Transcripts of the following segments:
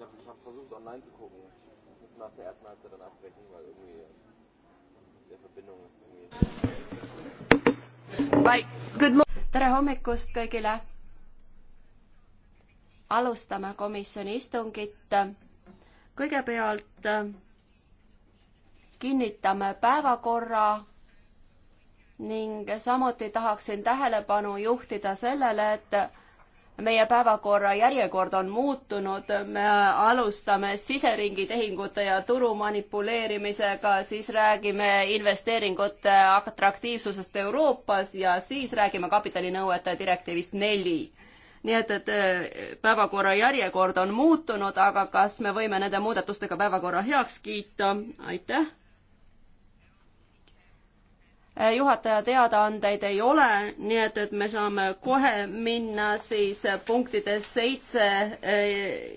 Ich habe ich hab versucht, online zu gucken. Ich muss nach der ersten Halbzeit dann abbrechen, weil irgendwie der Verbindung ist irgendwie. Vai, good tere hommikust kõigile! alustame komisjoni istungit. kõigepealt äh, kinnitame päevakorra ning samuti tahaksin tähelepanu juhtida sellele, et meie päevakorra järjekord on muutunud, me alustame siseringi tehingute ja turu manipuleerimisega, siis räägime investeeringute atraktiivsusest Euroopas ja siis räägime kapitalinõuete direktiivist neli nii et, et äh, päevakorra järjekord on muutunud, aga kas me võime nende muudatustega päevakorra heaks kiita? aitäh Eh, juhataja teadaandeid ei ole, nii et, et me saame kohe minna siis punktide seitse eh,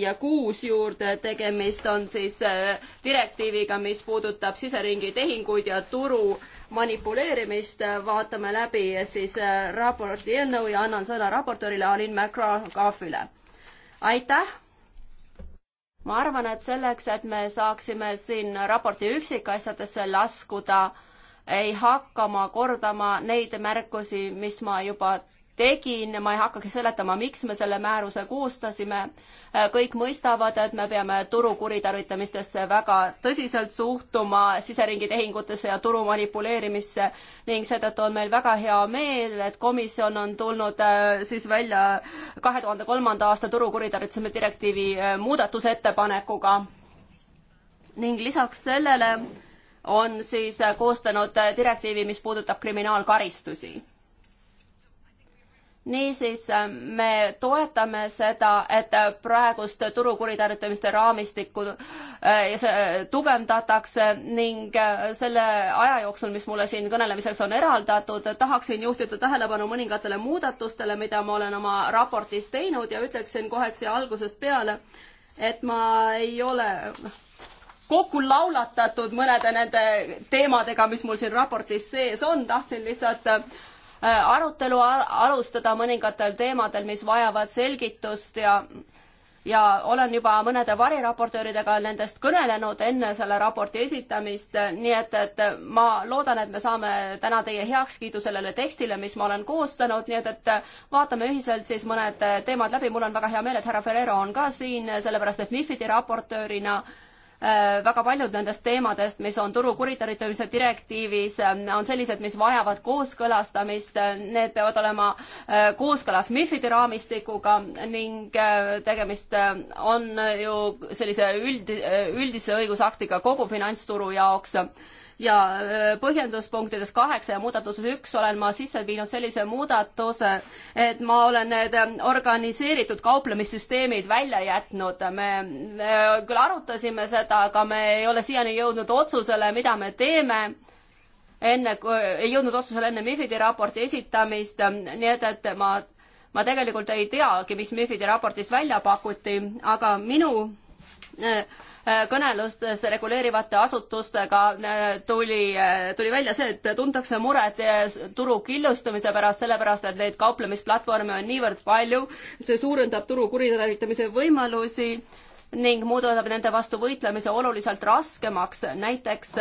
ja kuus juurde, tegemist on siis eh, direktiiviga, mis puudutab siseringi tehinguid ja turu manipuleerimist. vaatame läbi siis raporti eelnõu ja annan sõna raportöörile Alin McGrath-Kahvile. aitäh! ma arvan, et selleks, et me saaksime siin raporti üksikasjadesse laskuda, ei hakka ma kordama neid märkusi, mis ma juba tegin, ma ei hakkagi seletama, miks me selle määruse koostasime. kõik mõistavad, et me peame turu kuritarvitamistesse väga tõsiselt suhtuma, siseringi tehingutesse ja turu manipuleerimisse ning seetõttu on meil väga hea meel, et komisjon on tulnud äh, siis välja kahe tuhande kolmanda aasta turu kuritarvitamise direktiivi äh, muudatusettepanekuga. ning lisaks sellele on siis koostanud direktiivi, mis puudutab kriminaalkaristusi. niisiis, me toetame seda, et praegust turu kuritarvitamiste raamistikku äh, tugevdatakse ning äh, selle aja jooksul, mis mulle siin kõnelemiseks on eraldatud, tahaksin juhtida tähelepanu mõningatele muudatustele, mida ma olen oma raportis teinud ja ütleksin kohe siia algusest peale, et ma ei ole kokku laulatatud mõnede nende teemadega, mis mul siin raportis sees on, tahtsin lihtsalt äh, arutelu alustada mõningatel teemadel, mis vajavad selgitust ja ja olen juba mõnede variraportööridega nendest kõnelenud enne selle raporti esitamist, nii et, et ma loodan, et me saame täna teie heakskiidu sellele tekstile, mis ma olen koostanud, nii et, et vaatame ühiselt siis mõned teemad läbi, mul on väga hea meel, et härra Ferrero on ka siin, sellepärast et MIFID-i raportöörina äh, Äh, väga paljud nendest teemadest, mis on turu kuritarvitamise direktiivis, äh, on sellised, mis vajavad kooskõlastamist, äh, need peavad olema kooskõlas MIFID-i raamistikuga ning tegemist on ju sellise üld, üldise õigusaktiga kogu finantsturu jaoks ja äh, põhjenduspunktides kaheksa ja muudatuses üks olen ma sisse viinud sellise muudatuse, et ma olen need ähm, organiseeritud kauplemissüsteemid välja jätnud. me äh, küll arutasime seda, aga me ei ole siiani jõudnud otsusele, mida me teeme enne, äh, ei jõudnud otsusele enne MIFID-i raporti esitamist, ähm, nii et, et ma, ma tegelikult ei teagi, mis MIFID-i raportis välja pakuti, aga minu kõnelustes reguleerivate asutustega äh, tuli, äh, tuli välja see, et tuntakse muret äh, turu killustumise pärast, sellepärast et neid kauplemisplatvorme on niivõrd palju, see suurendab turu kuritarvitamise võimalusi ning muudab nende vastu võitlemise oluliselt raskemaks, näiteks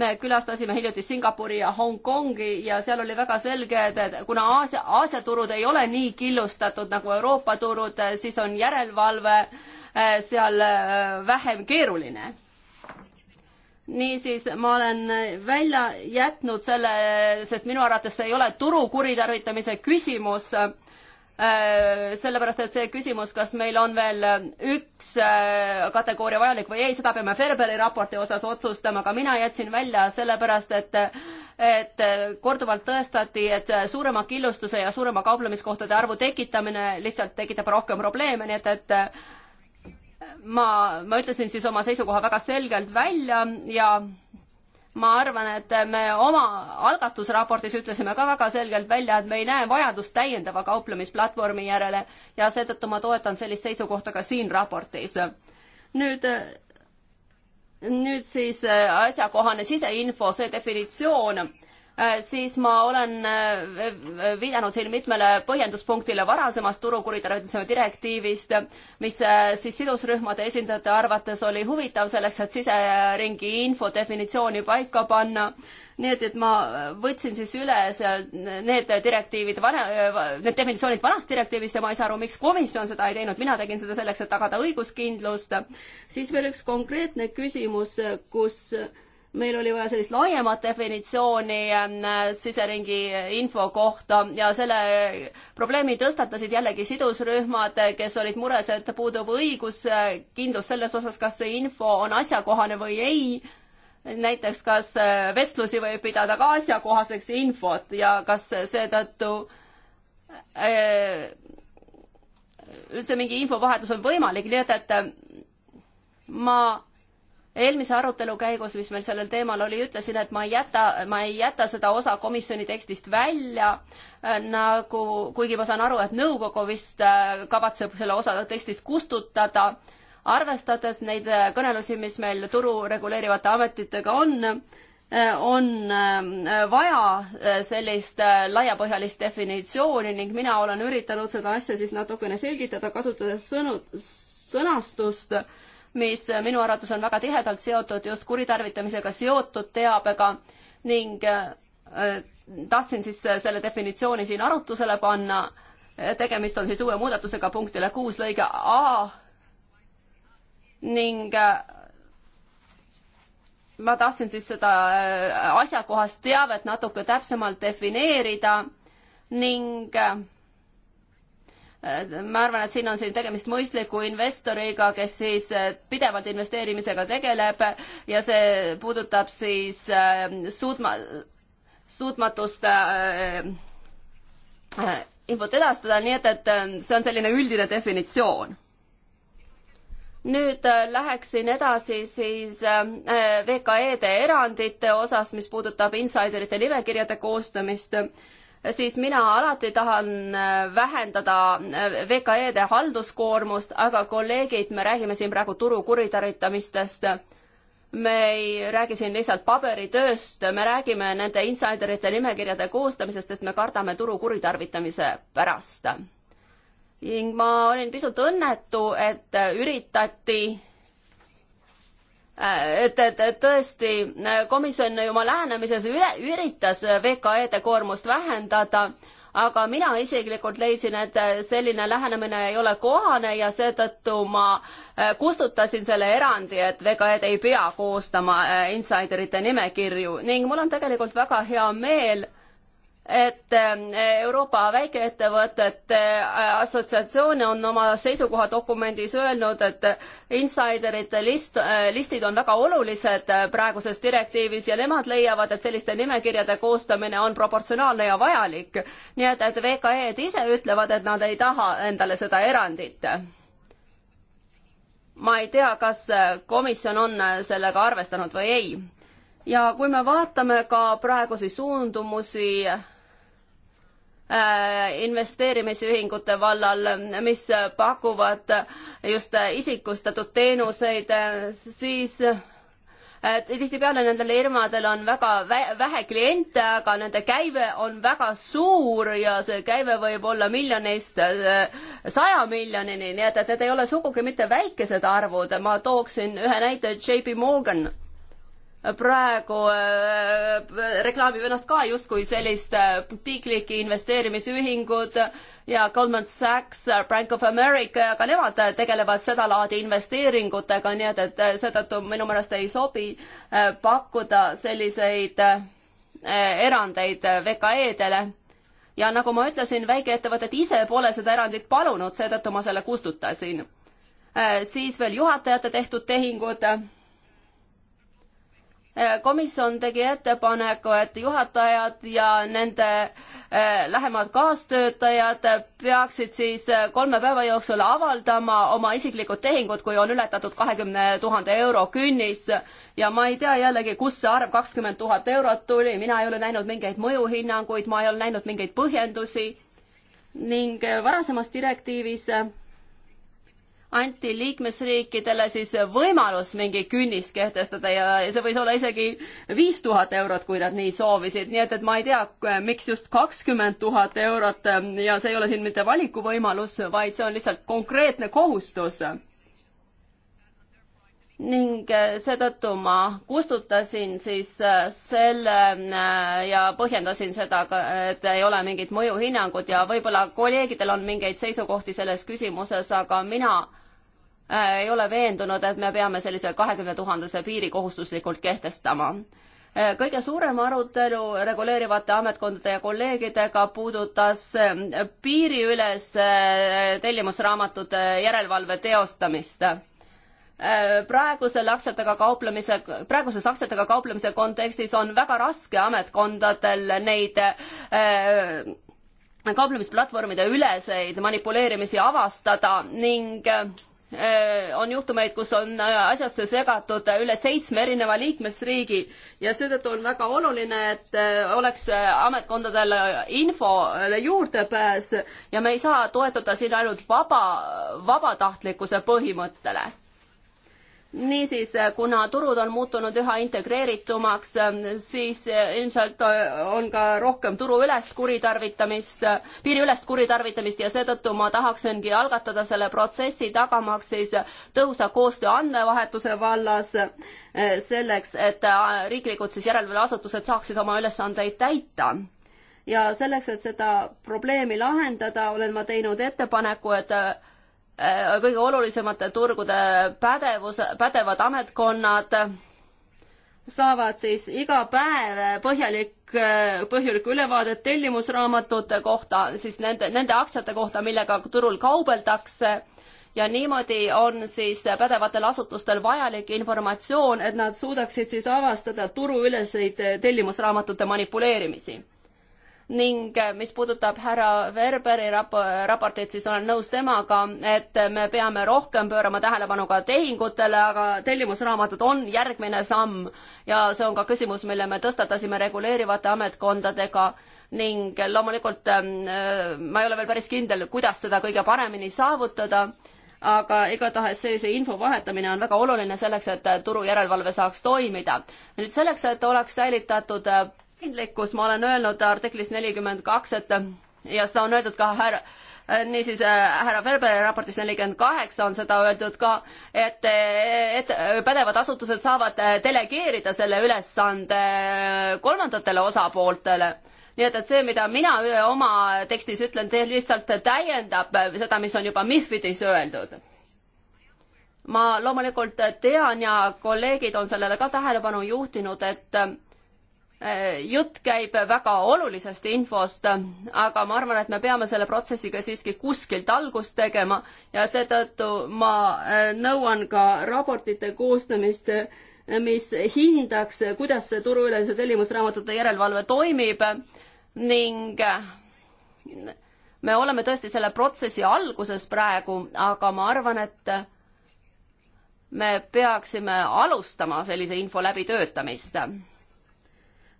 me külastasime hiljuti Singapuri ja Hongkongi ja seal oli väga selge, et, et kuna Aasia, Aasia turud ei ole nii killustatud nagu Euroopa turud, siis on järelevalve äh, Äh, seal äh, vähem keeruline niisiis, ma olen välja jätnud selle, sest minu arvates see ei ole turu kuritarvitamise küsimus, äh, sellepärast et see küsimus, kas meil on veel üks kategooria vajalik või ei, seda peame Ferberi raporti osas otsustama, aga mina jätsin välja sellepärast, et et korduvalt tõestati, et suurema killustuse ja suurema kauplemiskohtade arvu tekitamine lihtsalt tekitab rohkem probleeme, nii et, et ma, ma ütlesin siis oma seisukoha väga selgelt välja ja ma arvan, et me oma algatusraportis ütlesime ka väga selgelt välja, et me ei näe vajadust täiendava kauplemisplatvormi järele ja seetõttu ma toetan sellist seisukohta ka siin raportis. nüüd, nüüd siis äh, asjakohane siseinfo, see definitsioon Äh, siis ma olen äh, äh, viidanud siin mitmele põhjenduspunktile varasemast turukuritarvitamise direktiivist, mis siis sidusrühmade esindajate arvates oli huvitav selleks, et siseringi info definitsiooni paika panna. nii et, et ma võtsin siis üle need direktiivid, need definitsioonid vanast direktiivist ja ma ei saa aru, miks komisjon seda ei teinud, mina tegin seda selleks, et tagada õiguskindlust. siis veel üks konkreetne küsimus, kus meil oli vaja sellist laiemat definitsiooni ähm, siseringi info kohta ja selle probleemi tõstatasid jällegi sidusrühmad, kes olid mures, et puudub õiguskindlus selles osas, kas see info on asjakohane või ei. näiteks, kas äh, vestlusi võib pidada ka asjakohaseks infot ja kas seetõttu äh, üldse mingi infovahetus on võimalik, nii et, et äh, ma eelmise arutelu käigus, mis meil sellel teemal oli, ütlesin, et ma ei jäta, ma ei jäta seda osa komisjoni tekstist välja äh, nagu, kuigi ma saan aru, et nõukogu vist äh, kavatseb selle osa tekstist kustutada. arvestades neid äh, kõnelusi, mis meil turu reguleerivate ametitega on, äh, on äh, vaja äh, sellist laiapõhjalist definitsiooni ning mina olen üritanud seda asja siis natukene selgitada, kasutades sõnu, sõnastust äh, mis minu arvates on väga tihedalt seotud just kuritarvitamisega seotud teabega ning äh, tahtsin siis selle definitsiooni siin arutusele panna. tegemist on siis uue muudatusega punktile kuus lõige A ning äh, ma tahtsin siis seda äh, asjakohast teavet natuke täpsemalt defineerida ning ma arvan, et siin on siin tegemist mõistliku investoriga, kes siis äh, pidevalt investeerimisega tegeleb ja see puudutab siis äh, suutma, suutmatust äh, infot edastada, nii et, et see on selline üldine definitsioon nüüd läheksin edasi siis VKE-de erandite osas, mis puudutab insaiderite nimekirjade koostamist siis mina alati tahan äh, vähendada äh, VKE-de halduskoormust, aga kolleegid, me räägime siin praegu turu kuritarvitamistest. me ei räägi siin lihtsalt paberitööst, me räägime nende insiderite nimekirjade koostamisest, sest me kardame turu kuritarvitamise pärast. ning ma olin pisut õnnetu, et üritati Äh, et, et, et tõesti, äh, komisjon oma lähenemises üle, üritas VKE-de koormust vähendada, aga mina isiklikult leidsin, et äh, selline lähenemine ei ole kohane ja seetõttu ma kustutasin selle erandi, et VKE-d ei pea koostama insaiderite nimekirju ning mul on tegelikult väga hea meel, et eh, Euroopa Väikeettevõtete eh, Assotsiatsioon on oma seisukohadokumendis öelnud, et insiderite list, eh, listid on väga olulised praeguses direktiivis ja nemad leiavad, et selliste nimekirjade koostamine on proportsionaalne ja vajalik. nii et, et VKE-d ise ütlevad, et nad ei taha endale seda erandit. ma ei tea, kas komisjon on sellega arvestanud või ei ja kui me vaatame ka praegusi suundumusi äh, investeerimisühingute vallal, mis pakuvad just isikustatud teenuseid, siis äh, tihtipeale nendel firmadel on väga vähe kliente, aga nende käive on väga suur ja see käive võib olla miljonist äh, saja miljonini, nii et, et need ei ole sugugi mitte väikesed arvud, ma tooksin ühe näite, JP Morgan praegu äh, reklaamib ennast ka justkui sellist äh, butiikliki investeerimisühingud ja Goldman Sachs, äh, Bank of America, aga nemad tegelevad sedalaadi investeeringutega, nii et, et seetõttu minu meelest ei sobi pakkuda selliseid erandeid VKE-dele. ja nagu ma ütlesin, väikeettevõtted ise pole seda erandit palunud, seetõttu ma selle kustutasin. siis veel juhatajate tehtud tehingud Äh, komisjon tegi ettepaneku, et juhatajad ja nende äh, lähemad kaastöötajad peaksid siis äh, kolme päeva jooksul avaldama oma isiklikud tehingud, kui on ületatud kahekümne tuhande euro künnis. ja ma ei tea jällegi, kust see arv kakskümmend tuhat eurot tuli, mina ei ole näinud mingeid mõjuhinnanguid, ma ei ole näinud mingeid põhjendusi ning varasemas direktiivis anti liikmesriikidele siis võimalus mingi künnis kehtestada ja see võis olla isegi viis tuhat eurot, kui nad nii soovisid, nii et, et ma ei tea, miks just kakskümmend tuhat eurot ähm, ja see ei ole siin mitte valikuvõimalus, vaid see on lihtsalt konkreetne kohustus. ning äh, seetõttu ma kustutasin siis äh, selle äh, ja põhjendasin seda, et ei ole mingit mõjuhinnangut ja võib-olla kolleegidel on mingeid seisukohti selles küsimuses, aga mina Äh, ei ole veendunud, et me peame sellise kahekümne tuhandese piiri kohustuslikult kehtestama. Äh, kõige suurem arutelu reguleerivate ametkondade ja kolleegidega puudutas äh, piiriülese tellimusraamatute järelevalve teostamist praegusel aktsiatega kauplemise, praeguses aktsiatega kauplemise kontekstis on väga raske ametkondadel neid äh, kauplemisplatvormide üleseid manipuleerimisi avastada ning äh, Äh, on juhtumeid, kus on äh, asjasse segatud äh, üle seitsme erineva liikmesriigi ja seetõttu on väga oluline, et oleks ametkondadel infole juurdepääs ja me ei saa toetuda siin ainult vaba, vabatahtlikkuse põhimõttele niisiis, kuna turud on muutunud üha integreeritumaks, siis ilmselt on ka rohkem turuülest kuritarvitamist, piiriülest kuritarvitamist ja seetõttu ma tahaksingi algatada selle protsessi, tagamaks siis tõhusa koostöö andmevahetuse vallas, selleks et riiklikud siis järelevalveasutused saaksid oma ülesandeid täita ja selleks, et seda probleemi lahendada, olen ma teinud ettepaneku, et Äh, kõige olulisemate turgude pädevus, pädevad ametkonnad saavad siis iga päev põhjalik, äh, põhjalikku ülevaadet tellimusraamatute kohta, siis nende, nende aktsiate kohta, millega turul kaubeldakse ja niimoodi on siis pädevatel asutustel vajalik informatsioon, et nad suudaksid siis avastada turuüleseid tellimusraamatute manipuleerimisi ning äh, mis puudutab härra Verberi rap-, raportit, siis olen nõus temaga, et me peame rohkem pöörama tähelepanu ka tehingutele, aga tellimusraamatud on järgmine samm ja see on ka küsimus, mille me tõstatasime reguleerivate ametkondadega ning loomulikult ähm, äh, ma ei ole veel päris kindel, kuidas seda kõige paremini saavutada, aga igatahes sellise info vahetamine on väga oluline selleks, et turujärelevalve saaks toimida. nüüd selleks, et oleks säilitatud äh, paindlikkus, ma olen öelnud artiklis nelikümmend kaks, et ja seda on öeldud ka härra, niisiis äh, härra Ferberi raportis nelikümmend kaheksa on seda öeldud ka, et, et pädevad asutused saavad äh, delegeerida selle ülesande äh, kolmandatele osapooltele. nii et, et see, mida mina oma tekstis ütlen, teil lihtsalt täiendab seda, mis on juba MIFIDis öeldud. ma loomulikult tean ja kolleegid on sellele ka tähelepanu juhtinud, et jutt käib väga olulisest infost, aga ma arvan, et me peame selle protsessiga siiski kuskilt algust tegema ja seetõttu ma äh, nõuan ka raportite koostamist, mis hindaks, kuidas see turuülese tellimusraamatute järelevalve toimib ning me oleme tõesti selle protsessi alguses praegu, aga ma arvan, et me peaksime alustama sellise info läbitöötamist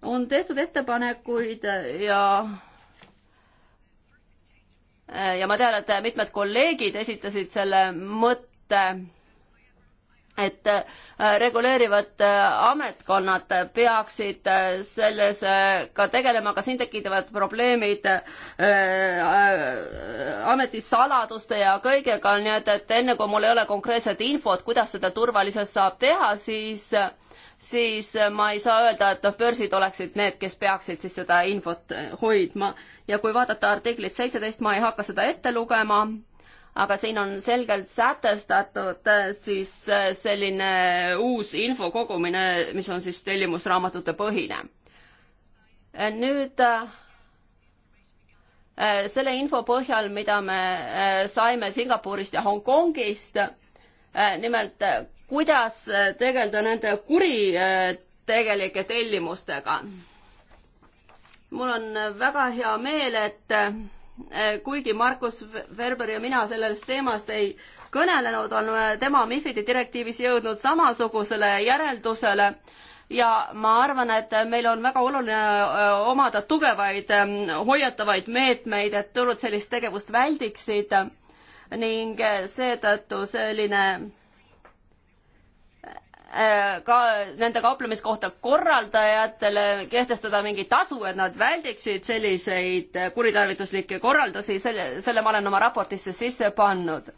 on tehtud ettepanekuid ja ja ma tean, et mitmed kolleegid esitasid selle mõtte et äh, reguleerivad äh, ametkonnad peaksid äh, selles ka tegelema, aga siin tekivad probleemid ametisaladuste ja kõigega, nii et, et enne kui mul ei ole konkreetset infot, kuidas seda turvaliselt saab teha, siis siis ma ei saa öelda, et noh, börsid oleksid need, kes peaksid siis seda infot hoidma. ja kui vaadata artiklit seitseteist, ma ei hakka seda ette lugema aga siin on selgelt sätestatud äh, siis äh, selline uus info kogumine, mis on siis tellimusraamatute põhine. Äh, nüüd selle info põhjal, mida me saime Singapurist ja Hongkongist, nimelt kuidas tegeleda nende kuritegelike tellimustega. mul on väga hea meel, et Eh, kuigi Markus Verber ja mina sellest teemast ei kõnelenud, on eh, tema MIFID-i direktiivis jõudnud samasugusele järeldusele ja ma arvan, et meil on väga oluline eh, omada tugevaid hoiatavaid meetmeid, et turud sellist tegevust väldiksid ning seetõttu selline Äh, ka nende kauplemiskohta korraldajatele kehtestada mingi tasu, et nad väldiksid selliseid kuritarvituslikke korraldusi, selle, selle ma olen oma raportisse sisse pannud.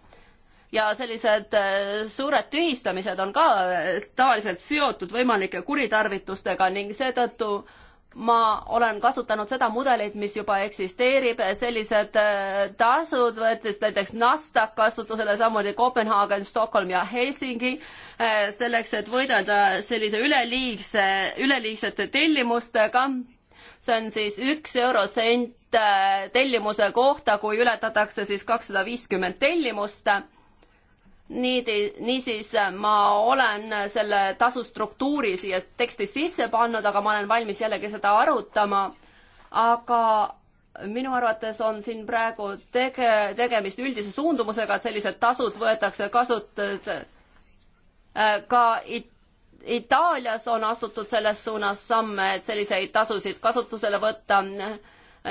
ja sellised äh, suured tühistamised on ka äh, tavaliselt seotud võimalike kuritarvitustega ning seetõttu äh, ma olen kasutanud seda mudelit, mis juba eksisteerib, sellised äh, tasud võttis näiteks Nasdaq kasutusele, samuti Kopenhaagen, Stockholm ja Helsingi, äh, selleks, et võidelda sellise üleliigse, üleliigsete tellimustega. see on siis üks eurosent äh, tellimuse kohta, kui ületatakse siis kakssada viiskümmend tellimust nii, niisiis äh, ma olen äh, selle tasustruktuuri siia teksti sisse pannud, aga ma olen valmis jällegi seda arutama. aga minu arvates on siin praegu tege-, tegemist üldise suundumusega, et sellised tasud võetakse kasutusele äh, ka It Itaalias on astutud selles suunas samme, et selliseid tasusid kasutusele võtta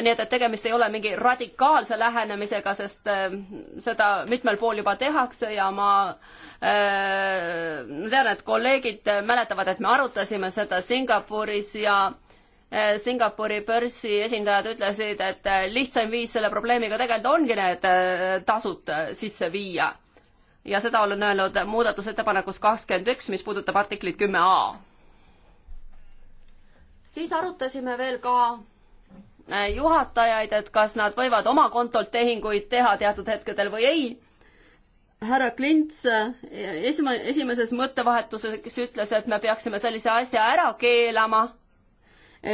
nii et, et tegemist ei ole mingi radikaalse lähenemisega, sest ähm, seda mitmel pool juba tehakse ja ma äh, tean, et kolleegid mäletavad, et me arutasime seda Singapuris ja äh, Singapuri börsi esindajad ütlesid, et äh, lihtsaim viis selle probleemiga tegeleda ongi need äh, tasud sisse viia. ja seda olen öelnud muudatusettepanekus kakskümmend üks, mis puudutab artiklit kümme A. siis arutasime veel ka Äh, juhatajaid, et kas nad võivad oma kontolt tehinguid teha teatud hetkedel või ei. härra Klints äh, esima-, esimeses mõttevahetuses ütles, et me peaksime sellise asja ära keelama,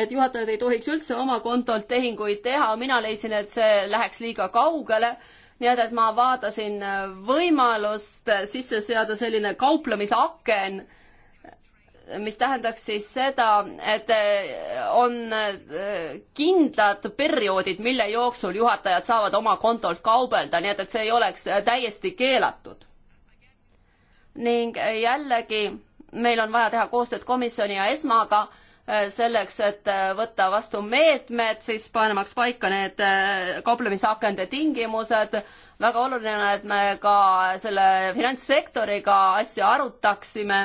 et juhatajad ei tohiks üldse oma kontolt tehinguid teha, mina leidsin, et see läheks liiga kaugele nii et, et ma vaatasin võimalust sisse seada selline kauplemisaken mis tähendaks siis seda, et eh, on eh, kindlad perioodid, mille jooksul juhatajad saavad oma kontolt kaubelda, nii et, et see ei oleks eh, täiesti keelatud. ning jällegi, meil on vaja teha koostööd komisjoni ja ESMAga selleks, et võtta vastu meetmed, siis panemaks paika need kauplemisakende tingimused. väga oluline, et me ka selle finantssektoriga asja arutaksime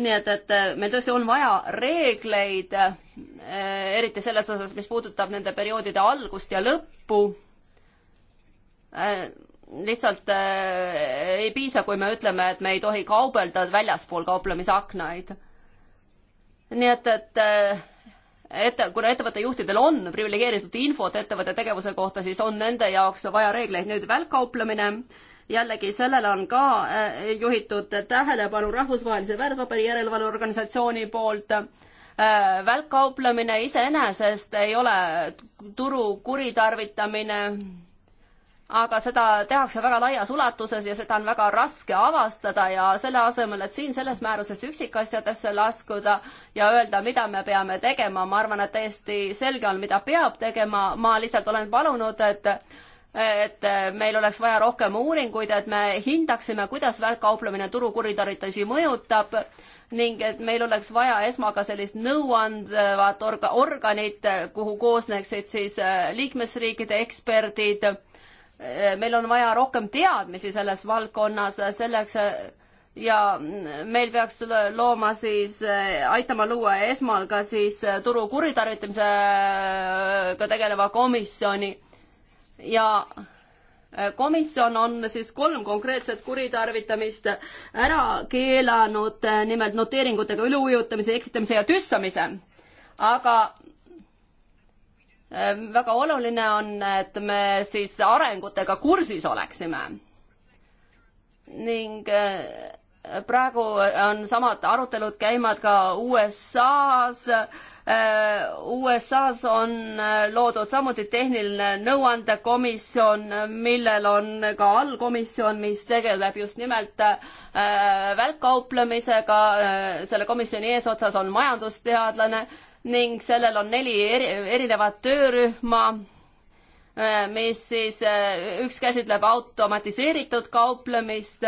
nii et, et äh, meil tõesti on vaja reegleid, äh, eriti selles osas, mis puudutab nende perioodide algust ja lõppu. Äh, lihtsalt ei piisa, kui me ütleme, et me ei tohi kaubelda väljaspool kauplemisaknaid. nii et, et ette, kuna ettevõtte juhtidel on priviligeeritud infot ettevõtte tegevuse kohta, siis on nende jaoks vaja reegleid. nüüd välkkauplemine äh, jällegi sellele on ka äh, juhitud tähelepanu Rahvusvahelise väärtpaberi järelevalveorganisatsiooni poolt. Äh, välkkauplemine iseenesest ei ole turu kuritarvitamine, aga seda tehakse väga laias ulatuses ja seda on väga raske avastada ja selle asemel, et siin selles määruses üksikasjadesse laskuda ja öelda, mida me peame tegema, ma arvan, et täiesti selge on, mida peab tegema, ma lihtsalt olen palunud, et et äh, meil oleks vaja rohkem uuringuid, et me hindaksime, kuidas väärkauplemine turukuritarvitusi mõjutab ning et meil oleks vaja esmaga sellist nõuandvat orga-, organit, kuhu koosneksid siis äh, liikmesriikide eksperdid. Äh, meil on vaja rohkem teadmisi selles valdkonnas selleks ja mm, meil peaks looma siis, aitama luua esmal ka siis turu kuritarvitamisega tegeleva komisjoni ja äh, komisjon on siis kolm konkreetset kuritarvitamist ära keelanud, äh, nimelt noteeringutega üleujutamise, eksitamise ja tüssamise. aga äh, väga oluline on, et me siis arengutega kursis oleksime. ning praegu on samad arutelud käivad ka USA-s. Äh, USA-s on äh, loodud samuti tehniline nõuandekomisjon, millel on ka allkomisjon, mis tegeleb just nimelt äh, välkkauplemisega. selle komisjoni eesotsas on majandusteadlane ning sellel on neli eri, erinevat töörühma mis siis, üks käsitleb automatiseeritud kauplemist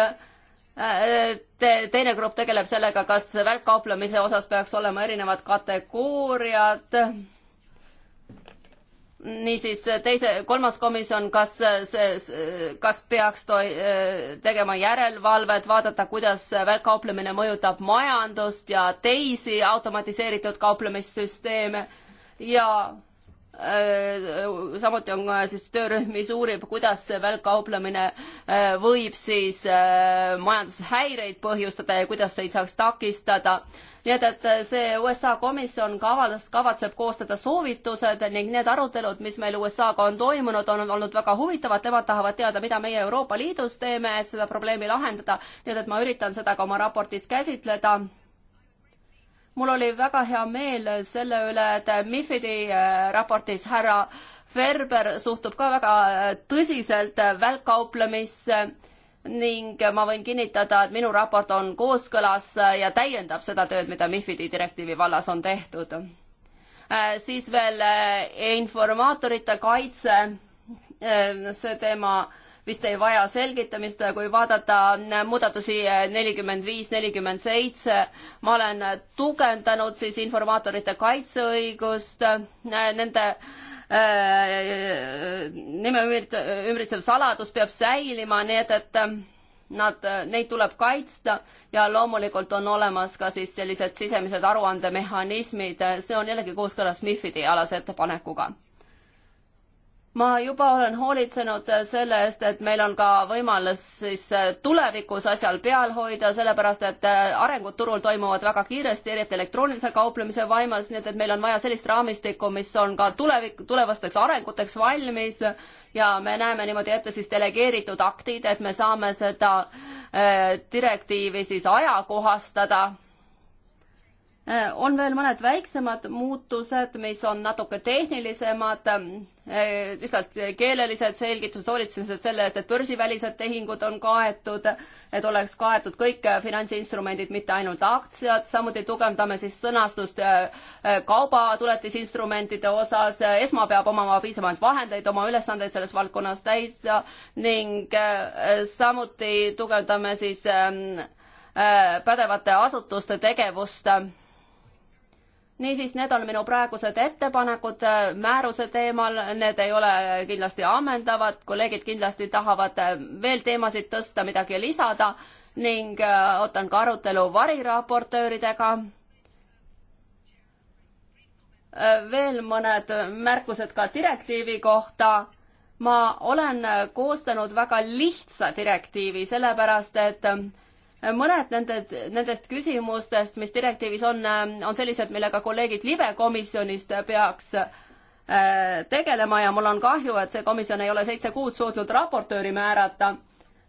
Te, teine grupp tegeleb sellega, kas välkkauplemise osas peaks olema erinevad kategooriad. niisiis teise, kolmas komisjon, kas see, kas peaks to, tegema järelevalvet, vaadata, kuidas välkkauplemine mõjutab majandust ja teisi automatiseeritud kauplemissüsteeme ja Äh, samuti on siis töörühm, mis uurib, kuidas see välkkauplemine äh, võib siis äh, majandushäireid põhjustada ja kuidas neid saaks takistada. nii et, et see USA komisjon kavaldas, kavatseb koostada soovitused ning need arutelud, mis meil USA-ga on toimunud, on olnud väga huvitavad, nemad tahavad teada, mida meie Euroopa Liidus teeme, et seda probleemi lahendada. nii et, et ma üritan seda ka oma raportis käsitleda mul oli väga hea meel selle üle, et MIFID-i äh, raportis härra Ferber suhtub ka väga äh, tõsiselt välkkauplemisse ning ma võin kinnitada, et minu raport on kooskõlas äh, ja täiendab seda tööd, mida MIFID-i direktiivi vallas on tehtud. siis veel informaatorite kaitse, see teema vist ei vaja selgitamist, kui vaadata muudatusi nelikümmend viis, nelikümmend seitse, ma olen tugevdanud siis informaatorite kaitseõigust, nende äh, nime ümbritsev saladus peab säilima, nii et, et nad, neid tuleb kaitsta ja loomulikult on olemas ka siis sellised sisemised aruandemehhanismid, see on jällegi kooskõlas MIFID-i alase ettepanekuga ma juba olen hoolitsenud selle eest, et meil on ka võimalus siis äh, tulevikus asjal peal hoida, sellepärast et äh, arengud turul toimuvad väga kiiresti, eriti elektroonilise kauplemise vaimas, nii et, et meil on vaja sellist raamistikku, mis on ka tulevik, tulevasteks arenguteks valmis ja me näeme niimoodi ette siis delegeeritud aktid, et me saame seda äh, direktiivi siis ajakohastada Äh, on veel mõned väiksemad muutused, mis on natuke tehnilisemad, äh, lihtsalt keelelised selgitused, hoolitsemised selle eest, et börsivälised tehingud on kaetud, et oleks kaetud kõik äh, finantsinstrumendid, mitte ainult aktsiad, samuti tugevdame siis sõnastust kaubatuletisinstrumentide osas, ESMA peab omama piisavalt vahendeid oma ülesandeid selles valdkonnas täita ning samuti tugevdame siis ähm, pädevate asutuste tegevust niisiis, need on minu praegused ettepanekud äh, määruse teemal, need ei ole kindlasti ammendavad, kolleegid kindlasti tahavad äh, veel teemasid tõsta, midagi lisada ning äh, ootan ka arutelu variraportööridega. veel mõned märkused ka direktiivi kohta. ma olen koostanud väga lihtsa direktiivi, sellepärast et mõned nende, nendest küsimustest, mis direktiivis on, on sellised, millega kolleegid libe komisjonist peaks äh, tegelema ja mul on kahju, et see komisjon ei ole seitse kuud suutnud raportööri määrata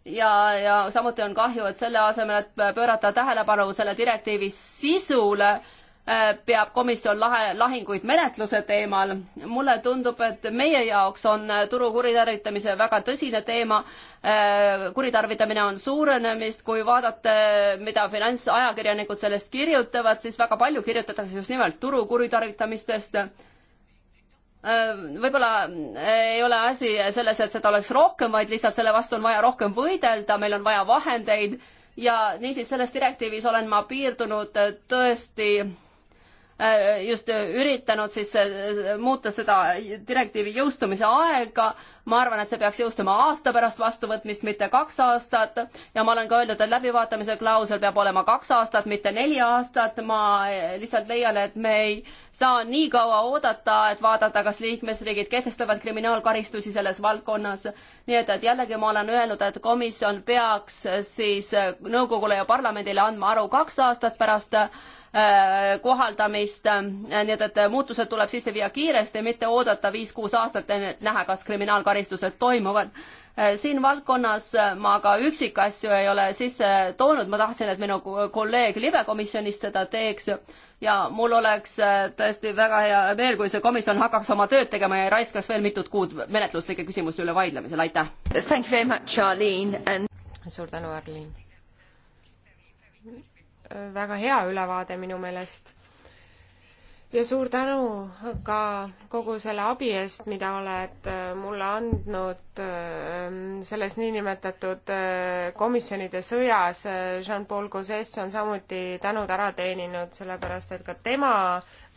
ja, ja samuti on kahju, et selle asemel, et pöörata tähelepanu selle direktiivi sisule, Äh, peab komisjon lahe, lahinguid menetluse teemal. mulle tundub, et meie jaoks on äh, turu kuritarvitamise väga tõsine teema. Äh, kuritarvitamine on suurenemist, kui vaadata, mida finantsajakirjanikud sellest kirjutavad, siis väga palju kirjutatakse just nimelt turu kuritarvitamistest võib-olla ei ole asi selles, et seda oleks rohkem, vaid lihtsalt selle vastu on vaja rohkem võidelda, meil on vaja vahendeid ja niisiis selles direktiivis olen ma piirdunud tõesti Äh, just üritanud siis äh, muuta seda direktiivi jõustumise aega. ma arvan, et see peaks jõustuma aasta pärast vastuvõtmist, mitte kaks aastat ja ma olen ka öelnud, et läbivaatamise klausel peab olema kaks aastat, mitte neli aastat. ma lihtsalt leian, et me ei saa nii kaua oodata, et vaadata, kas liikmesriigid kehtestavad kriminaalkaristusi selles valdkonnas. nii et, et jällegi ma olen öelnud, et komisjon peaks siis nõukogule ja parlamendile andma aru kaks aastat pärast Äh, kohaldamist, äh, nii et, et muutused tuleb sisse viia kiiresti, mitte oodata viis-kuus aastat, näha, kas kriminaalkaristused toimuvad. Äh, siin valdkonnas ma ka üksikasju ei ole sisse toonud, ma tahtsin, et minu kolleeg libekomisjonist seda teeks ja mul oleks tõesti väga hea meel, kui see komisjon hakkaks oma tööd tegema ja ei raiskaks veel mitut kuud menetluslike küsimuste üle vaidlemisel, aitäh! And... suur tänu, Arlin! väga hea ülevaade minu meelest. ja suur tänu ka kogu selle abi eest, mida oled äh, mulle andnud ähm, selles niinimetatud äh, komisjonide sõjas. Jean-Paul Gauzes on samuti tänud ära teeninud, sellepärast et ka tema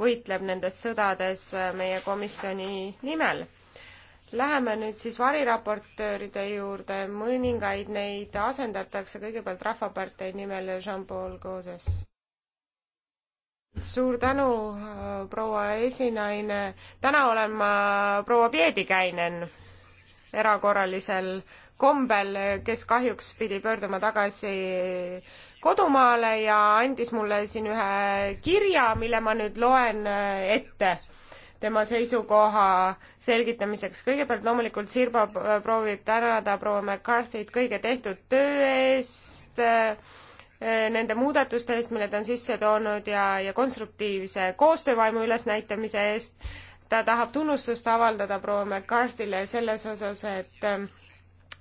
võitleb nendes sõdades äh, meie komisjoni nimel Läheme nüüd siis variraportööride juurde, mõningaid neid asendatakse, kõigepealt Rahvapartei nimel Jean-Paul Gauzes. suur tänu, äh, proua esinaine, täna olen ma proua Piedikäinen erakorralisel kombel, kes kahjuks pidi pöörduma tagasi kodumaale ja andis mulle siin ühe kirja, mille ma nüüd loen äh, ette tema seisukoha selgitamiseks. kõigepealt loomulikult Sirba proovib tänada proua McCarthy't kõige tehtud töö eest, äh, nende muudatuste eest, mille ta on sisse toonud ja, ja konstruktiivse koostöövaimu ülesnäitamise eest. ta tahab tunnustust avaldada proua McCarthy'le selles osas, et äh,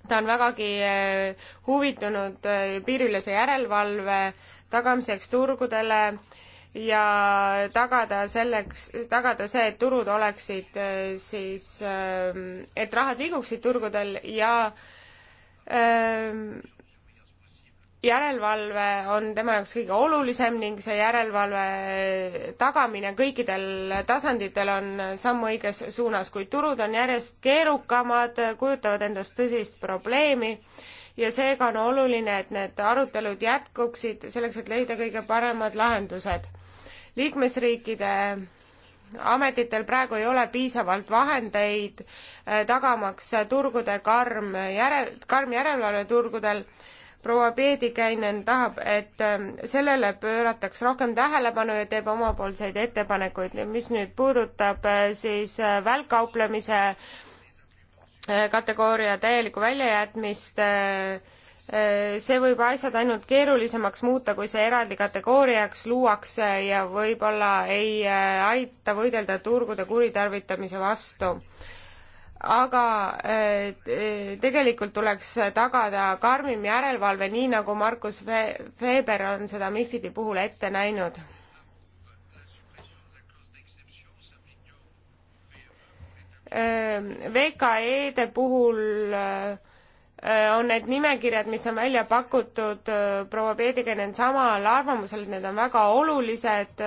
ta on vägagi äh, huvitunud piiriülese järelevalve tagamiseks turgudele ja tagada selleks, tagada see, et turud oleksid äh, siis, ähm, et rahad liiguksid turgudel ja öö, ähm, järelevalve on tema jaoks kõige olulisem ning see järelevalve tagamine kõikidel tasanditel on samm õiges suunas, kuid turud on järjest keerukamad, kujutavad endast tõsist probleemi ja seega on oluline, et need arutelud jätkuksid selleks, et leida kõige paremad lahendused. liikmesriikide ametitel praegu ei ole piisavalt vahendeid äh, tagamaks turgude karm järel, karm järelevalve turgudel proua Peedikäinen tahab, et ähm, sellele pöörataks rohkem tähelepanu ja teeb omapoolseid ettepanekuid. mis nüüd puudutab äh, siis äh, välkkauplemise äh, kategooria täielikku väljajätmist, see võib asjad ainult keerulisemaks muuta, kui see eraldi kategooriaks luuakse ja võib-olla ei aita võidelda turgude kuritarvitamise vastu aga äh, äh, tegelikult tuleks tagada karmim järelevalve, nii nagu Markus Veber on seda MIFID-i puhul ette näinud. Ähm, VKE-de puhul äh, on need nimekirjad, mis on välja pakutud, proua Peedigen on samal arvamusel, et need on väga olulised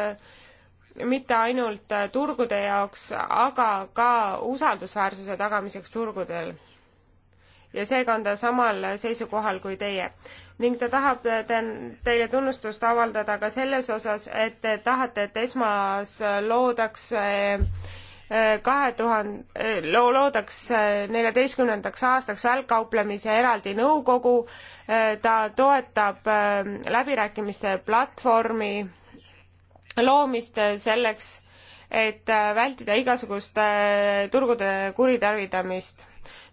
mitte ainult turgude jaoks, aga ka usaldusväärsuse tagamiseks turgudel. ja seega on ta samal seisukohal kui teie. ning ta tahab teile tunnustust avaldada ka selles osas, et te tahate, et esmas loodaks eh, eh, kahe tuhande, eh, loodaks neljateistkümnendaks aastaks välkkauplemise eraldi nõukogu, ta toetab läbirääkimiste platvormi loomist selleks, et äh, vältida igasugust äh, turgude kuritarvitamist.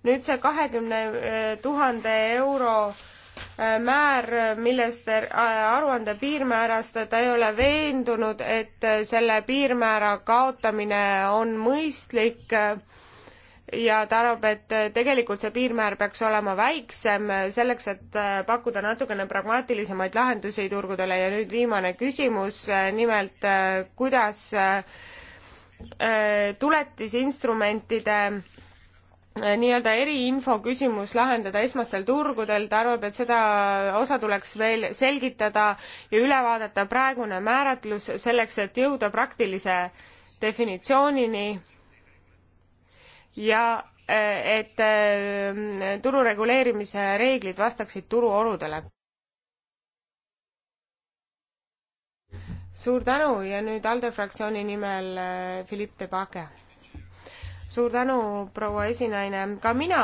nüüd see kahekümne äh, tuhande euro määr, millest aruande piirmäärast ta ei ole veendunud, et selle piirmäära kaotamine on mõistlik ja ta arvab, et äh, tegelikult see piirmäär peaks olema väiksem äh, selleks, et äh, pakkuda natukene pragmaatilisemaid lahendusi turgudele ja nüüd viimane küsimus, nimelt kuidas tuletisinstrumentide nii-öelda eriinfo küsimus lahendada esmastel turgudel, ta arvab, et seda osa tuleks veel selgitada ja üle vaadata praegune määratlus selleks, et jõuda praktilise definitsioonini ja eh, et eh, turu reguleerimise reeglid vastaksid turuoludele. suur tänu ja nüüd ALDE fraktsiooni nimel eh, Philippe de Bache suur tänu, proua esinaine, ka mina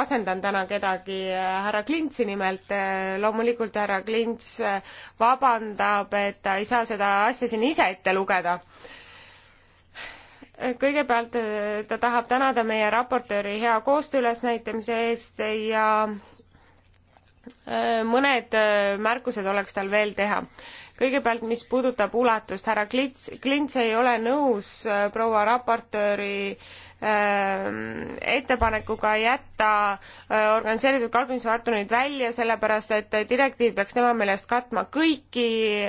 asendan täna kedagi härra Klintsi nimelt. loomulikult härra Klints vabandab, et ta ei saa seda asja siin ise ette lugeda kõigepealt eh, ta tahab tänada meie raportööri hea koostöö ülesnäitamise eest ja eh, mõned eh, märkused oleks tal veel teha. kõigepealt, mis puudutab ulatust, härra Klits, Klints ei ole nõus proua raportööri ettepanekuga jätta organiseeritud kalbimisvartunid välja, sellepärast et direktiiv peaks tema meelest katma kõiki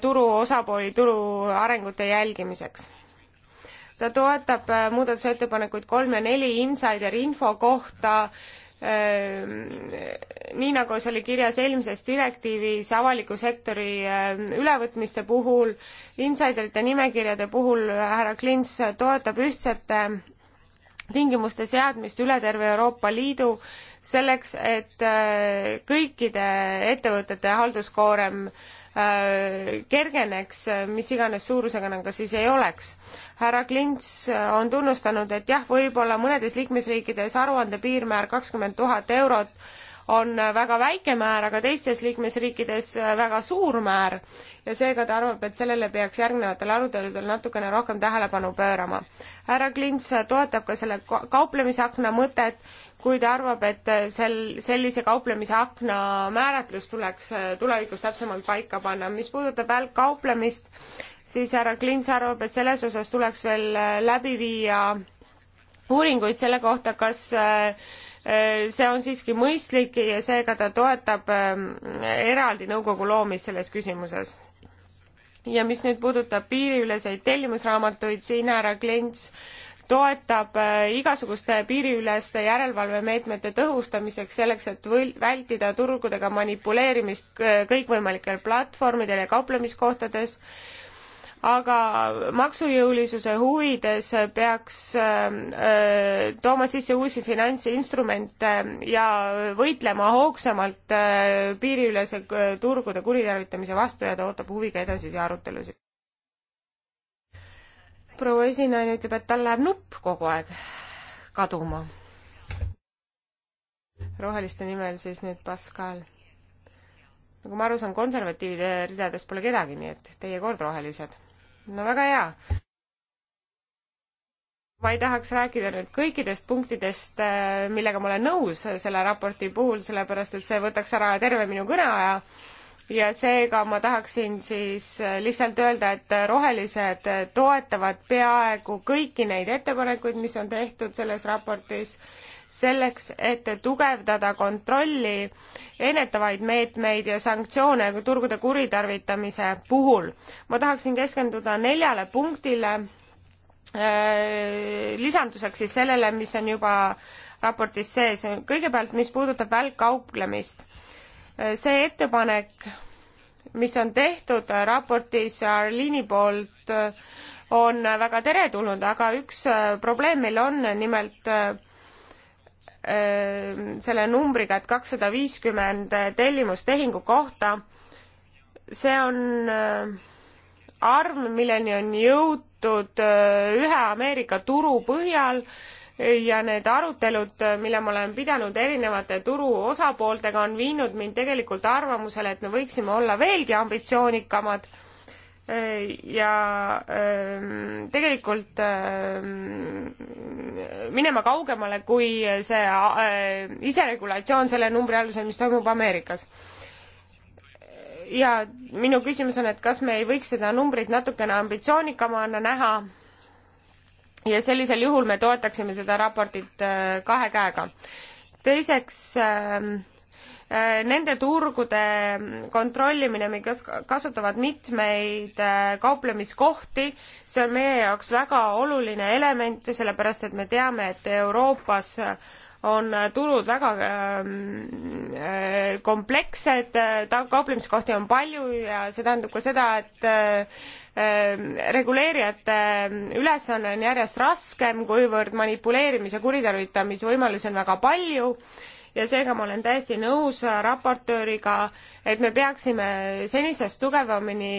turu osapooli turu arengute jälgimiseks ta toetab äh, muudatusettepanekuid kolm ja neli insider info kohta, ähm, nii nagu see oli kirjas eelmises direktiivis avaliku sektori ähm, ülevõtmiste puhul, insiderite nimekirjade puhul äh, härra Klints toetab ühtsete äh, tingimuste seadmist üle terve Euroopa Liidu selleks, et kõikide ettevõtete halduskoorem Äh, kergeneks, äh, mis iganes suurusega nad nagu ka siis ei oleks. härra Klints äh, on tunnustanud, et jah, võib-olla mõnedes liikmesriikides aruande piirmäär kakskümmend tuhat eurot on väga väike määr, aga teistes liikmesriikides väga suur määr ja seega ta arvab, et sellele peaks järgnevatel aruteludel natukene rohkem tähelepanu pöörama. härra Klints toetab ka selle kauplemisakna mõtet kui ta arvab, et sel, sellise kauplemise akna määratlus tuleks äh, tulevikus täpsemalt paika panna. mis puudutab välkkauplemist, siis härra Klints arvab, et selles osas tuleks veel äh, läbi viia uuringuid selle kohta, kas äh, see on siiski mõistlik ja seega ta toetab eraldi nõukogu loomist selles küsimuses. ja mis nüüd puudutab piiriüleseid tellimusraamatuid, siin härra Klints toetab äh, igasuguste piiriüleste järelevalvemeetmete tõhustamiseks selleks, et võl-, vältida turgudega manipuleerimist äh, kõikvõimalikel platvormidel ja kauplemiskohtades, aga maksujõulisuse huvides peaks öö, äh, tooma sisse uusi finantsinstrumente ja võitlema hoogsamalt öö, piiriülese öö, turgude kuritarvitamise vastu ja ta ootab huviga edasisi arutelusid proua esinaine ütleb, et tal läheb nupp kogu aeg kaduma. roheliste nimel siis nüüd Pascal. nagu ma aru saan, konservatiivide ridades pole kedagi, nii et teie kord rohelised. no väga hea. ma ei tahaks rääkida nüüd kõikidest punktidest, eh, millega ma olen nõus selle raporti puhul, sellepärast et see võtaks ära terve minu kõneaja ja seega ma tahaksin siis äh, lihtsalt öelda, et äh, rohelised äh, toetavad peaaegu kõiki neid ettepanekuid, mis on tehtud selles raportis, selleks, et tugevdada kontrolli, ennetavaid meetmeid ja sanktsioone turgude kuritarvitamise puhul. ma tahaksin keskenduda neljale punktile, lisanduseks siis sellele, mis on juba raportis sees. kõigepealt, mis puudutab välkkauplemist see ettepanek, mis on tehtud raportis Arliini poolt, on väga teretulnud, aga üks äh, probleem meil on nimelt äh, äh, selle numbriga, et kakssada viiskümmend tellimustehingu kohta. see on arv, milleni on jõutud ühe Ameerika turu põhjal ja need arutelud, mille ma olen pidanud erinevate turu osapooltega, on viinud mind tegelikult arvamusele, et me võiksime olla veelgi ambitsioonikamad ja ähm, tegelikult ähm, minema kaugemale kui see äh, iseregulatsioon selle numbri alusel, mis toimub Ameerikas ja minu küsimus on, et kas me ei võiks seda numbrit natukene ambitsioonikamana näha ja sellisel juhul me toetaksime seda raportit äh, kahe käega. teiseks ähm, äh, nende turgude kontrollimine, me kas-, kasutavad mitmeid äh, kauplemiskohti, see on meie jaoks väga oluline element, sellepärast et me teame, et Euroopas äh, on turud väga ähm, äh, komplekssed, kauplemiskohti on palju ja see tähendab ka seda, et äh, ähm, reguleerijate ähm, ülesanne on järjest raskem, kuivõrd manipuleerimise, kuritarvitamisvõimalusi on väga palju ja seega ma olen täiesti nõus raportööriga, et me peaksime senisest tugevamini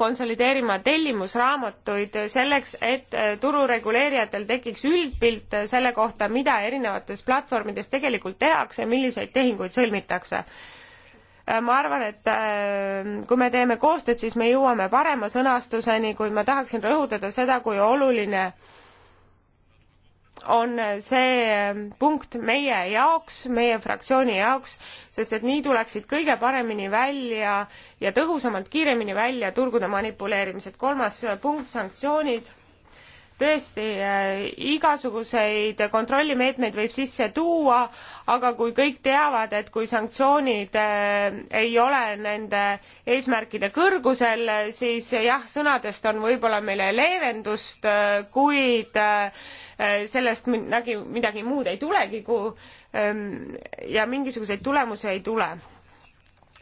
konsolideerima tellimusraamatuid selleks, et äh, turureguleerijatel tekiks üldpilt äh, selle kohta, mida erinevates platvormides tegelikult tehakse, milliseid tehinguid sõlmitakse äh, ma arvan, et kui me teeme koostööd, siis me jõuame parema sõnastuseni, kuid ma tahaksin rõhutada seda, kui oluline äh, on see ähm, punkt meie jaoks, meie fraktsiooni jaoks, sest et nii tuleksid kõige paremini välja ja tõhusamalt, kiiremini välja turgude manipuleerimised. kolmas äh, punkt, sanktsioonid. tõesti, äh, igasuguseid kontrollimeetmeid võib sisse tuua, aga kui kõik teavad, et kui sanktsioonid äh, ei ole nende eesmärkide kõrgusel, siis jah, sõnadest on võib-olla meile leevendust, kuid Äh, sellest midagi, midagi muud ei tulegi, kui ähm, ja mingisuguseid tulemusi ei tule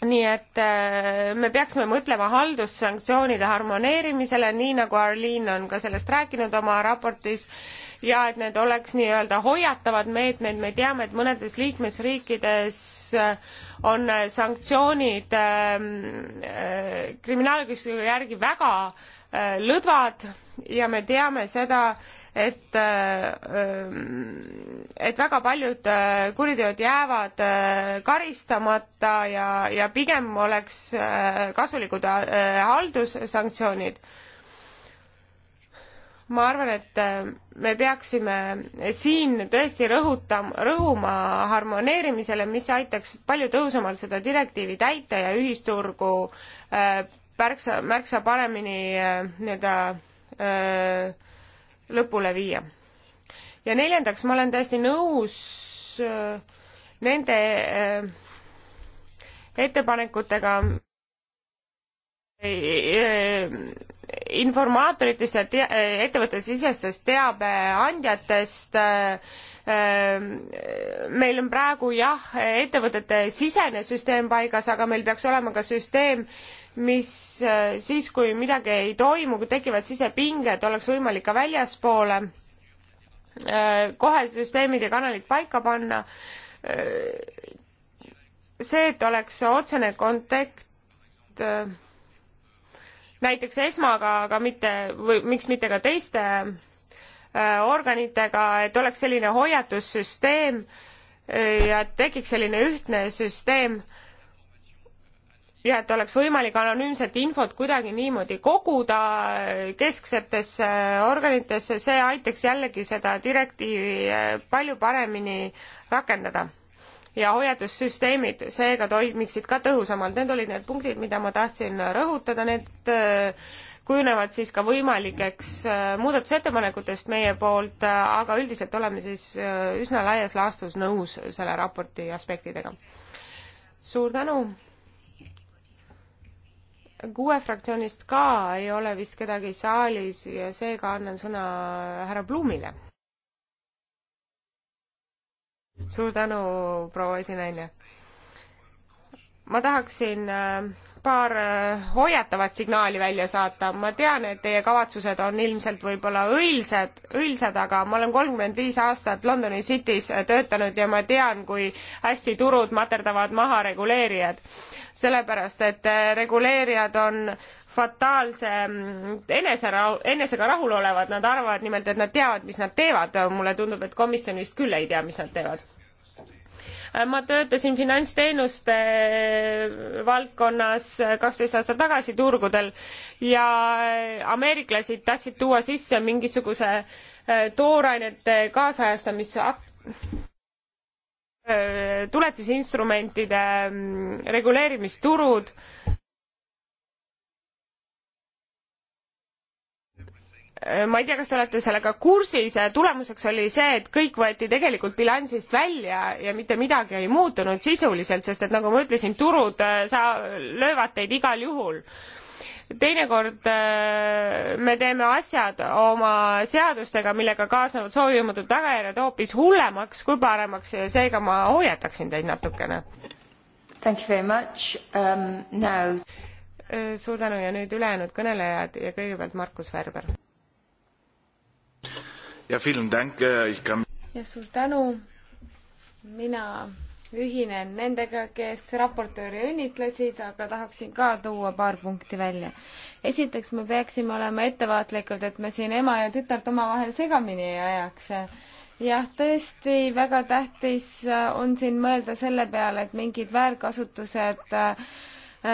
nii et äh, me peaksime mõtlema haldussanktsioonide harmoneerimisele, nii nagu Arliin on ka sellest rääkinud oma raportis, ja et need oleks nii-öelda hoiatavad meetmed, me teame, et mõnedes liikmesriikides äh, on sanktsioonid ähm, kriminaalküsimuse järgi väga äh, Äh, lõdvad ja me teame seda, et, äh, et väga paljud äh, kuriteod jäävad karistamata ja, ja pigem oleks kasulikud haldussanktsioonid. ma arvan, et me peaksime siin tõesti rõhutama, rõhuma harmoneerimisele, mis aitaks palju tõhusamalt seda direktiivi täita ja ühisturgu märksa, märksa paremini äh, nii-öelda äh, lõpule viia. ja neljandaks, ma olen täiesti nõus öö, äh, nende öö, ettepanekutega informaatoritest ja ettevõttesisestest teabeandjatest. meil on praegu jah, ettevõtete sisene süsteem paigas, aga meil peaks olema ka süsteem, mis äh, siis, kui midagi ei toimu, kui tekivad sisepinged, oleks võimalik ka väljaspoole äh, kohe süsteemid ja kanalid paika panna. Äh, see, et oleks otsene kontakt näiteks esmaga, aga mitte või miks mitte ka teiste organitega, et oleks selline hoiatussüsteem ja tekiks selline ühtne süsteem ja et oleks võimalik anonüümset infot kuidagi niimoodi koguda äh, kesksetesse äh, organitesse, see aitaks jällegi seda direktiivi äh, palju paremini rakendada. ja hoiatussüsteemid seega toimiksid ka tõhusamalt, need olid need punktid, mida ma tahtsin rõhutada, need kujunevad siis ka võimalikeks muudatusettepanekutest meie poolt, aga üldiselt oleme siis üsna laias laastus nõus selle raporti aspektidega. suur tänu! kuue fraktsioonist ka ei ole vist kedagi saalis ja seega annan sõna härra Blumile. suur tänu, proua esinaine. ma tahaksin äh, paar äh, hoiatavat signaali välja saata. ma tean, et teie kavatsused on ilmselt võib-olla õilsad, õilsad, aga ma olen kolmkümmend viis aastat Londoni City's äh, töötanud ja ma tean, kui hästi turud materdavad maha reguleerijad. sellepärast, et äh, reguleerijad on fataalse mm, eneserahu, enesega rahul olevad, nad arvavad nimelt, et nad teavad, mis nad teevad. mulle tundub, et komisjon vist küll ei tea, mis nad teevad ma töötasin finantsteenuste valdkonnas kaksteist aastat tagasi turgudel ja ameeriklased tahtsid tuua sisse mingisuguse äh, toorainete kaasajastamise äh, tuletisinstrumentide mm, reguleerimisturud ma ei tea, kas te olete sellega kursis, tulemuseks oli see, et kõik võeti tegelikult bilansist välja ja mitte midagi ei muutunud sisuliselt, sest et nagu ma ütlesin, turud äh, sa-, löövad teid igal juhul teinekord äh, me teeme asjad oma seadustega, millega kaasnevad soovimatud tagajärjed hoopis hullemaks kui paremaks, seega ma hoiataksin teid natukene. Thank you very much um,, now. Äh, suur tänu ja nüüd ülejäänud kõnelejad ja kõigepealt Markus Värber ja suur tänu. mina ühinen nendega, kes raportööri õnnitlesid, aga tahaksin ka tuua paar punkti välja. esiteks, me peaksime olema ettevaatlikud, et me siin ema ja tütart omavahel segamini ei ajaks. jah, tõesti, väga tähtis on siin mõelda selle peale, et mingid väärkasutused äh,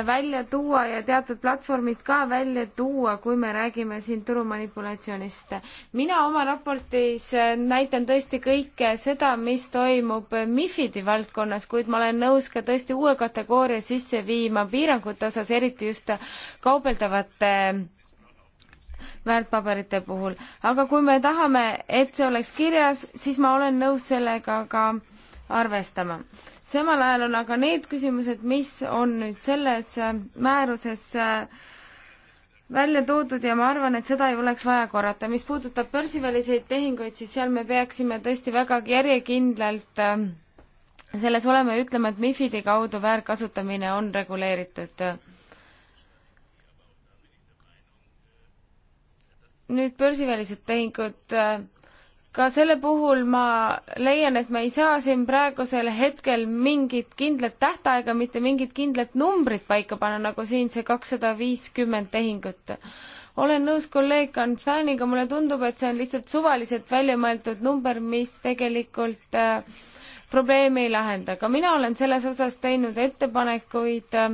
välja tuua ja teatud platvormid ka välja tuua, kui me räägime siin turumanipulatsioonist. mina oma raportis äh, näitan tõesti kõike seda, mis toimub MIFID-i valdkonnas, kuid ma olen nõus ka tõesti uue kategooria sisse viima piirangute osas, eriti just kaubeldavate väärtpaberite puhul. aga kui me tahame, et see oleks kirjas, siis ma olen nõus sellega ka äh, arvestama. samal ajal on aga need küsimused, mis on nüüd selles äh, määruses äh, välja toodud ja ma arvan, et seda ei oleks vaja korrata. mis puudutab börsiväliseid tehinguid, siis seal me peaksime tõesti vägagi järjekindlalt äh, selles olema ja ütlema, et MIFID-i kaudu väärkasutamine on reguleeritud. nüüd börsivälised tehingud ka selle puhul ma leian, et me ei saa siin praegusel hetkel mingit kindlat tähtaega, mitte mingit kindlat numbrit paika panna, nagu siin see kakssada viiskümmend tehingut. olen nõus kolleeg Anfaniga, mulle tundub, et see on lihtsalt suvaliselt välja mõeldud number, mis tegelikult äh, probleemi ei lahenda. ka mina olen selles osas teinud ettepanekuid äh,,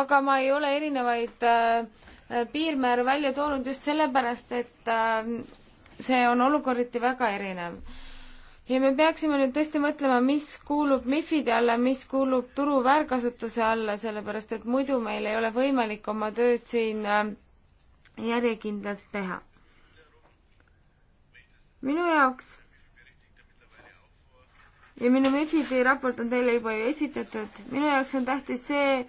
aga ma ei ole erinevaid äh, piirmäära välja toonud just sellepärast, et äh, see on olukorriti väga erinev. ja me peaksime nüüd tõesti mõtlema, mis kuulub MIFide alla, mis kuulub turu väärkasutuse alla, sellepärast et muidu meil ei ole võimalik oma tööd siin äh, järjekindlalt teha. minu jaoks ja minu MIFIDi raport on teile juba ju esitatud, minu jaoks on tähtis see,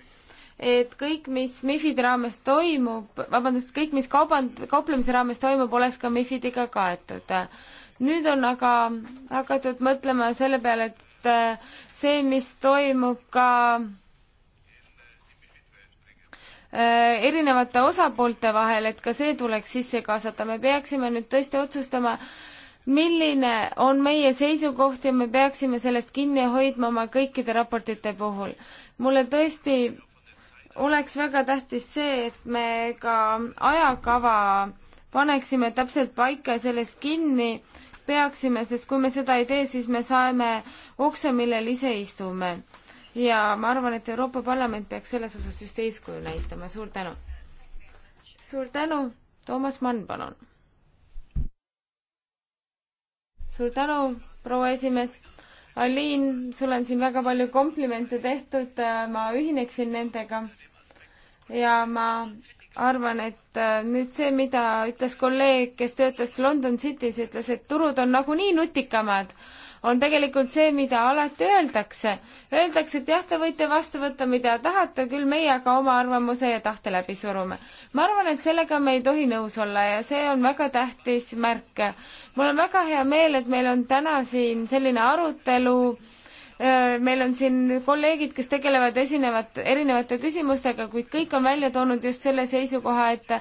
et kõik, mis MIFID raames toimub, vabandust, kõik, mis kauband-, kauplemise raames toimub, oleks ka MIFIDiga kaetud. nüüd on aga hakatud mõtlema selle peale, et äh, see, mis toimub ka äh, erinevate osapoolte vahel, et ka see tuleks sisse kaasata, me peaksime nüüd tõesti otsustama, milline on meie seisukoht ja me peaksime sellest kinni hoidma oma kõikide raportite puhul. mulle tõesti oleks väga tähtis see, et me ka ajakava paneksime täpselt paika ja sellest kinni peaksime, sest kui me seda ei tee, siis me saeme oksa, millel ise istume. ja ma arvan, et Euroopa Parlament peaks selles osas just eeskuju näitama, suur tänu. suur tänu, Toomas Mann, palun. suur tänu, proua esimees Aliin, sul on siin väga palju komplimente tehtud, ma ühineksin nendega. ja ma arvan, et äh, nüüd see, mida ütles kolleeg, kes töötas London City's, ütles, et turud on nagunii nutikamad on tegelikult see, mida alati öeldakse. Öeldakse, et jah, te võite vastu võtta, mida tahate, küll meie aga oma arvamuse ja tahte läbi surume. ma arvan, et sellega me ei tohi nõus olla ja see on väga tähtis märk. mul on väga hea meel, et meil on täna siin selline arutelu äh, Äh, meil on siin kolleegid, kes tegelevad esinevat, erinevate küsimustega, kuid kõik on välja toonud just selle seisukoha, et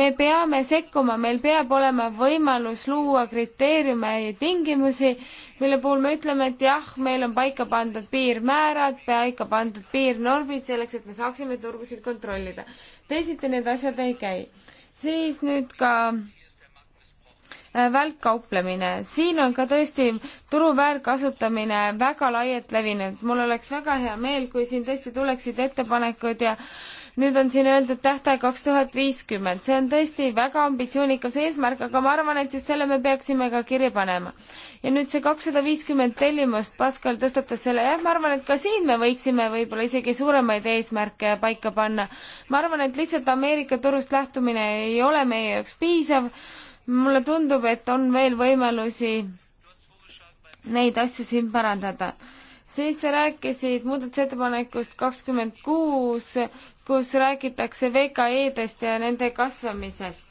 me peame sekkuma, meil peab olema võimalus luua kriteeriume ja tingimusi, mille puhul me ütleme, et jah, meil on paika pandud piirmäärad, paika pandud piirnormid selleks, et me saaksime turgusid kontrollida. teisiti need asjad ei käi. siis nüüd ka Äh, välkkauplemine. siin on ka tõesti turu väärkasutamine väga laialt levinud. mul oleks väga hea meel, kui siin tõesti tuleksid ettepanekud ja nüüd on siin öeldud tähtaeg kaks tuhat viiskümmend, see on tõesti väga ambitsioonikas eesmärk, aga ma arvan, et just selle me peaksime ka kirja panema. ja nüüd see kakssada viiskümmend tellimust, Pascal tõstatas selle, jah, ma arvan, et ka siin me võiksime võib-olla isegi suuremaid eesmärke paika panna. ma arvan, et lihtsalt Ameerika turust lähtumine ei ole meie jaoks piisav mulle tundub, et on veel võimalusi neid asju siin parandada. siis sa rääkisid muudatusettepanekust kakskümmend kuus, kus räägitakse VKE-dest ja nende kasvamisest.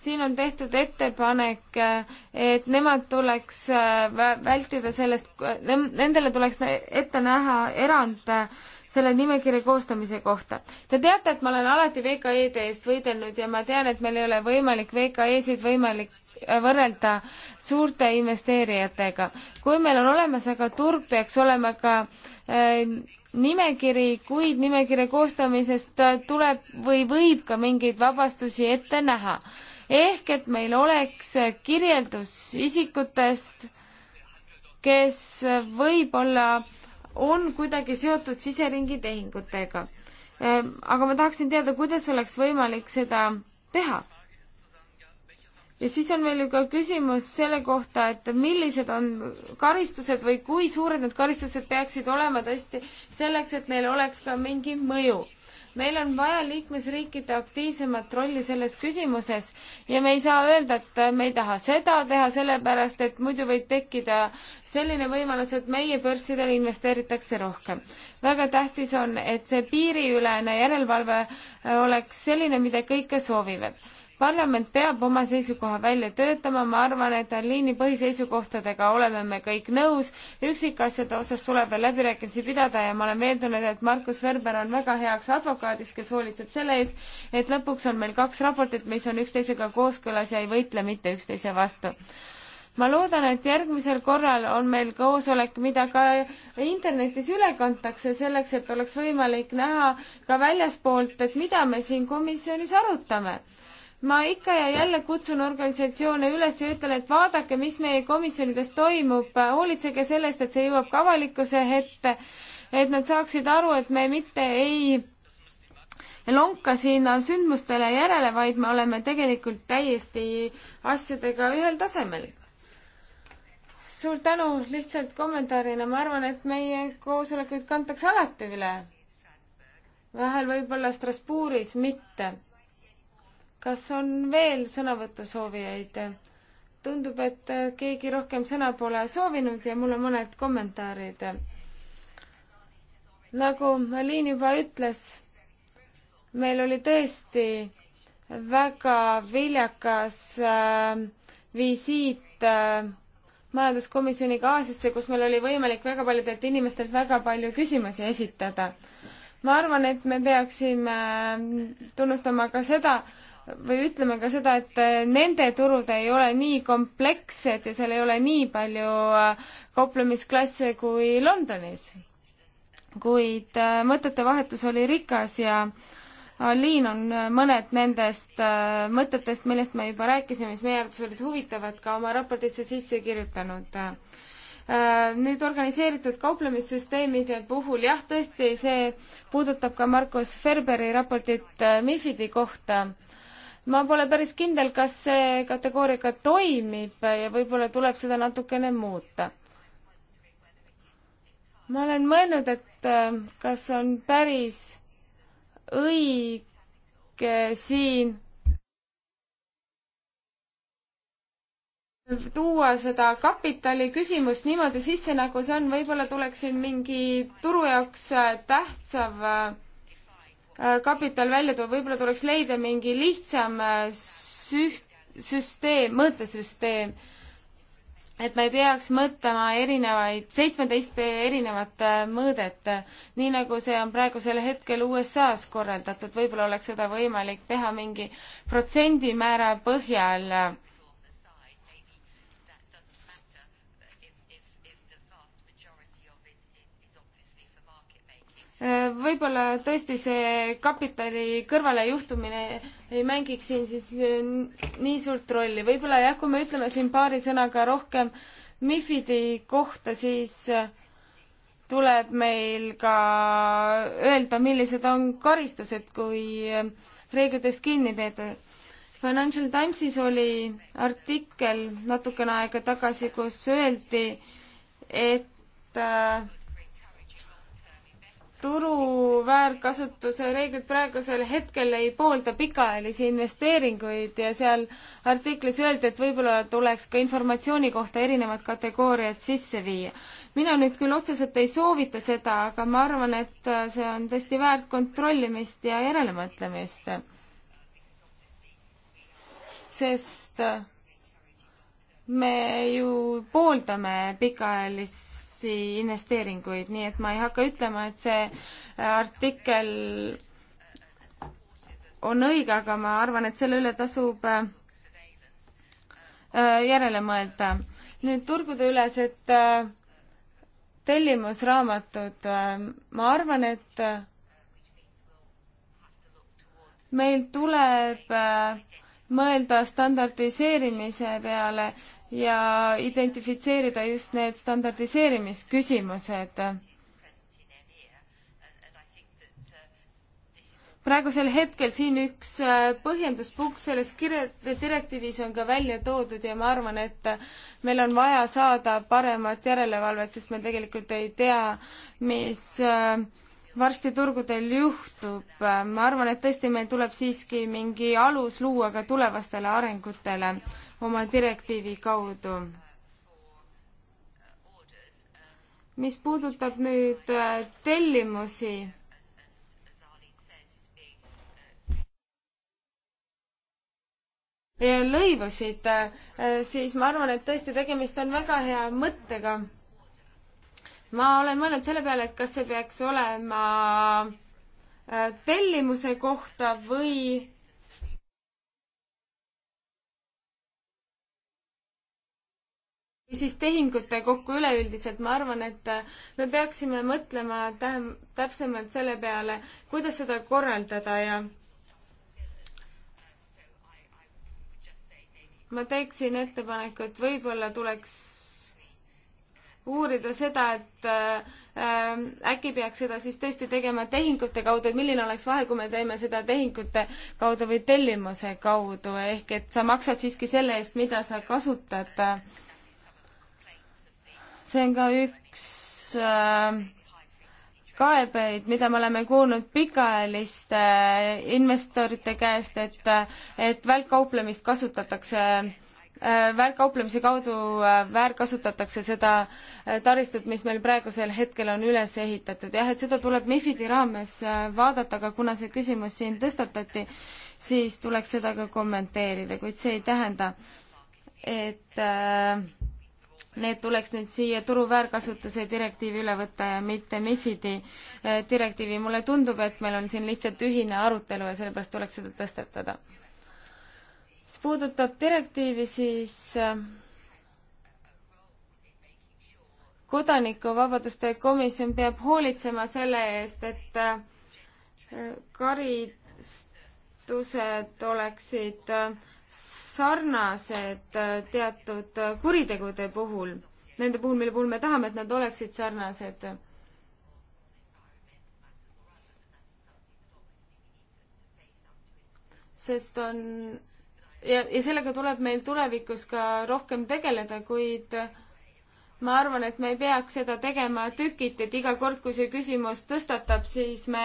siin on tehtud ettepanek, et nemad tuleks äh, vältida sellest, nendele tuleks ette näha erand selle nimekirja koostamise kohta. Te teate, et ma olen alati VKE-de eest võidelnud ja ma tean, et meil ei ole võimalik VKE-sid võimalik äh, võrrelda suurte investeerijatega. kui meil on olemas aga turg, peaks olema ka äh, nimekiri, kuid nimekirja koostamisest äh, tuleb või võib ka mingeid vabastusi ette näha. ehk et meil oleks äh, kirjeldus isikutest, kes võib-olla on kuidagi seotud siseringi tehingutega. Ehm, aga ma tahaksin teada, kuidas oleks võimalik seda teha? ja siis on meil ju ka küsimus selle kohta, et millised on karistused või kui suured need karistused peaksid olema tõesti selleks, et neil oleks ka mingi mõju meil on vaja liikmesriikide aktiivsemat rolli selles küsimuses ja me ei saa öelda, et me ei taha seda teha, sellepärast et muidu võib tekkida selline võimalus, et meie börssidel investeeritakse rohkem. väga tähtis on, et see piiriülene järelevalve oleks selline, mida kõik soovivad parlament peab oma seisukoha välja töötama, ma arvan, et Berliini põhiseisukohtadega oleme me kõik nõus, üksikasjade osas tuleb veel läbirääkimisi pidada ja ma olen veendunud, et Markus Verber on väga heaks advokaadis, kes hoolitseb selle eest, et lõpuks on meil kaks raportit, mis on üksteisega kooskõlas ja ei võitle mitte üksteise vastu ma loodan, et järgmisel korral on meil koosolek, mida ka internetis üle kantakse, selleks et oleks võimalik näha ka väljaspoolt, et mida me siin komisjonis arutame ma ikka ja jälle kutsun organisatsioone üles ja ütlen, et vaadake, mis meie komisjonides toimub, hoolitsege sellest, et see jõuab ka avalikkuse ette, et nad saaksid aru, et me mitte ei lonka sinna sündmustele järele, vaid me oleme tegelikult täiesti asjadega ühel tasemel. suur tänu lihtsalt kommentaarina, ma arvan, et meie koosolekuid kantakse alati üle. vahel võib-olla Strasbourgis mitte kas on veel sõnavõtusoovijaid? tundub, et keegi rohkem sõna pole soovinud ja mul on mõned kommentaarid. nagu Aliin juba ütles, meil oli tõesti väga viljakas äh, visiit äh, majanduskomisjoniga Aasiasse, kus meil oli võimalik väga paljudelt inimestelt väga palju küsimusi esitada. ma arvan, et me peaksime äh, tunnustama ka seda, või ütleme ka seda, et äh, nende turud ei ole nii komplekssed ja seal ei ole nii palju äh, kauplemisklasse kui Londonis. kuid äh, mõtetevahetus oli rikas ja Aliin on mõned nendest mõtetest, millest me juba rääkisime, mis meie arvates olid huvitavad, ka oma raportisse sisse kirjutanud nüüd organiseeritud kauplemissüsteemide puhul jah, tõesti, see puudutab ka Markus Ferberi raportit MIFID-i kohta ma pole päris kindel, kas see kategooria ka toimib ja võib-olla tuleb seda natukene muuta. ma olen mõelnud, et äh, kas on päris õige siin tuua seda kapitali küsimust niimoodi sisse, nagu see on, võib-olla tuleks siin mingi turu jaoks äh, tähtsav äh, Äh, kapital välja tuleb, võib-olla tuleks leida mingi lihtsam äh, süht-, süsteem, mõõtesüsteem, et me ei peaks mõõtma erinevaid, seitsmeteist erinevat äh, mõõdet, nii nagu see on praegusel hetkel USA-s korraldatud, võib-olla oleks seda võimalik teha mingi protsendimäära põhjal võib-olla tõesti see kapitali kõrvalejuhtumine ei mängiks siin siis äh, nii suurt rolli. võib-olla jah, kui me ütleme siin paari sõnaga rohkem MIFID-i kohta, siis äh, tuleb meil ka öelda, millised on karistused, kui äh, reeglitest kinni peeta. Financial Timesis oli artikkel natukene aega tagasi, kus öeldi, et äh, turu väärkasutuse reeglid praegusel hetkel ei poolda pikaajalisi investeeringuid ja seal artiklis öeldi, et võib-olla tuleks ka informatsiooni kohta erinevad kategooriad sisse viia. mina nüüd küll otseselt ei soovita seda, aga ma arvan, et see on tõesti väärt kontrollimist ja järelemõtlemist. sest me ju pooldame pikaajalist tagasi investeeringuid, nii et ma ei hakka ütlema, et see äh, artikkel on õige, aga ma arvan, et selle üle tasub äh, äh, järele mõelda. nüüd turgudeülesed tellimusraamatud, ma arvan, et meil tuleb mõelda standardiseerimise peale ja identifitseerida just need standardiseerimisküsimused. praegusel hetkel siin üks äh, põhjenduspunkt selles kirja, direktiivis on ka välja toodud ja ma arvan, et meil on vaja saada paremat järelevalvet, sest me tegelikult ei tea, mis äh, varsti turgudel juhtub. ma arvan, et tõesti meil tuleb siiski mingi alus luua ka tulevastele arengutele oma direktiivi kaudu. mis puudutab nüüd äh, tellimusi, lõivusid, äh, siis ma arvan, et tõesti tegemist on väga hea mõttega ma olen mõelnud selle peale, et kas see peaks olema äh, tellimuse kohta või siis tehingute kokku üleüldiselt, ma arvan, et äh, me peaksime mõtlema tähem-, täpsemalt selle peale, kuidas seda korraldada ja ma teeksin ettepaneku, et võib-olla tuleks uurida seda, et äh, äkki peaks seda siis tõesti tegema tehingute kaudu, et milline oleks vahe, kui me teeme seda tehingute kaudu või tellimuse kaudu, ehk et sa maksad siiski selle eest, mida sa kasutad. see on ka üks äh, kaebeid, mida me oleme kuulnud pikaajaliste investorite käest, et, äh, et välkkauplemist kasutatakse äh, Äh, väärkauplemise kaudu äh, väärkasutatakse seda äh, taristut, mis meil praegusel hetkel on üles ehitatud. jah, et seda tuleb MIFID-i raames vaadata, aga kuna see küsimus siin tõstatati, siis tuleks seda ka kommenteerida, kuid see ei tähenda, et need tuleks nüüd siia turu väärkasutuse direktiivi üle võtta ja mitte MIFID-i direktiivi. mulle tundub, et meil on siin lihtsalt ühine arutelu ja sellepärast tuleks seda tõstatada mis puudutab direktiivi, siis äh, kodanikuvabaduste komisjon peab hoolitsema selle eest, et äh, karistused oleksid äh, sarnased teatud kuritegude puhul, nende puhul, mille puhul me tahame, et nad oleksid sarnased. sest on ja, ja sellega tuleb meil tulevikus ka rohkem tegeleda, kuid ma arvan, et me ei peaks seda tegema tükiti, et iga kord, kui see küsimus tõstatab, siis me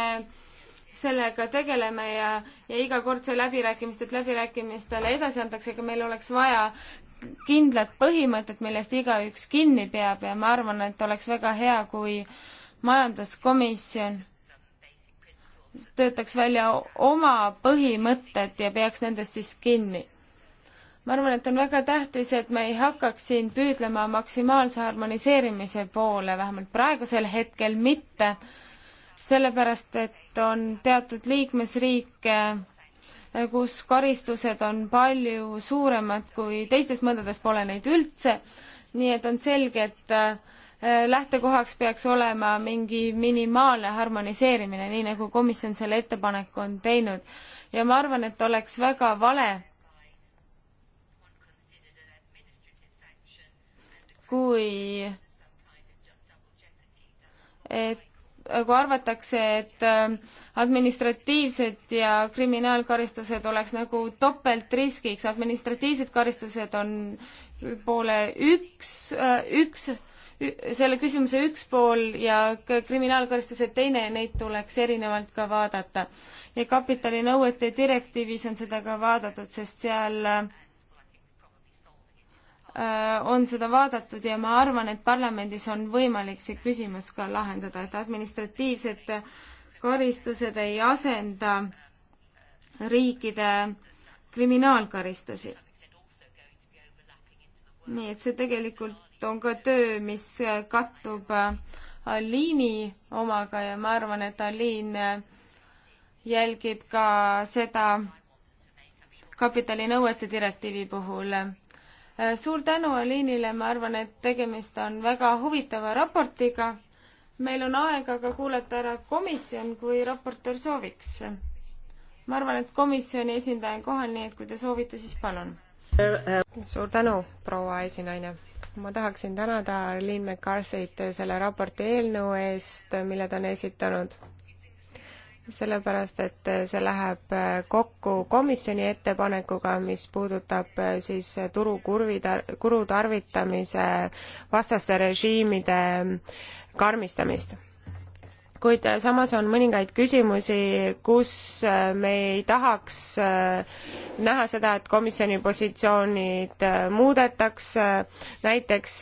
sellega tegeleme ja, ja iga kord see läbirääkimist, et läbirääkimistele edasi antakse, aga meil oleks vaja kindlat põhimõtet, millest igaüks kinni peab ja ma arvan, et oleks väga hea, kui majanduskomisjon töötaks välja oma põhimõtted ja peaks nendest siis kinni. ma arvan, et on väga tähtis, et me ei hakkaks siin püüdlema maksimaalse harmoniseerimise poole, vähemalt praegusel hetkel mitte, sellepärast et on teatud liikmesriike, kus karistused on palju suuremad kui teistes, mõndades pole neid üldse, nii et on selge, et Äh, lähtekohaks peaks olema mingi minimaalne harmoniseerimine, nii nagu komisjon selle ettepaneku on teinud. ja ma arvan, et oleks väga vale, kui et kui arvatakse, et äh, administratiivsed ja kriminaalkaristused oleks nagu topeltriskiks, administratiivsed karistused on poole üks, äh, üks selle küsimuse üks pool ja kriminaalkaristuse teine, neid tuleks erinevalt ka vaadata. ja kapitalinõuete direktiivis on seda ka vaadatud, sest seal äh, on seda vaadatud ja ma arvan, et parlamendis on võimalik see küsimus ka lahendada, et administratiivsed karistused ei asenda riikide kriminaalkaristusi. nii et see tegelikult on ka töö, mis kattub äh, Aliini omaga ja ma arvan, et Aliin äh, jälgib ka seda kapitalinõuete direktiivi puhul. Äh, suur tänu Aliinile, ma arvan, et tegemist on väga huvitava raportiga. meil on aega ka kuulata ära komisjon, kui raportöör sooviks ma arvan, et komisjoni esindaja on kohal, nii et kui te soovite, siis palun. suur tänu, proua esinaine ma tahaksin tänada Arlene McCarthy't selle raporti eelnõu eest, mille ta on esitanud, sellepärast et see läheb kokku komisjoni ettepanekuga, mis puudutab siis turu kurvitar-, kuru tarvitamise vastaste režiimide karmistamist kuid samas on mõningaid küsimusi, kus äh, me ei tahaks äh, näha seda, et komisjoni positsioonid äh, muudetakse, näiteks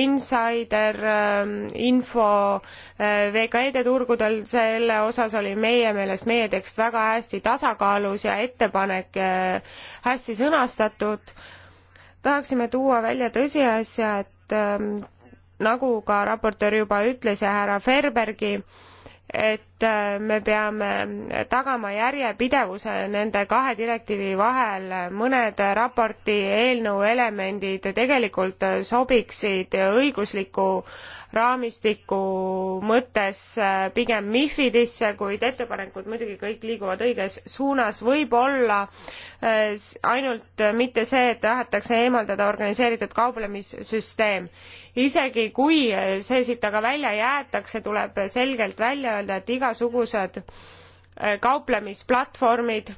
insider ähm, info VKE-de turgudel, selle osas oli meie meelest meie tekst väga hästi tasakaalus ja ettepanek hästi sõnastatud, tahaksime tuua välja tõsiasja, et ähm, nagu ka raportöör juba ütles ja härra Ferbergi, et äh, me peame tagama järjepidevuse nende kahe direktiivi vahel, mõned raporti eelnõu elemendid tegelikult sobiksid õigusliku raamistiku mõttes äh, pigem MIFIDisse, kuid ettepanekud muidugi kõik liiguvad õiges suunas, võib-olla äh, ainult äh, mitte see, et tahetakse eemaldada organiseeritud kauplemissüsteem. isegi kui see siit aga välja jäetakse, tuleb selgelt välja öelda, et igasugused kauplemisplatvormid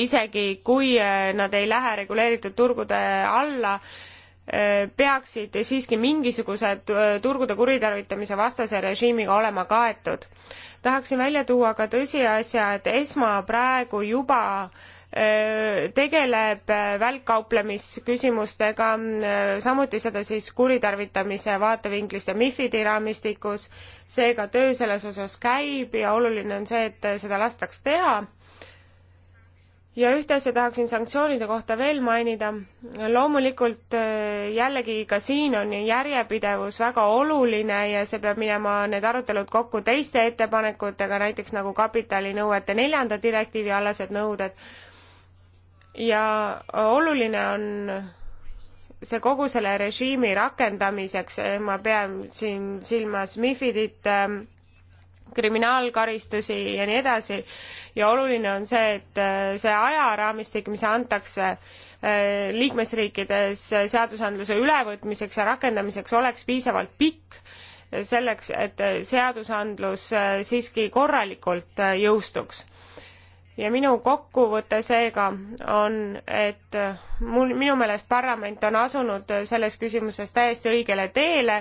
isegi kui nad ei lähe reguleeritud turgude alla, peaksid siiski mingisugused äh, turgude kuritarvitamise vastase režiimiga olema kaetud. tahaksin välja tuua ka tõsiasja, et ESMA praegu juba äh, tegeleb äh, välkkauplemisküsimustega, samuti seda siis kuritarvitamise vaatevinklist ja MIFID-i raamistikus, seega töö selles osas käib ja oluline on see, et seda lastaks teha ja ühte asja tahaksin sanktsioonide kohta veel mainida. loomulikult äh, jällegi ka siin on järjepidevus väga oluline ja see peab minema, need arutelud kokku teiste ettepanekutega, näiteks nagu kapitalinõuete neljanda direktiivi alased nõuded. ja oluline on see kogu selle režiimi rakendamiseks, äh, ma pean siin silmas MIFIDit äh,, kriminaalkaristusi ja nii edasi. ja oluline on see, et äh, see ajaraamistik, mis antakse äh, liikmesriikides seadusandluse ülevõtmiseks ja rakendamiseks, oleks piisavalt pikk selleks, et seadusandlus äh, siiski korralikult jõustuks ja minu kokkuvõte seega on, et mul, minu meelest parlament on asunud selles küsimuses täiesti õigele teele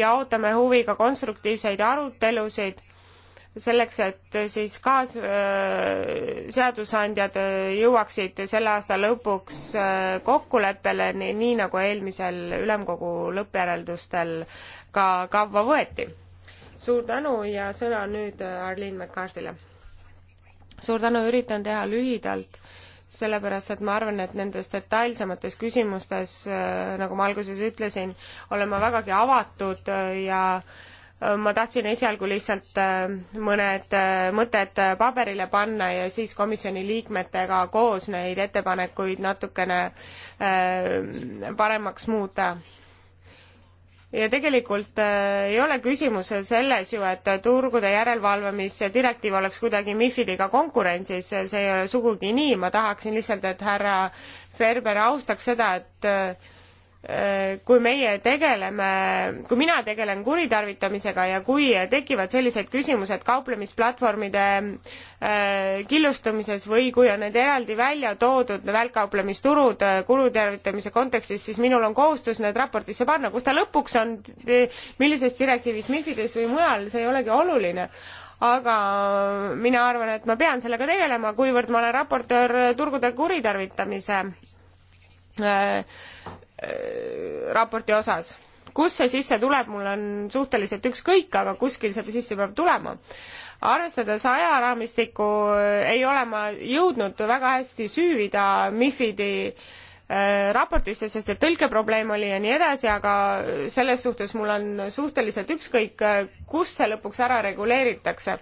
ja ootame huviga konstruktiivseid arutelusid selleks, et siis kaas-, seadusandjad jõuaksid selle aasta lõpuks äh, kokkuleppele, nii nagu eelmisel ülemkogu lõppjäreldustel ka kavva võeti. suur tänu ja sõna nüüd äh, Arlene McCarthy'le. suur tänu, üritan teha lühidalt sellepärast et ma arvan, et nendes detailsemates küsimustes, äh, nagu ma alguses ütlesin, olen ma vägagi avatud ja äh, ma tahtsin esialgu lihtsalt äh, mõned äh, mõtted paberile panna ja siis komisjoni liikmetega koos neid ettepanekuid natukene äh, paremaks muuta. ja tegelikult ei ole küsimus selles ju, et turgude järelevalvamise direktiiv oleks kuidagi MIFIDiga konkurentsis, see ei ole sugugi nii, ma tahaksin lihtsalt, et härra Ferber austaks seda, et Äh, kui meie tegeleme, kui mina tegelen kuritarvitamisega ja kui tekivad sellised küsimused kauplemisplatvormide äh, killustumises või kui on need eraldi välja toodud välkkauplemisturud kuritarvitamise kontekstis, siis minul on kohustus need raportisse panna, kus ta lõpuks on, millises direktiivis, MIFIDis või mujal, see ei olegi oluline aga mina arvan, et ma pean sellega tegelema, kuivõrd ma olen raportöör turgude kuritarvitamise äh, Äh, raporti osas. kust see sisse tuleb, mul on suhteliselt ükskõik, aga kuskil see sisse peab tulema. arvestades ajaraamistikku äh, ei ole ma jõudnud väga hästi süüvida MIFIDi äh, raportisse, sest et tõlkeprobleem oli ja nii edasi, aga selles suhtes mul on suhteliselt ükskõik, kus see lõpuks ära reguleeritakse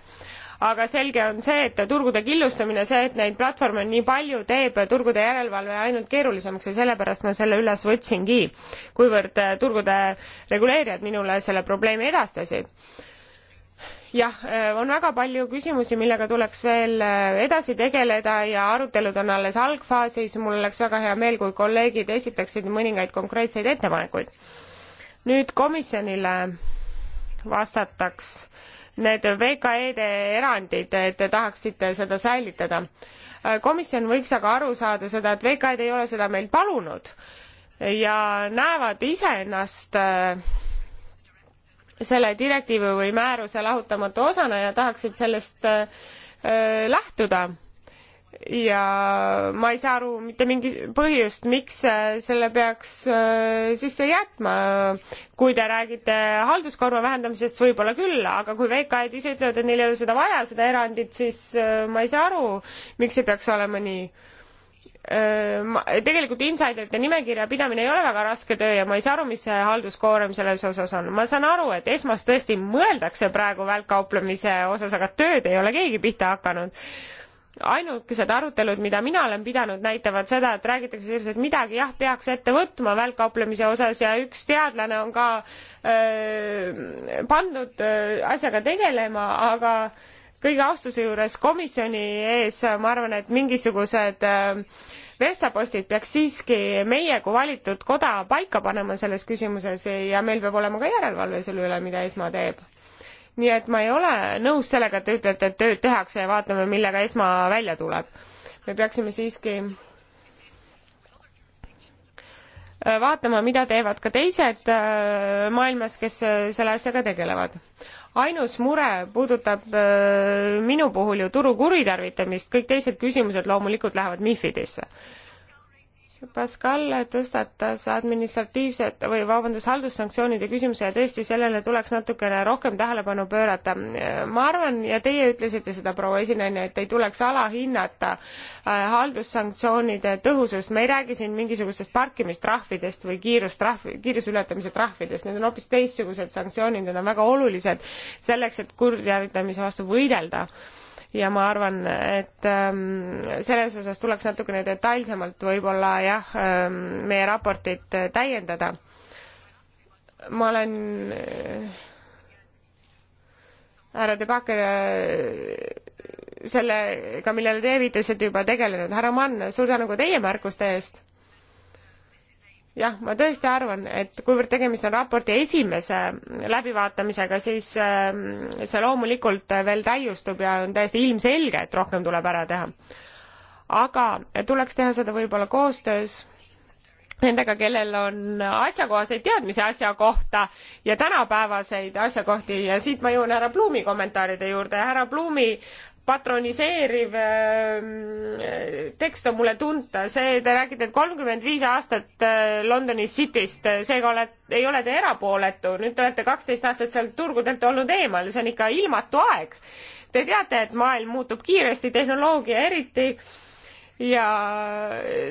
aga selge on see, et turgude killustamine, see, et neid platvorme on nii palju, teeb turgude järelevalve ainult keerulisemaks ja sellepärast ma selle üles võtsingi, kuivõrd äh, turgude reguleerijad minule selle probleemi edastasid jah, äh, on väga palju küsimusi, millega tuleks veel äh, edasi tegeleda ja arutelud on alles algfaasis, mul oleks väga hea meel, kui kolleegid esitaksid mõningaid konkreetseid ettepanekuid. nüüd komisjonile vastataks äh, need VKE-de erandid, et te tahaksite seda säilitada. komisjon võiks aga aru saada seda, et VKE-d ei ole seda meil palunud ja näevad iseennast äh, selle direktiivi või määruse lahutamatu osana ja tahaksid sellest äh, äh, lähtuda ja ma ei saa aru mitte mingi põhjust, miks selle peaks äh, sisse jätma. kui te räägite halduskoorma vähendamisest, võib-olla küll, aga kui VKE-d ise ütlevad, et neil ei ole seda vaja, seda erandit, siis äh, ma ei saa aru, miks see peaks olema nii äh, ma, tegelikult insiderite nimekirja pidamine ei ole väga raske töö ja ma ei saa aru, mis see halduskoorem selles osas on. ma saan aru, et esmas tõesti mõeldakse praegu välkkauplemise osas, aga tööd ei ole keegi pihta hakanud ainukesed arutelud, mida mina olen pidanud, näitavad seda, et räägitakse sellest, et midagi jah, peaks ette võtma välkkauplemise osas ja üks teadlane on ka öö, pandud öö, asjaga tegelema, aga kõige austuse juures komisjoni ees ma arvan, et mingisugused öö, verstapostid peaks siiski meie kui valitud koda paika panema selles küsimuses ja meil peab olema ka järelevalve selle üle, mida ESMA teeb nii et ma ei ole nõus sellega, et te ütlete, et tööd tehakse ja vaatame, millega esma välja tuleb. me peaksime siiski äh, vaatama, mida teevad ka teised äh, maailmas, kes äh, selle asjaga tegelevad. ainus mure puudutab minu puhul ju turu kuritarvitamist, kõik teised küsimused loomulikult lähevad MIFIDisse Pascal tõstatas administratiivsed või vabandust, haldussanktsioonide küsimuse ja tõesti, sellele tuleks natukene rohkem tähelepanu pöörata. ma arvan ja teie ütlesite seda, proua esinaine, et ei tuleks alahinnata äh, haldussanktsioonide tõhusust. me ei räägi siin mingisugustest parkimistrahvidest või kiirustrahv, kiiruse ületamise trahvidest, need on hoopis teistsugused sanktsioonid, need on väga olulised selleks, et kurjärgitamise vastu võidelda ja ma arvan, et ähm, selles osas tuleks natukene detailsemalt võib-olla jah, ähm, meie raportit täiendada. ma olen äh, härra De Backer äh, sellega, millele te viitasite, juba tegelenud. härra Mann, suur tänu ka teie märkuste eest jah, ma tõesti arvan, et kuivõrd tegemist on raporti esimese läbivaatamisega, siis ähm, see loomulikult veel täiustub ja on täiesti ilmselge, et rohkem tuleb ära teha. aga tuleks teha seda võib-olla koostöös nendega, kellel on asjakohaseid teadmisi asja kohta ja tänapäevaseid asjakohti ja siit ma jõuan härra Blumi kommentaaride juurde. härra Blumi patroniseeriv ähm, tekst on mulle tunta, see, te räägite, et kolmkümmend viis aastat äh, Londoni Cityst, äh, seega oled, ei ole te erapooletu, nüüd te olete kaksteist aastat sealt turgudelt olnud eemal, see on ikka ilmatu aeg. Te teate, et maailm muutub kiiresti, tehnoloogia eriti ja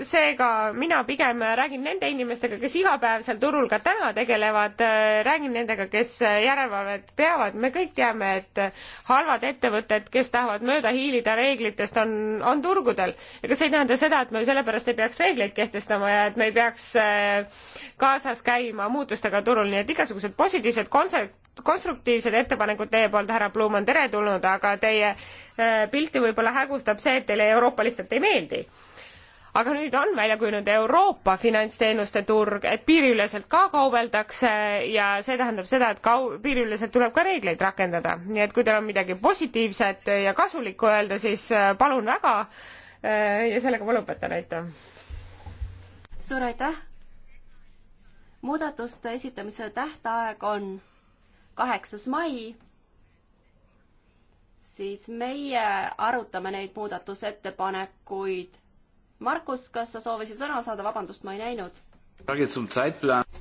seega mina pigem räägin nende inimestega, kes iga päev seal turul ka täna tegelevad, räägin nendega, kes järelevalvet peavad, me kõik teame, et halvad ettevõtted, kes tahavad mööda hiilida reeglitest, on, on turgudel. ega see ei tähenda seda, et me sellepärast ei peaks reegleid kehtestama ja et me ei peaks äh, kaasas käima muutustega turul, nii et igasugused positiivsed konse-, konstruktiivsed ettepanekud teie poolt, härra Blum, on teretulnud, aga teie äh, pilti võib-olla hägustab see, et teile Euroopa lihtsalt ei meeldi. aga nüüd on välja kujunenud Euroopa finantsteenuste turg, et piiriüleselt ka kaubeldakse ja see tähendab seda, et kau-, piiriüleselt tuleb ka reegleid rakendada. nii et kui teil on midagi positiivset ja kasulikku öelda, siis äh, palun väga äh, ja sellega ma lõpetan, aitäh! suur aitäh! muudatuste esitamise tähtaeg on kaheksas mai, siis meie arutame neid muudatusettepanekuid. Markus, kas sa soovisid sõna saada, vabandust, ma ei näinud.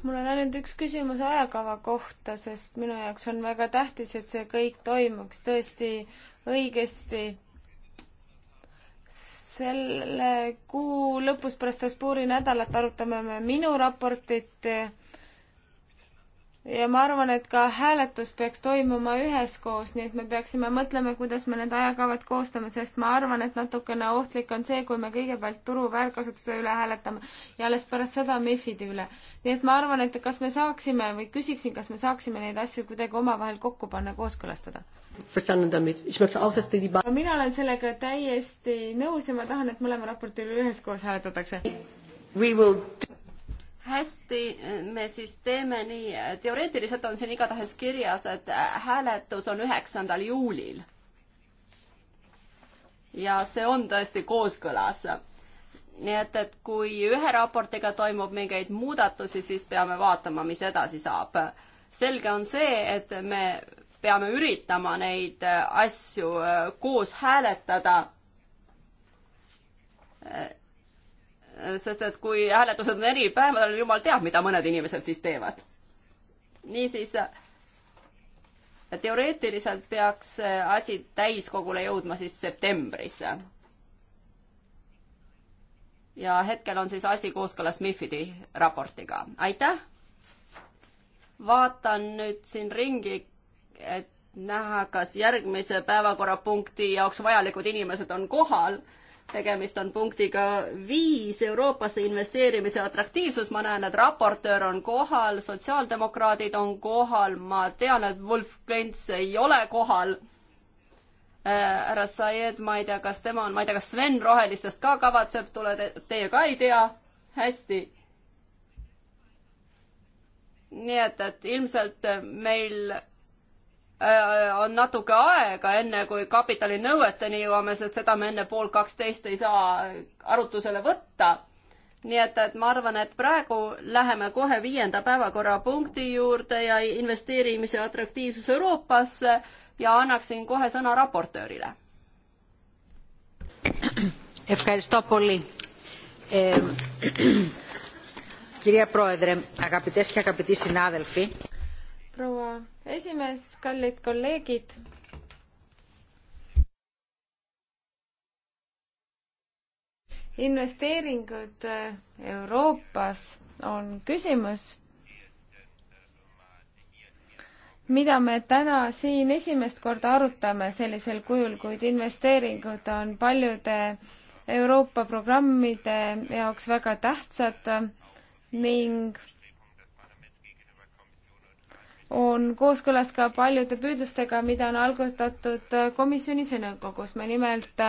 mul on ainult üks küsimus ajakava kohta, sest minu jaoks on väga tähtis, et see kõik toimuks tõesti õigesti selle kuu lõpus pärast Strasbourgi nädalat arutame me minu raportit ja ma arvan, et ka hääletus peaks toimuma üheskoos, nii et me peaksime mõtlema, kuidas me need ajakavad koostame, sest ma arvan, et natukene ohtlik on see, kui me kõigepealt turu väärkasutuse üle hääletame ja alles pärast seda MIFID-i üle. nii et ma arvan, et kas me saaksime või küsiksin, kas me saaksime neid asju kuidagi omavahel kokku panna, kooskõlastada. mina olen sellega täiesti nõus ja ma tahan, et mõlema raporti üle üheskoos hääletatakse hästi, me siis teeme nii, teoreetiliselt on siin igatahes kirjas, et hääletus on üheksandal juulil. ja see on tõesti kooskõlas. nii et, et kui ühe raportiga toimub mingeid muudatusi, siis peame vaatama, mis edasi saab. selge on see, et me peame üritama neid asju äh, koos hääletada äh, sest et kui hääletused on eri päevadel, jumal teab, mida mõned inimesed siis teevad. niisiis teoreetiliselt peaks asi täiskogule jõudma siis septembris. ja hetkel on siis asi kooskõlas MIFID-i raportiga. aitäh! vaatan nüüd siin ringi, et näha, kas järgmise päevakorrapunkti jaoks vajalikud inimesed on kohal tegemist on punktiga viis, Euroopasse investeerimise atraktiivsus, ma näen, et raportöör on kohal, sotsiaaldemokraadid on kohal, ma tean, et Wolf Klents ei ole kohal. Äh, härra Saied, ma ei tea, kas tema on, ma ei tea, kas Sven Rohelistest ka kavatseb tulla te,, teie ka ei tea, hästi. nii et, et ilmselt meil Äh, on natuke aega, enne kui kapitalinõueteni jõuame, sest seda me enne pool kaksteist ei saa arutusele võtta. nii et, et ma arvan, et praegu läheme kohe viienda päevakorrapunkti juurde ja investeerimise atraktiivsus Euroopasse ja annaksin kohe sõna raportöörile. proua esimees, kallid kolleegid. investeeringud eh, Euroopas on küsimus, mida me täna siin esimest korda arutame sellisel kujul, kuid investeeringud on paljude Euroopa programmide jaoks väga tähtsad ning on kooskõlas ka paljude püüdlustega, mida on algatatud komisjonis ja nõukogus. me nimelt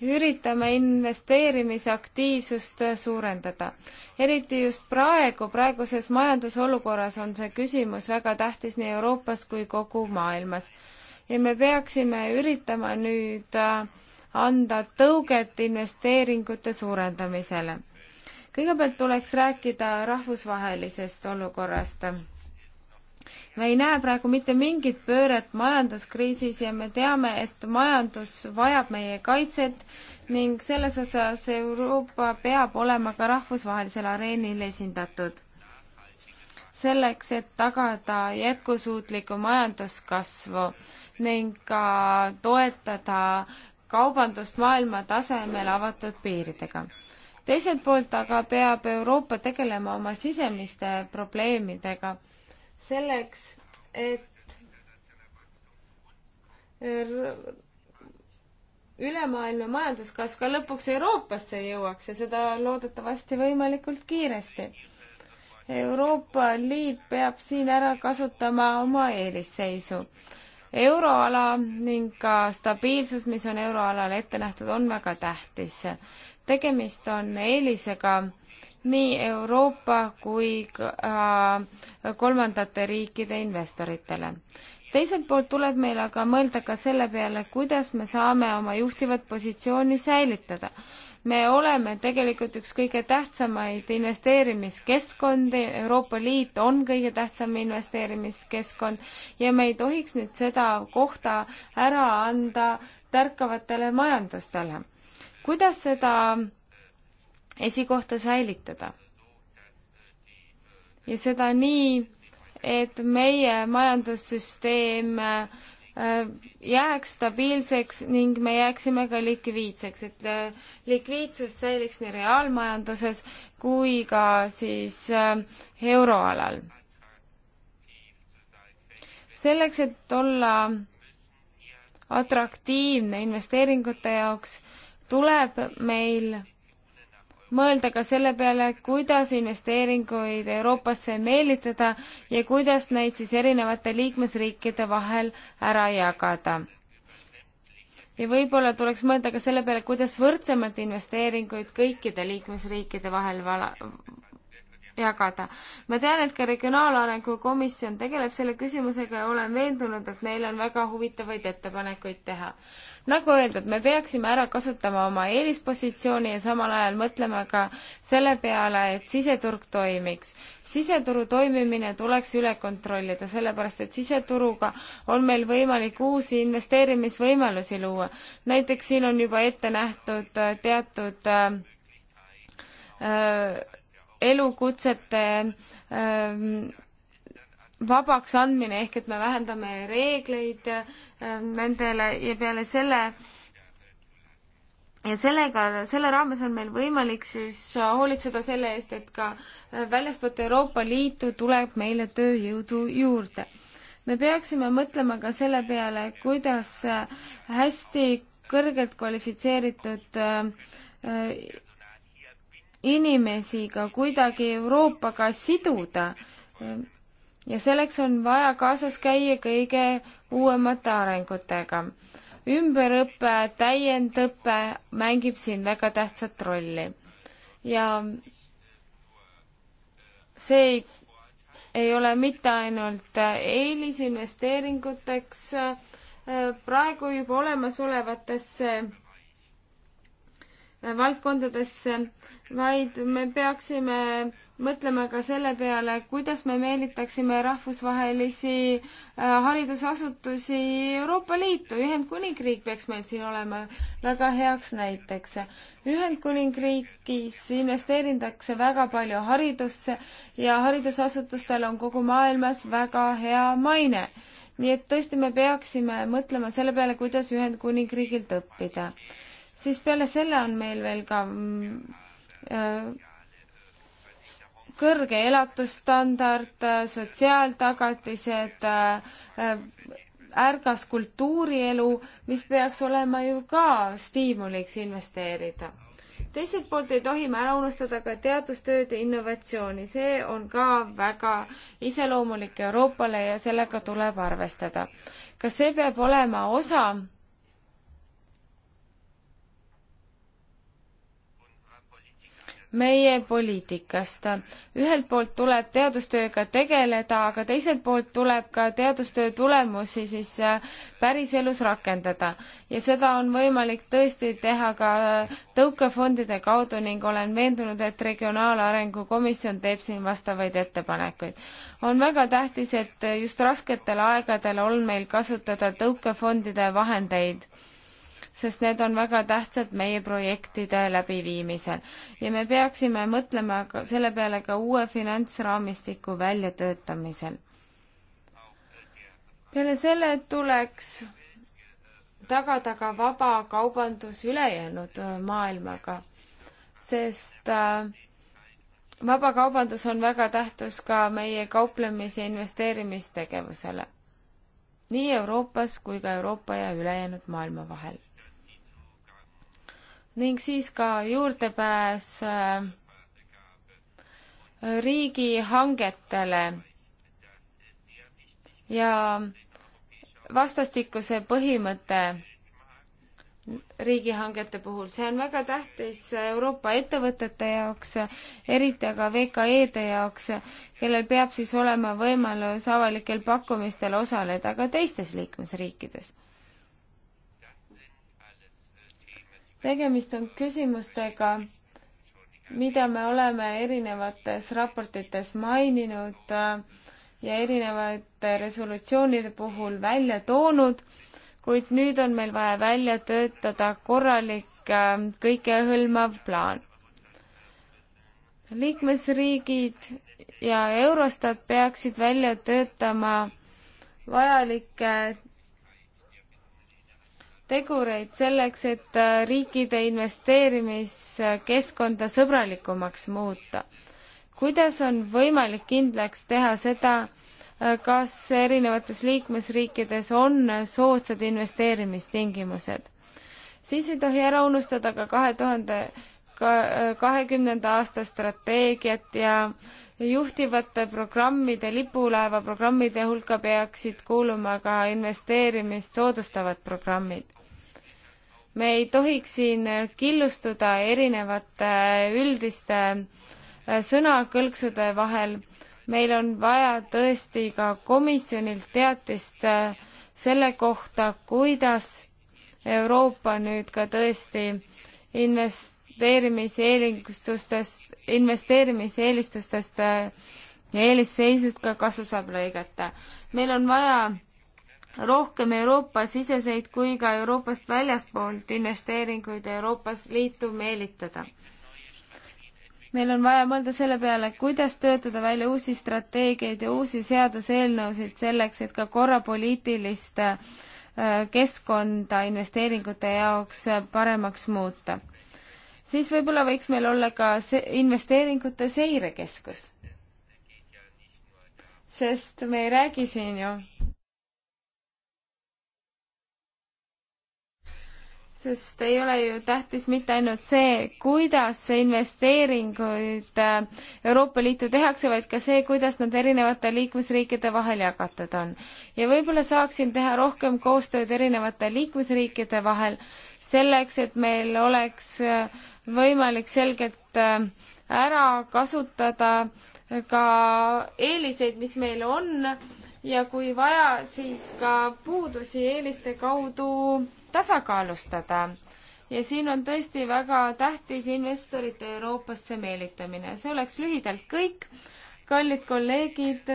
üritame investeerimisaktiivsust suurendada. eriti just praegu, praeguses majandusolukorras on see küsimus väga tähtis nii Euroopas kui kogu maailmas. ja me peaksime üritama nüüd anda tõuget investeeringute suurendamisele. kõigepealt tuleks rääkida rahvusvahelisest olukorrast me ei näe praegu mitte mingit pööret majanduskriisis ja me teame, et majandus vajab meie kaitset ning selles osas Euroopa peab olema ka rahvusvahelisel areenil esindatud. selleks, et tagada jätkusuutlikku majanduskasvu ning ka toetada kaubandust maailma tasemel avatud piiridega teiselt poolt aga peab Euroopa tegelema oma sisemiste probleemidega selleks, et ülemaailmne majanduskasv ka lõpuks Euroopasse jõuaks ja seda loodetavasti võimalikult kiiresti. Euroopa Liit peab siin ära kasutama oma eelisseisu. euroala ning ka stabiilsus, mis on euroalal ette nähtud, on väga tähtis tegemist on eelisega nii Euroopa kui ka äh, kolmandate riikide investoritele. teiselt poolt tuleb meil aga mõelda ka selle peale, kuidas me saame oma juhtivat positsiooni säilitada. me oleme tegelikult üks kõige tähtsamaid investeerimiskeskkondi, Euroopa Liit on kõige tähtsam investeerimiskeskkond ja me ei tohiks nüüd seda kohta ära anda tärkavatele majandustele kuidas seda esikohta säilitada? ja seda nii, et meie majandussüsteem äh, jääks stabiilseks ning me jääksime ka likviidseks, et äh, likviidsus säiliks nii reaalmajanduses kui ka siis äh, euroalal. selleks, et olla atraktiivne investeeringute jaoks, tuleb meil mõelda ka selle peale, kuidas investeeringuid Euroopasse meelitada ja kuidas neid siis erinevate liikmesriikide vahel ära jagada. ja võib-olla tuleks mõelda ka selle peale, kuidas võrdsemalt investeeringuid kõikide liikmesriikide vahel vala-, jagada. ma tean, et ka Regionaalarengu Komisjon tegeleb selle küsimusega ja olen veendunud, et neil on väga huvitavaid ettepanekuid teha. nagu öeldud, me peaksime ära kasutama oma eelispositsiooni ja samal ajal mõtlema ka selle peale, et siseturg toimiks. siseturu toimimine tuleks üle kontrollida, sellepärast et siseturuga on meil võimalik uusi investeerimisvõimalusi luua. näiteks siin on juba ette nähtud äh, teatud öö, äh, äh, elukutsete ähm, vabaks andmine ehk et me vähendame reegleid ähm, nendele ja peale selle ja sellega, selle raames on meil võimalik siis hoolitseda selle eest, et ka äh, väljaspoolt Euroopa Liitu tuleb meile tööjõudu juurde. me peaksime mõtlema ka selle peale, kuidas äh, hästi kõrgelt kvalifitseeritud äh, inimesi ka kuidagi Euroopaga siduda. ja selleks on vaja kaasas käia kõige uuemate arengutega. ümberõpe, täiendõpe mängib siin väga tähtsat rolli. ja see ei, ei ole mitte ainult eelisinvesteeringuteks praegu juba olemasolevatesse valdkondadesse, vaid me peaksime mõtlema ka selle peale, kuidas me meelitaksime rahvusvahelisi äh, haridusasutusi Euroopa Liitu. Ühendkuningriik peaks meil siin olema väga heaks näiteks. Ühendkuningriigis investeeritakse väga palju haridusse ja haridusasutustel on kogu maailmas väga hea maine. nii et tõesti, me peaksime mõtlema selle peale, kuidas Ühendkuningriigilt õppida siis peale selle on meil veel ka mm, Äh, kõrge elatusstandard, äh, sotsiaaltagatised, äh, ärgas kultuurielu, mis peaks olema ju ka stiimuliks investeerida. teiselt poolt ei tohi me ära unustada ka teadustööd ja innovatsiooni, see on ka väga iseloomulik Euroopale ja sellega tuleb arvestada. kas see peab olema osa meie poliitikast. ühelt poolt tuleb teadustööga tegeleda, aga teiselt poolt tuleb ka teadustöö tulemusi siis äh, päriselus rakendada. ja seda on võimalik tõesti teha ka tõukefondide kaudu ning olen veendunud, et Regionaalarengu Komisjon teeb siin vastavaid ettepanekuid. on väga tähtis, et just rasketel aegadel on meil kasutada tõukefondide vahendeid sest need on väga tähtsad meie projektide läbiviimisel. ja me peaksime mõtlema ka selle peale ka uue finantsraamistiku väljatöötamisel. peale selle tuleks tagada ka vaba kaubandus ülejäänud äh, maailmaga, sest äh, vabakaubandus on väga tähtis ka meie kauplemis- ja investeerimistegevusele nii Euroopas kui ka Euroopa ja ülejäänud maailma vahel ning siis ka juurdepääs äh, riigihangetele ja vastastikuse põhimõte riigihangete puhul, see on väga tähtis Euroopa ettevõtete jaoks, eriti aga VKE-de jaoks, kellel peab siis olema võimalus avalikel pakkumistel osaleda ka teistes liikmesriikides tegemist on küsimustega, mida me oleme erinevates raportites maininud äh, ja erinevate resolutsioonide puhul välja toonud, kuid nüüd on meil vaja välja töötada korralik äh, kõikehõlmav plaan. liikmesriigid ja Eurostat peaksid välja töötama vajalikke tegureid selleks, et äh, riikide investeerimiskeskkonda sõbralikumaks muuta. kuidas on võimalik kindlaks teha seda, äh, kas erinevates liikmesriikides on soodsad investeerimistingimused? siis ei tohi ära unustada ka kahe tuhande äh, kahekümnenda aasta strateegiat ja juhtivate programmide, lipulaeva programmide hulka peaksid kuuluma ka investeerimist soodustavad programmid me ei tohiks siin killustuda erinevate üldiste äh, sõnakõlksude vahel. meil on vaja tõesti ka komisjonilt teatist äh, selle kohta, kuidas Euroopa nüüd ka tõesti investeerimiseelistustest, investeerimiseelistustest äh, ja eelisseisust ka kasu saab lõigata. meil on vaja rohkem Euroopa-siseseid kui ka Euroopast väljaspoolt investeeringuid Euroopas Liitu meelitada. meil on vaja mõelda selle peale, kuidas töötada välja uusi strateegiaid ja uusi seaduseelnõusid selleks, et ka korra poliitilist äh, keskkonda investeeringute jaoks paremaks muuta. siis võib-olla võiks meil olla ka see investeeringute seirekeskus. sest me ei räägi siin ju sest ei ole ju tähtis mitte ainult see, kuidas investeeringuid äh, Euroopa Liitu tehakse, vaid ka see, kuidas nad erinevate liikmesriikide vahel jagatud on. ja võib-olla saaksin teha rohkem koostööd erinevate liikmesriikide vahel selleks, et meil oleks äh, võimalik selgelt äh, ära kasutada ka eeliseid, mis meil on ja kui vaja, siis ka puudusi eeliste kaudu tasakaalustada ja siin on tõesti väga tähtis investorite Euroopasse meelitamine. see oleks lühidalt kõik. kallid kolleegid,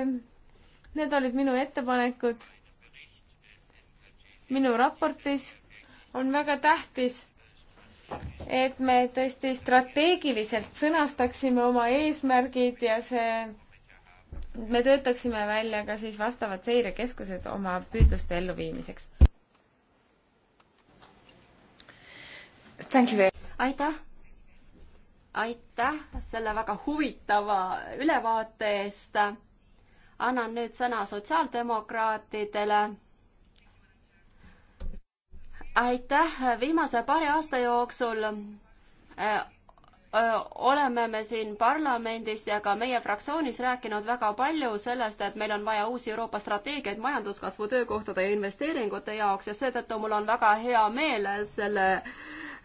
need olid minu ettepanekud. minu raportis on väga tähtis, et me tõesti strateegiliselt sõnastaksime oma eesmärgid ja see, me töötaksime välja ka siis vastavad seirekeskused oma püüdluste elluviimiseks aitäh! aitäh selle väga huvitava ülevaate eest. annan nüüd sõna sotsiaaldemokraatidele. aitäh, viimase paari aasta jooksul äh, äh, oleme me siin parlamendis ja ka meie fraktsioonis rääkinud väga palju sellest, et meil on vaja uusi Euroopa strateegiaid majanduskasvu, töökohtade ja investeeringute jaoks ja seetõttu mul on väga hea meel selle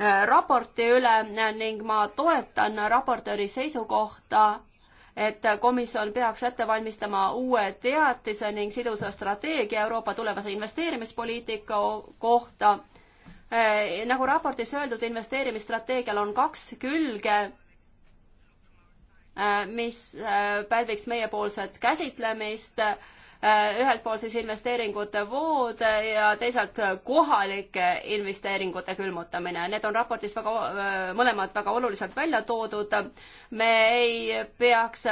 Äh, raporti üle ning ma toetan raportööri seisukohta, et komisjon peaks ette valmistama uue teatise ning sidusa strateegia Euroopa tulevase investeerimispoliitika kohta. Äh, nagu raportis öeldud, investeerimisstrateegial on kaks külge äh, mis pälviks meiepoolset käsitlemist. Äh, ühelt poolt siis investeeringute vood äh, ja teisalt äh, kohalike investeeringute külmutamine. Need on raportis väga, mõlemad väga oluliselt välja toodud. me ei peaks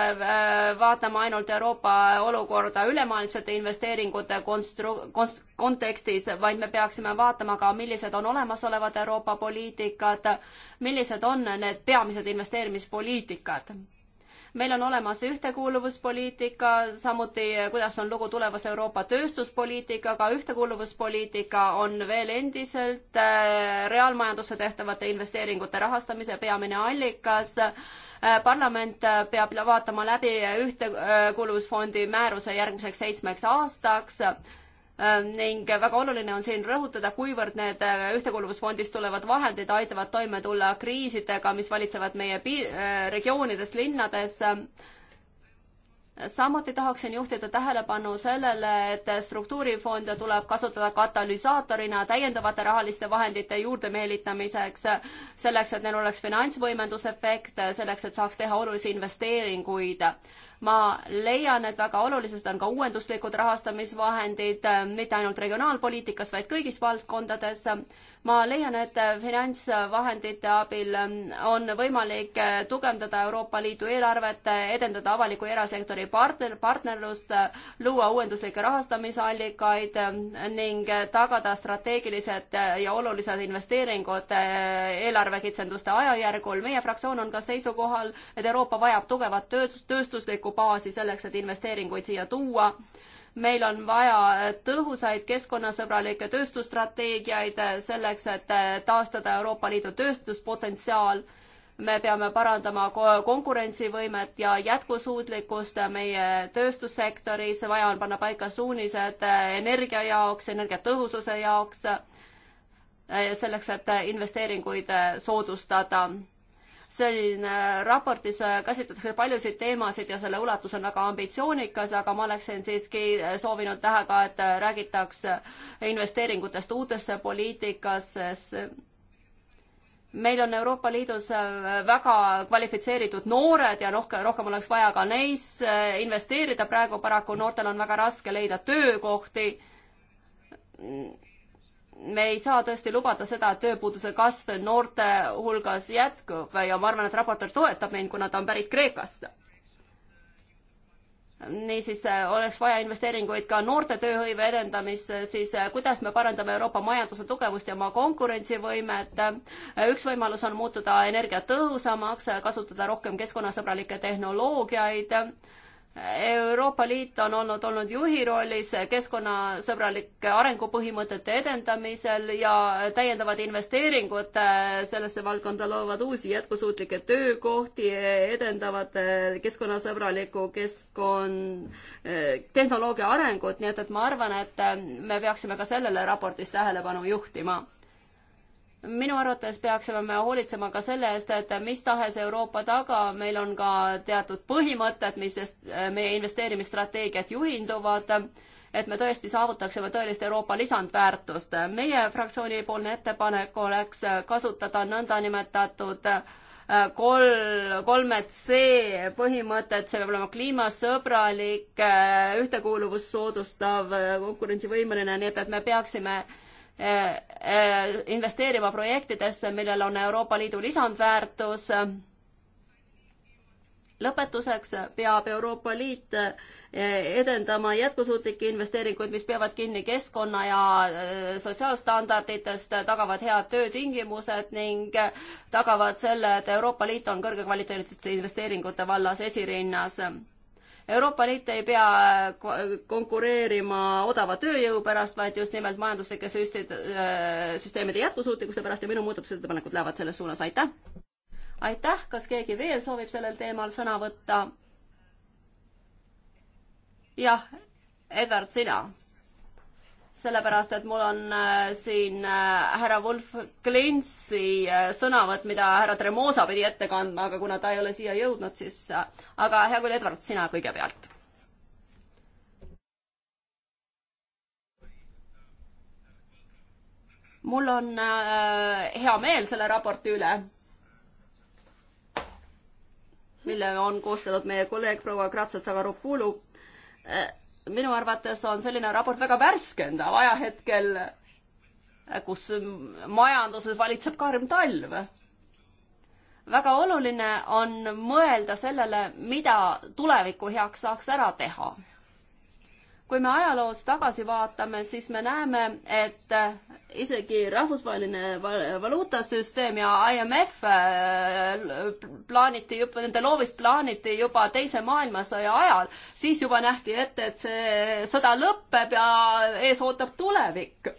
vaatama ainult Euroopa olukorda ülemaailmsete investeeringute konstru-, konst-, kontekstis, vaid me peaksime vaatama ka, millised on olemasolevad Euroopa poliitikad, millised on need peamised investeerimispoliitikad meil on olemas ühtekuuluvuspoliitika, samuti eh, kuidas on lugu tulevase Euroopa tööstuspoliitikaga, ühtekuuluvuspoliitika on veel endiselt eh, reaalmajandusse tehtavate investeeringute rahastamise peamine allikas eh, parlament peab vaatama läbi ühtekuuluvusfondi määruse järgmiseks seitsmeks aastaks Äh, ning väga oluline on siin rõhutada, kuivõrd need äh, ühtekuuluvusfondist tulevad vahendid aitavad toime tulla kriisidega, mis valitsevad meie pi-, äh, regioonides, linnades. samuti tahaksin juhtida tähelepanu sellele, et struktuurifonde tuleb kasutada katalüsaatorina täiendavate rahaliste vahendite juurdemeelitamiseks, selleks, et neil oleks finantsvõimendusefekt, selleks, et saaks teha olulisi investeeringuid ma leian, et väga olulised on ka uuenduslikud rahastamisvahendid, äh, mitte ainult regionaalpoliitikas, vaid kõigis valdkondades. ma leian, et äh, finantsvahendite abil ähm, on võimalik äh, tugevdada Euroopa Liidu eelarvet, edendada avaliku ja erasektori partner, partnerlust, luua uuenduslikke rahastamisallikaid ähm, ning tagada strateegilised ja olulised investeeringud eelarvekitsenduste ajajärgul. meie fraktsioon on ka seisukohal, et Euroopa vajab tugevat tööstust, tööstuslikku kodanikubaasi selleks, et investeeringuid siia tuua. meil on vaja tõhusaid keskkonnasõbralikke tööstusstrateegiaid selleks, et taastada Euroopa Liidu tööstuspotentsiaal me peame parandama konkurentsivõimet ja jätkusuutlikkust meie tööstussektoris, vaja on panna paika suunised energia jaoks, energiatõhususe jaoks, selleks, et investeeringuid soodustada selline raportis äh, käsitletakse paljusid teemasid ja selle ulatus on väga ambitsioonikas, aga ma oleksin siiski äh, soovinud näha ka, et äh, räägitaks investeeringutest uutesse poliitikasse meil on Euroopa Liidus väga kvalifitseeritud noored ja rohkem, rohkem oleks vaja ka neisse investeerida, praegu paraku noortel on väga raske leida töökohti me ei saa tõesti lubada seda, et tööpuuduse kasv noorte hulgas jätkub ja ma arvan, et raportöör toetab mind, kuna ta on pärit Kreekast. niisiis äh, oleks vaja investeeringuid ka noorte tööhõive edendamisse, siis äh, kuidas me parandame Euroopa majanduse tugevust ja oma konkurentsivõimet. Äh, üks võimalus on muutuda energiatõhusamaks, kasutada rohkem keskkonnasõbralikke tehnoloogiaid Euroopa Liit on olnud, olnud juhi rollis keskkonnasõbralike arengupõhimõtete edendamisel ja täiendavad investeeringud äh, sellesse valdkonda loovad uusi jätkusuutlikke töökohti, edendavad äh, keskkonnasõbralikku keskkond, äh, tehnoloogia arengut, nii et, et ma arvan, et me peaksime ka sellele raportis tähelepanu juhtima minu arvates peaksime me hoolitsema ka selle eest, et mis tahes Euroopa taga meil on ka teatud põhimõtted, mis äh, meie investeerimisstrateegiat juhinduvad, et me tõesti saavutaksime tõelist Euroopa lisandväärtust. meie fraktsioonipoolne ettepanek oleks kasutada nõndanimetatud äh, kolm, kolme C põhimõtet, see peab olema kliimasõbralik, äh, ühtekuuluvust soodustav, konkurentsivõimeline, nii et, et me peaksime äh, Eh, investeerima projektidesse, millel on Euroopa Liidu lisandväärtus. lõpetuseks peab Euroopa Liit eh, edendama jätkusuutlikke investeeringuid, mis peavad kinni keskkonna ja eh, sotsiaalstandarditest, tagavad head töötingimused ning tagavad selle, et Euroopa Liit on kõrgekvaliteetsete investeeringute vallas esirinnas Euroopa Liit ei pea äh, konkureerima odava tööjõu pärast, vaid just nimelt majanduslike äh, süsteemide jätkusuutlikkuse pärast ja minu muudatusettepanekud lähevad selles suunas, aitäh! aitäh, kas keegi veel soovib sellel teemal sõna võtta? jah, Edward, sina sellepärast et mul on äh, siin äh, härra Wolf Klintsi äh, sõnavõtt, mida härra Tremosa pidi ette kandma, aga kuna ta ei ole siia jõudnud, siis aga hea küll, Edward, sina kõigepealt. mul on hea meel selle raporti üle, mille on koostanud meie kolleeg proua Kratsa-Tsagaropulu minu arvates on selline raport väga värskendav ajahetkel, kus majanduses valitseb karm talv. väga oluline on mõelda sellele, mida tuleviku heaks saaks ära teha kui me ajaloos tagasi vaatame, siis me näeme, et isegi rahvusvaheline valuutasüsteem ja IMF äh, plaaniti juba, nende loovist plaaniti juba Teise maailmasõja ajal. siis juba nähti ette, et see sõda lõpeb ja ees ootab tulevik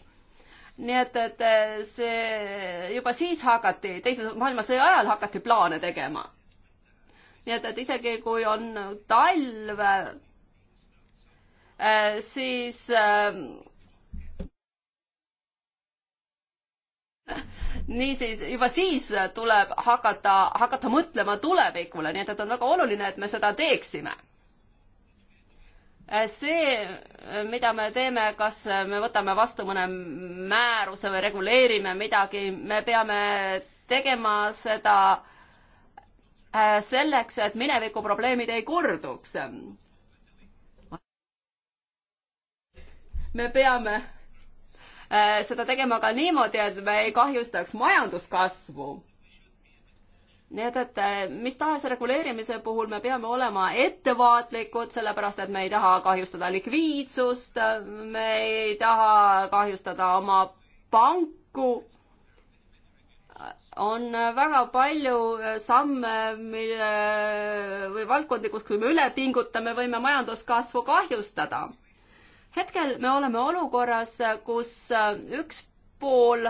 nii et, et see juba siis hakati, teise maailmasõja ajal hakati plaane tegema. nii et, et isegi kui on talv, Äh, siis ähm, niisiis, juba siis tuleb hakata, hakata mõtlema tulevikule, nii et, et on väga oluline, et me seda teeksime. Äh, see, mida me teeme, kas me võtame vastu mõne määruse või reguleerime midagi, me peame tegema seda äh, selleks, et mineviku probleemid ei korduks me peame äh, seda tegema ka niimoodi, et me ei kahjustaks majanduskasvu. nii et, et äh, mis tahes reguleerimise puhul me peame olema ettevaatlikud, sellepärast et me ei taha kahjustada likviidsust, me ei taha kahjustada oma panku. on väga palju äh, samme, mille või valdkondi, kus kui me üle pingutame, võime majanduskasvu kahjustada hetkel me oleme olukorras, kus äh, üks pool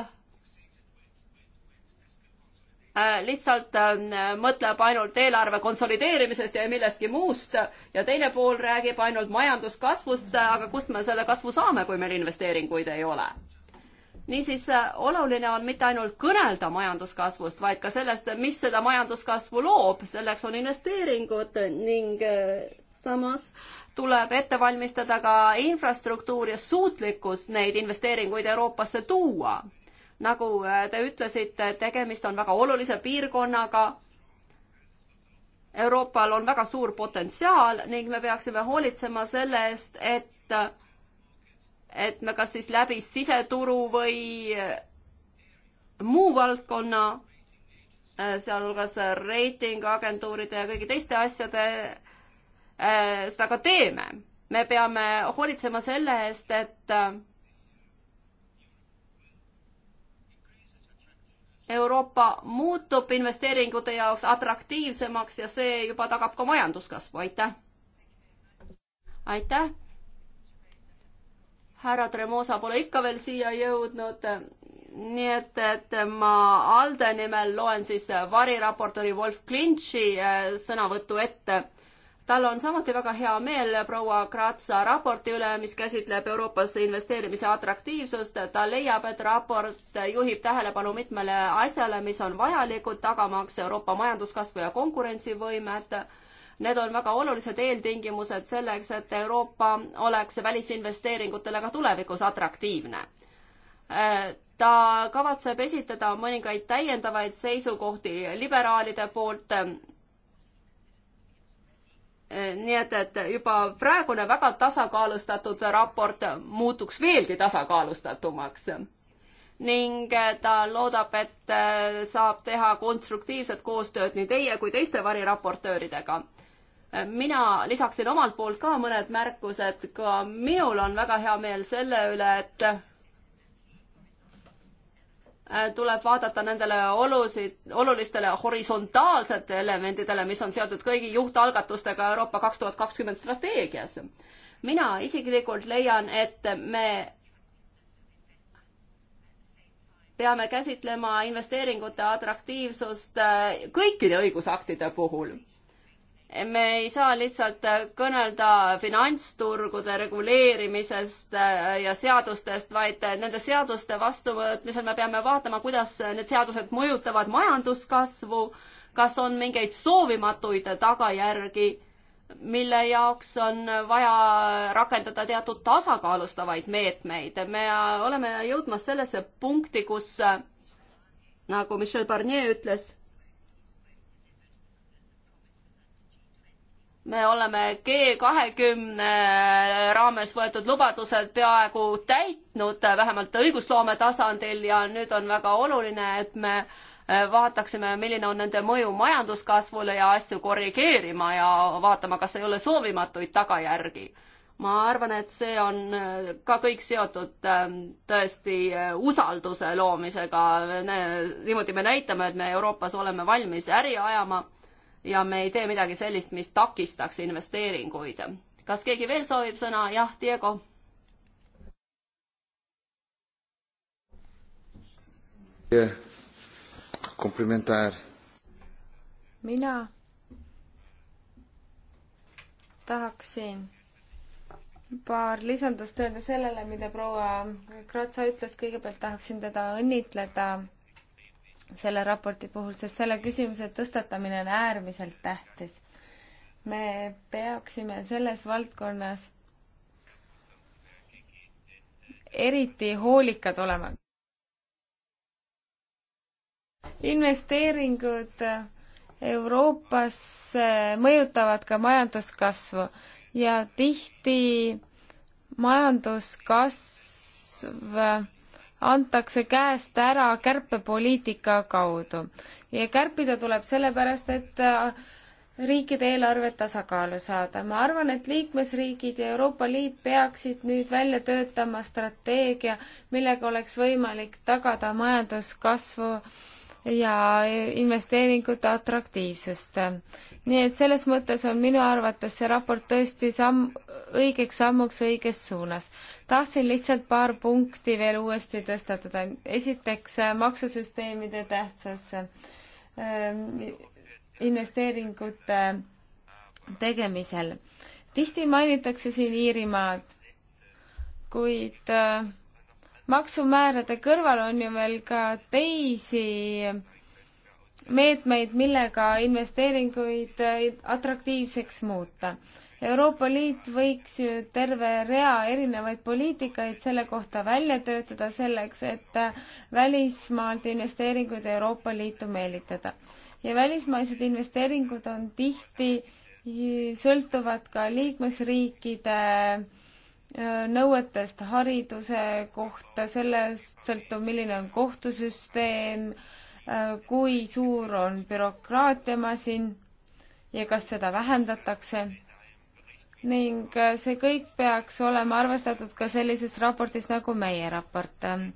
äh, lihtsalt äh, mõtleb ainult eelarve konsolideerimisest ja millestki muust ja teine pool räägib ainult majanduskasvust, aga kust me selle kasvu saame, kui meil investeeringuid ei ole? niisiis, oluline on mitte ainult kõnelda majanduskasvust, vaid ka sellest, mis seda majanduskasvu loob, selleks on investeeringud ning samas tuleb ette valmistada ka infrastruktuur ja suutlikkus neid investeeringuid Euroopasse tuua. nagu äh, te ütlesite, tegemist on väga olulise piirkonnaga. Euroopal on väga suur potentsiaal ning me peaksime hoolitsema selle eest, et, et me kas siis läbi siseturu või äh, muu valdkonna, äh, sealhulgas reitinguagentuuride ja kõigi teiste asjade Äh, seda ka teeme. me peame hoolitsema selle eest, et äh, Euroopa muutub investeeringute jaoks atraktiivsemaks ja see juba tagab ka majanduskasvu, aitäh! aitäh! härra Tremosa pole ikka veel siia jõudnud, nii et, et ma ALDE nimel loen siis variraportööri Wolf Klintši äh, sõnavõttu ette tal on samuti väga hea meel proua Kratsa raporti üle, mis käsitleb Euroopasse investeerimise atraktiivsust. ta leiab, et raport juhib tähelepanu mitmele asjale, mis on vajalikud, tagamaks Euroopa majanduskasvu ja konkurentsivõimet. Need on väga olulised eeltingimused selleks, et Euroopa oleks välisinvesteeringutele ka tulevikus atraktiivne ta kavatseb esitada mõningaid täiendavaid seisukohti liberaalide poolt Eh, nii et, et juba praegune väga tasakaalustatud raport muutuks veelgi tasakaalustatumaks. ning eh, ta loodab, et eh, saab teha konstruktiivset koostööd nii teie kui teiste variraportööridega. mina lisaksin omalt poolt ka mõned märkused, ka minul on väga hea meel selle üle, et Äh, tuleb vaadata nendele olusid, olulistele horisontaalsetele elementidele, mis on seotud kõigi juhtalgatustega Euroopa kaks tuhat kakskümmend strateegias. mina isiklikult leian, et me peame käsitlema investeeringute atraktiivsust äh, kõikide õigusaktide puhul me ei saa lihtsalt kõnelda finantsturgude reguleerimisest äh, ja seadustest, vaid nende seaduste vastuvõtmisel me peame vaatama, kuidas need seadused mõjutavad majanduskasvu, kas on mingeid soovimatuid tagajärgi, mille jaoks on vaja rakendada teatud tasakaalustavaid meetmeid. me oleme jõudmas sellesse punkti, kus äh, nagu Michel Barnier ütles me oleme G kahekümne raames võetud lubadused peaaegu täitnud, vähemalt õigusloome tasandil ja nüüd on väga oluline, et me äh, vaataksime, milline on nende mõju majanduskasvule ja asju korrigeerima ja vaatama, kas ei ole soovimatuid tagajärgi. ma arvan, et see on äh, ka kõik seotud ähm, tõesti äh, usalduse loomisega, niimoodi me näitame, et me Euroopas oleme valmis äri ajama ja me ei tee midagi sellist, mis takistaks investeeringuid. kas keegi veel soovib sõna? jah, Diego. komplimentaar. mina tahaksin paar lisandust öelda sellele, mida proua Kratsa ütles, kõigepealt tahaksin teda õnnitleda selle raporti puhul, sest selle küsimuse tõstatamine on äärmiselt tähtis. me peaksime selles valdkonnas eriti hoolikad olema. investeeringud Euroopas mõjutavad ka majanduskasvu ja tihti majanduskasv antakse käest ära kärpepoliitika kaudu. ja kärpida tuleb sellepärast, et äh, riikide eelarvet tasakaalu saada. ma arvan, et liikmesriigid ja Euroopa Liit peaksid nüüd välja töötama strateegia, millega oleks võimalik tagada majanduskasvu ja investeeringute atraktiivsust. nii et selles mõttes on minu arvates see raport tõesti samm, õigeks sammuks õiges suunas. tahtsin lihtsalt paar punkti veel uuesti tõstatada. esiteks äh, maksusüsteemide tähtsus, ähm, investeeringute tegemisel. tihti mainitakse siin Iirimaad, kuid äh, maksumäärade kõrval on ju veel ka teisi meetmeid, millega investeeringuid äh, atraktiivseks muuta. Euroopa Liit võiks ju terve rea erinevaid poliitikaid selle kohta välja töötada selleks, et äh, välismaalt investeeringuid Euroopa Liitu meelitada. ja välismaised investeeringud on tihti, äh, sõltuvad ka liikmesriikide äh, Äh, nõuetest hariduse kohta, sellest sõltub, milline on kohtusüsteem, äh, kui suur on bürokraatiamasin ja kas seda vähendatakse. ning äh, see kõik peaks olema arvestatud ka sellises raportis nagu meie raport. Ähm,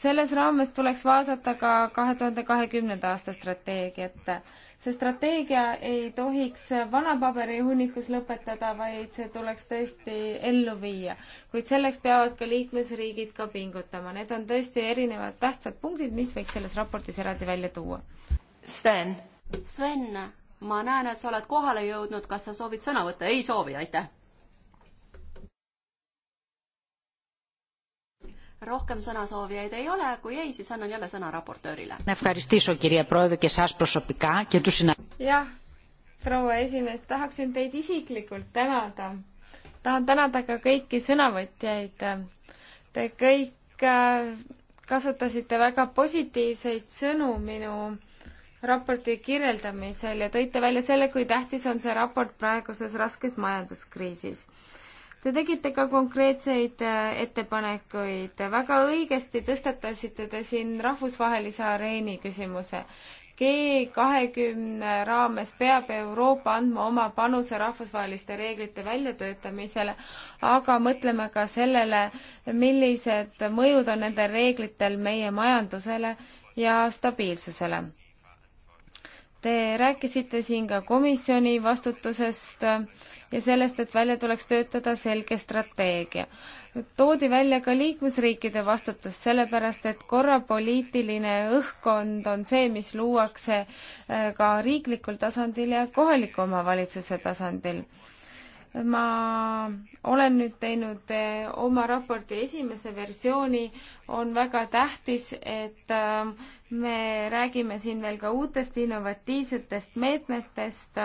selles raames tuleks vaadata ka kahe tuhande kahekümnenda aasta strateegiat see strateegia ei tohiks vanapaberihuunikus lõpetada, vaid see tuleks tõesti ellu viia. kuid selleks peavad ka liikmesriigid ka pingutama. Need on tõesti erinevad tähtsad punktid, mis võiks selles raportis eraldi välja tuua. Sven. Sven, ma näen, et sa oled kohale jõudnud, kas sa soovid sõna võtta? ei soovi, aitäh rohkem sõnasoovijaid ei ole, kui ei, siis annan jälle sõna raportöörile. jah, proua esimees, tahaksin teid isiklikult tänada. tahan tänada ka kõiki sõnavõtjaid. Te kõik äh, kasutasite väga positiivseid sõnu minu raporti kirjeldamisel ja tõite välja selle, kui tähtis on see raport praeguses raskes majanduskriisis Te tegite ka konkreetseid äh, ettepanekuid, väga õigesti tõstatasite te siin rahvusvahelise areeni küsimuse. G kahekümne raames peab Euroopa andma oma panuse rahvusvaheliste reeglite väljatöötamisele, aga mõtleme ka sellele, millised mõjud on nendel reeglitel meie majandusele ja stabiilsusele. Te rääkisite siin ka komisjoni vastutusest äh, ja sellest, et välja tuleks töötada selge strateegia. toodi välja ka liikmesriikide vastutus, sellepärast et korra poliitiline õhkkond on see, mis luuakse äh, ka riiklikul tasandil ja kohaliku omavalitsuse tasandil ma olen nüüd teinud eh, oma raporti esimese versiooni, on väga tähtis, et ähm, me räägime siin veel ka uutest innovatiivsetest meetmetest.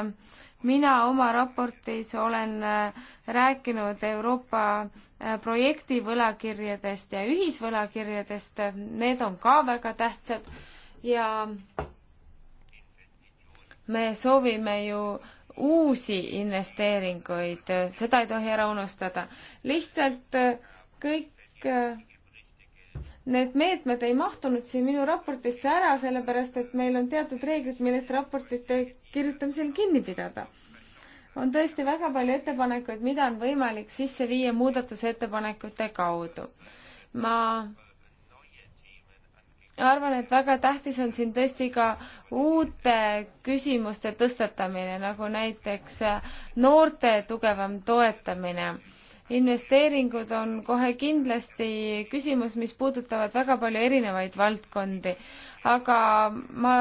mina oma raportis olen äh, rääkinud Euroopa äh, projekti võlakirjadest ja ühisvõlakirjadest, need on ka väga tähtsad ja me soovime ju äh, uusi investeeringuid, seda ei tohi ära unustada. lihtsalt äh, kõik äh, need meetmed ei mahtunud siin minu raportisse ära, sellepärast et meil on teatud reeglid, millest raportite kirjutamisel kinni pidada. on tõesti väga palju ettepanekuid, mida on võimalik sisse viia muudatusettepanekute kaudu. ma arvan, et väga tähtis on siin tõesti ka uute küsimuste tõstatamine, nagu näiteks äh, noorte tugevam toetamine. investeeringud on kohe kindlasti küsimus, mis puudutavad väga palju erinevaid valdkondi, aga ma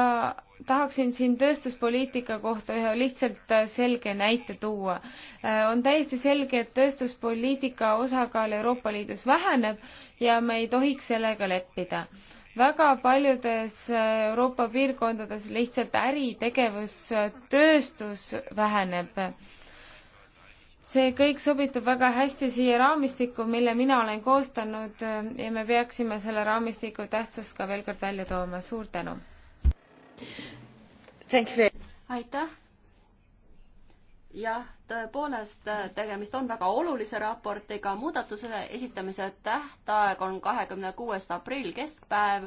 tahaksin siin tööstuspoliitika kohta ühe lihtsalt äh, selge näite tuua. Äh, on täiesti selge, et tööstuspoliitika osakaal Euroopa Liidus väheneb ja me ei tohiks sellega leppida väga paljudes äh, Euroopa piirkondades lihtsalt äritegevus, tööstus väheneb. see kõik sobitub väga hästi siia raamistikku, mille mina olen koostanud äh, ja me peaksime selle raamistiku tähtsust ka veel kord välja tooma. suur tänu! aitäh! jah, tõepoolest, äh, tegemist on väga olulise raportiga, muudatuse esitamise tähtaeg on kahekümne kuues aprill, keskpäev.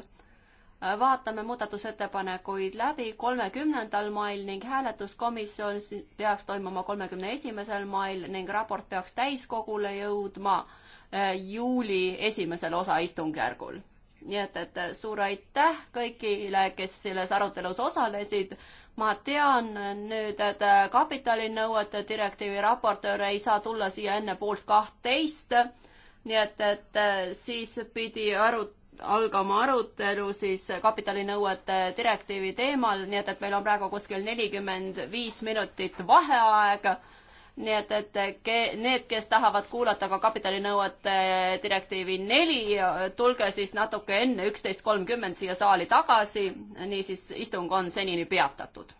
Äh, vaatame muudatusettepanekuid läbi kolmekümnendal mail ning hääletuskomisjon peaks toimuma kolmekümne esimesel mail ning raport peaks täiskogule jõudma äh, juuli esimesel osaistungjärgul. nii et, et suur aitäh kõigile, kes selles arutelus osalesid ma tean nüüd, et kapitalinõuete direktiivi raportöör ei saa tulla siia enne poolt kahtteist, nii et, et siis pidi arut-, algama arutelu siis kapitalinõuete direktiivi teemal, nii et, et meil on praegu kuskil nelikümmend viis minutit vaheaega nii et, et ke, need, kes tahavad kuulata ka kapitalinõuete direktiivi neli, tulge siis natuke enne üksteist kolmkümmend siia saali tagasi, niisiis istung on senini peatatud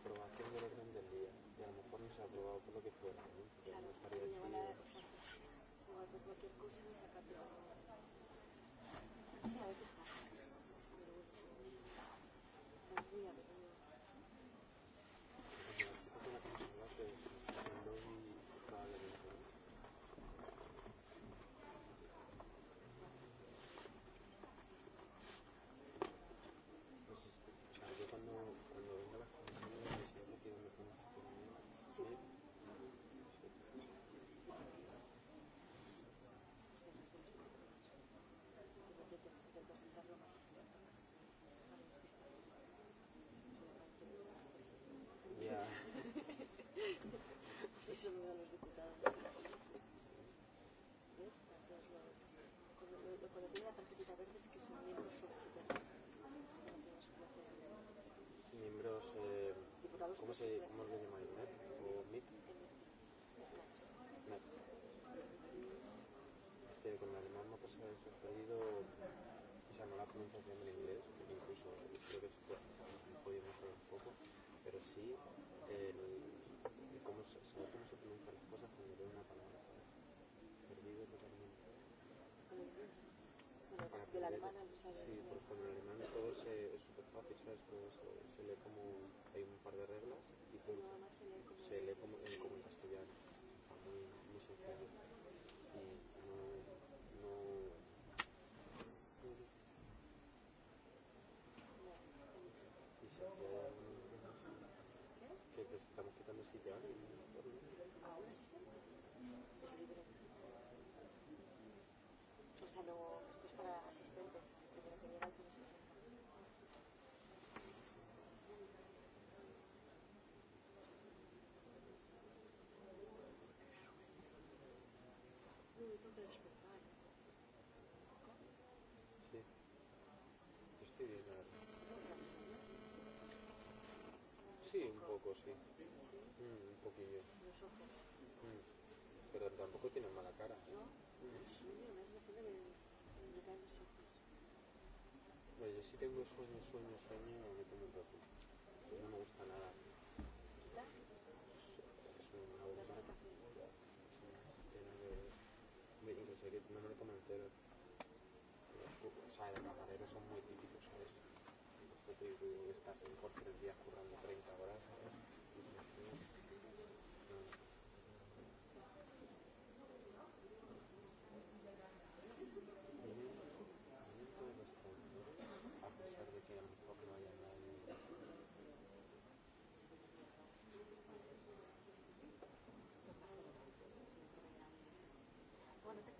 aprobación del orden del día. Y a lo mejor no se ha aprobado por lo que fuera, ¿no? Pero claro, no estaría aquí. Igual por cualquier cosa y se ha cambiado. Sí, a veces derivados. ¿Cómo, se, cómo le llamáis? ¿MEP o MIP? MEP. Es que con el alemán me ha pasado eso. He perdido, o sea, no la pronunciación en inglés, incluso creo que se puede, he podido mejorar un poco, pero sí el, el cómo, se, saber cómo se pronuncian las cosas cuando veo una palabra. ¿sabes? Perdido totalmente del alemán al usar Sí, pues con el alemán todo se, es súper fácil, ¿sabes? Como se, se lee como. Hay un par de reglas y pues, no, además se lee como, se lee como, en, como en castellano. Está muy, muy sencillo. Y no. no y se hacía que, que estamos quitando sitio a alguien. ¿Ahora sí está? Yo digo. O sea, no. Sí, un poco, sí. Mm, un poquillo. Mm. Pero tampoco tiene mala cara. ¿eh? Mm. No, mm. Bueno, yo sí tengo sueño, sueño, sueño, a mí también me No me gusta nada. Es una buena miren que sé que no me lo comen entero. Los, eh, o sea, de camarero son muy típicos, ¿sabes? Esto te digo que estás en por tres días currando 30 horas, ¿sabes? cuando te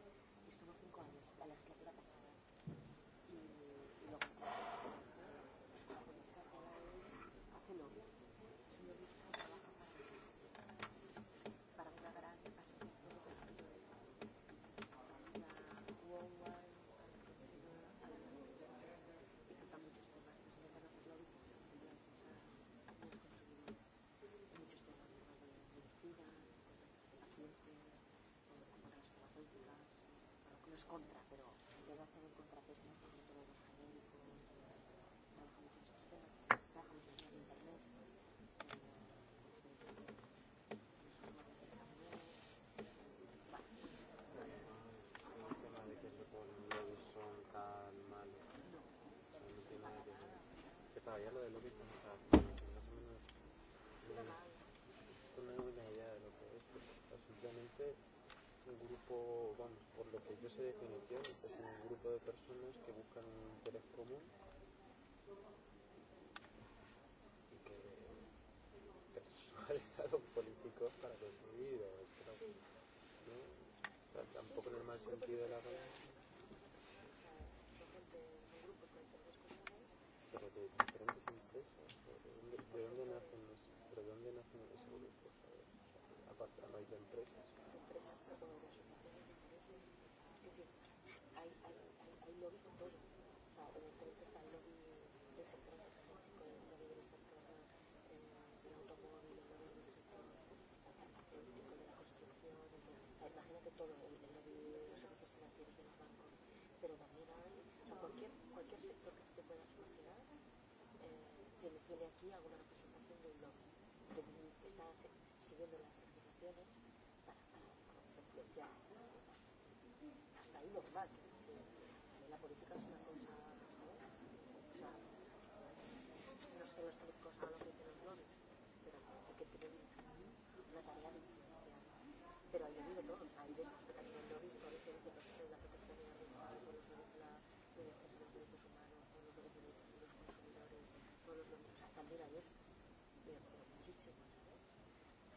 no es contra, pero debe hacer el contrapeso ¿no? con todos los genéricos, trabajamos en estos temas, trabajamos en el Internet. Para allá lo de lo que está más o menos. No tengo una idea de lo que es, pero simplemente un grupo, vamos, por lo que yo sé de Genetia, es un grupo de personas que buscan un interés común y que persuade a los políticos para conseguir pero, sí. ¿no? o sea, tampoco sí, sí, en el mal sentido de la palabra. Pero de diferentes empresas, ¿de dónde, de dónde nacen los, pero dónde nacen esos grupos? Aparte, a raíz de empresas. todo el, el, los servicios financieros de los bancos, pero también hay a cualquier, cualquier sector que tú te puedas imaginar eh, tiene, tiene aquí alguna representación de un lobby que está siguiendo las legislaciones para, para influenciar. Hasta ahí normal. Que, que la política es una primera vez me acuerdo muchísimo. ¿no?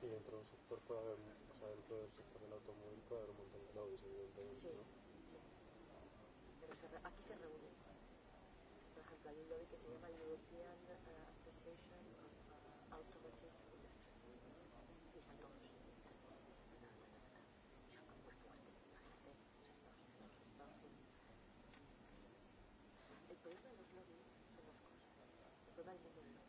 Sí, dentro del sector puede haber, o sea, dentro del sector del automóvil puede haber un montón de lobbies, evidentemente. Sí, ¿no? sí. Pero se re, aquí se reúnen. Por ejemplo, hay un lobby que se llama European uh, Association of uh, Automotive Industry. Y están todos. El problema de los lobbies son dos cosas. El problema del mundo del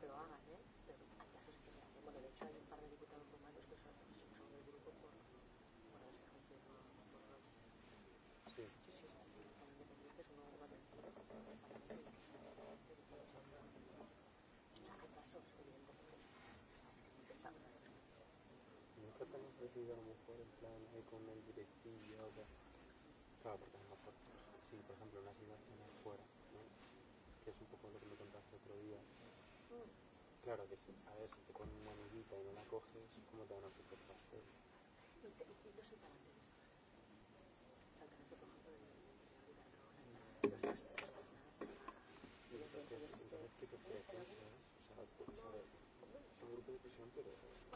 pero hagan, ¿eh? Pero hay casos que se hacen. Bueno, de hecho hay un par de diputados romanos que son expulsados del grupo por, por haberse reunido con Robles. Sí. Sí, sí, con independientes uno va del Parlamento y la que está de 18 O sea, hay casos, evidentemente, que muy pesados. Nunca te han ofrecido a lo mejor en plan eh, con el directillo, o sea, claro, porque a lo mejor, sí, por ejemplo, una situación afuera, ¿no? que es un poco lo que me contaste otro día, Claro que sí. A ver, si te ponen una amiguita y no la coges, ¿cómo te van a ofrecer pastel? Y, te, y los separadores. Alcanzo por ejemplo de la roja, los pasteles, Y entonces, entonces ¿qué te ofreces? O sea, son un grupo de presión, pero...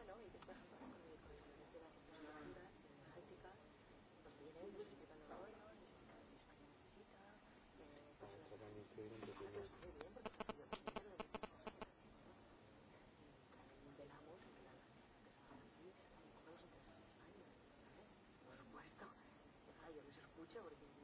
पूछा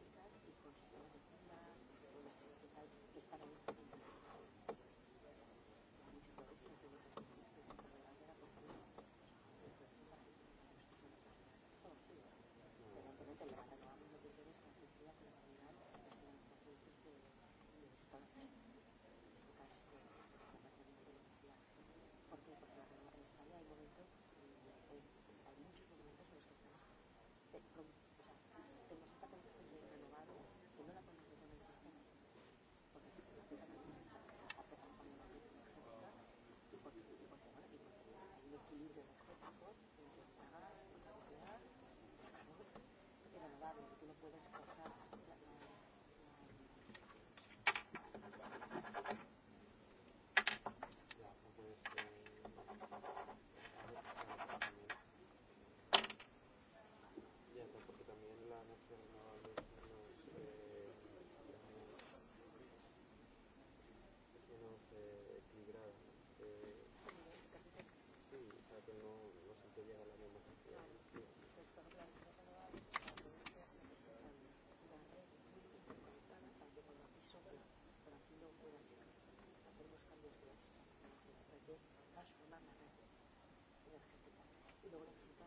equilibrio de nuestro campo entre cargas y nuclear y renovables, que tú lo puedes cortar que no, no siempre llegan las mismas cantidades. Claro. Sí. Pues, por ejemplo, la empresa nueva es una provincia que necesitan una red muy interconectada para que cuando aquí sopla, por aquí no pueda soplar. Hacer los cambios que necesitan para que la red transformar la red energética. Y luego necesitan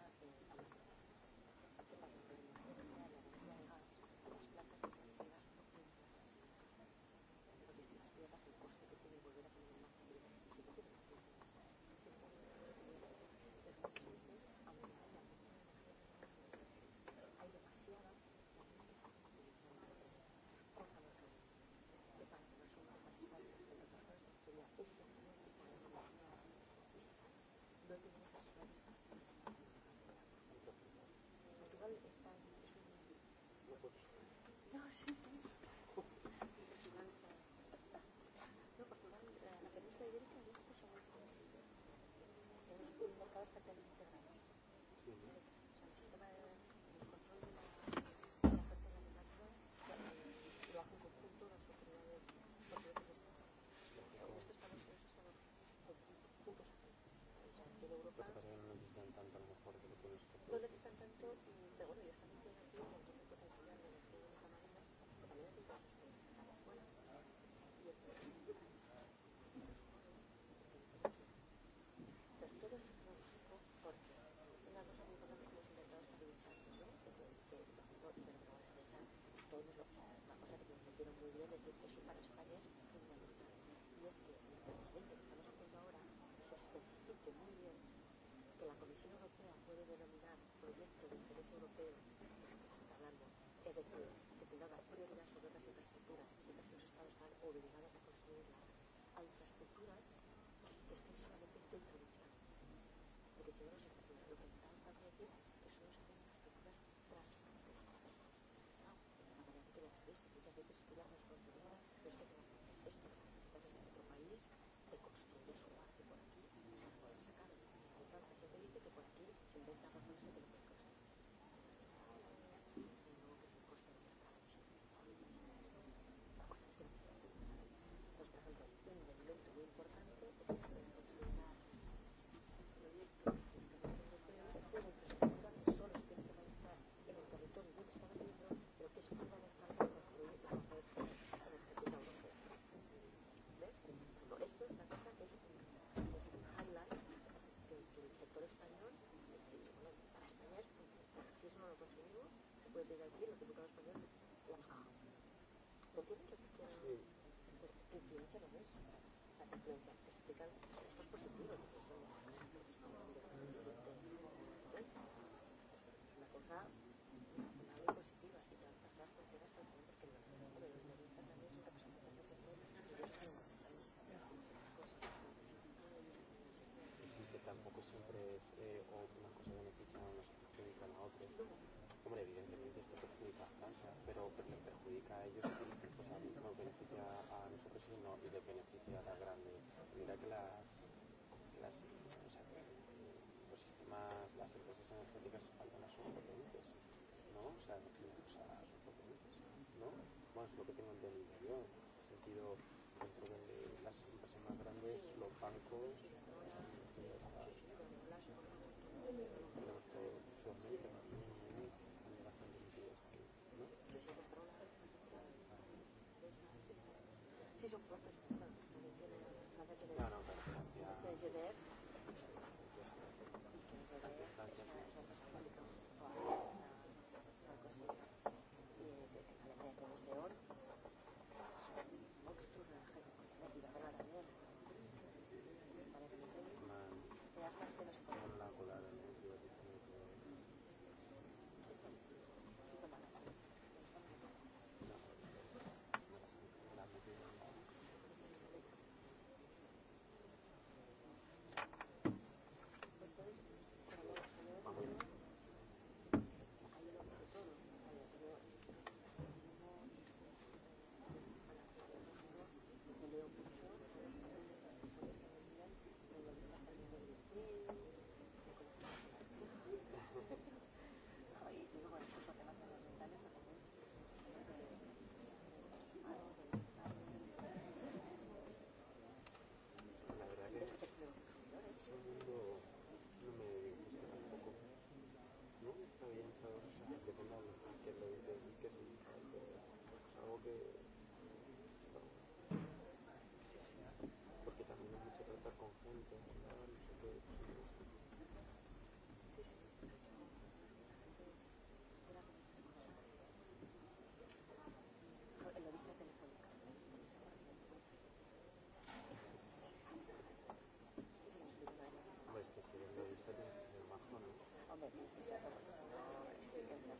Comisión Europea puede denominar proyecto de interés europeo, de lo que se está hablando, es decir, que tenga una prioridad sobre otras infraestructuras y las los Estados están obligados a construirla, a infraestructuras que estén solamente dentro del Estado. Porque si no, no se está haciendo. Lo que estamos tratando de decir es que son infraestructuras transfronterizas. Claro, la manera que las veis, muchas veces tú la responsabilidad, pero es que te la Esto lo necesitas desde otro país 50 per no sé què influencia no es la influencia explican esto es positivo lo que son las cosas que están dando bueno es una cosa muy positiva y las personas funcionan también porque los periodistas también son representantes del sector y ellos están que tampoco siempre es eh, o una cosa beneficia a unos perjudican a otros. Hombre, evidentemente esto perjudica a Francia, pero, pero les perjudica a ellos y pues, a, nos beneficia a nosotros de beneficiar a grandes Miracle-Glass, las, o sea, que los sistemas, las empresas energéticas españolas son potentes, ¿no? O sea, no, o sea son potentes, ¿no? Bueno, es lo que tengo entendido.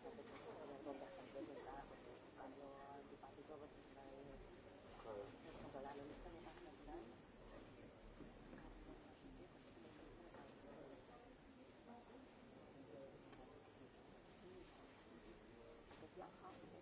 untuk masuk dengan pembahasan peserta kalau Bupati Bogor sebagai pengolahan Indonesia yang akan Yeah.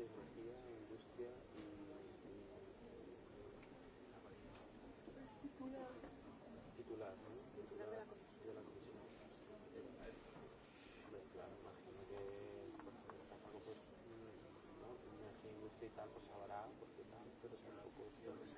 de energía, industria y, y titular, titular, ¿no? titular de la comisión. De la comisión. Hombre, claro, imagino que pues, tampoco pues, ¿no? energía, industria y tal, pues sabrá, porque tal, pero tampoco es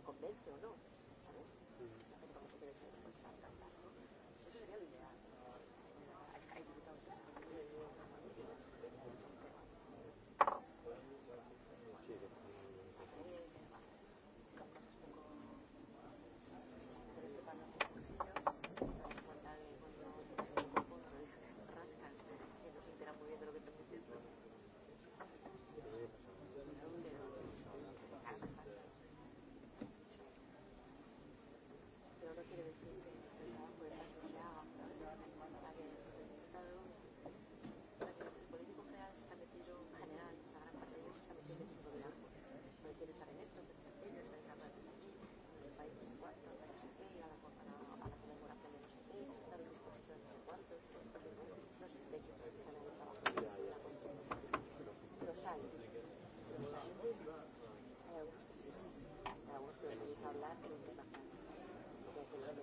se convence o no.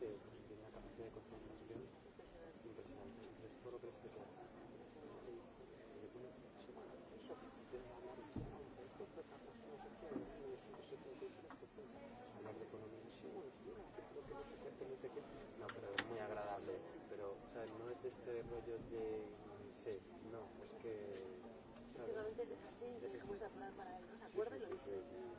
de, de una capacidad de concentración impresionante. Entonces, todo lo que se queda. Se le pone eso de la marquina, esto es la persona que tiene 1973%. Hablar de economía, sí, bueno, yo creo que no sé qué, no sé qué. No, pero es muy agradable. Pero, ¿sabes? No es de este rollo de, sé, no, es que... ¿sabes? Es que realmente es así, es, es así. para él, ¿no? ¿Se acuerda? Sí, sí, sí, sí.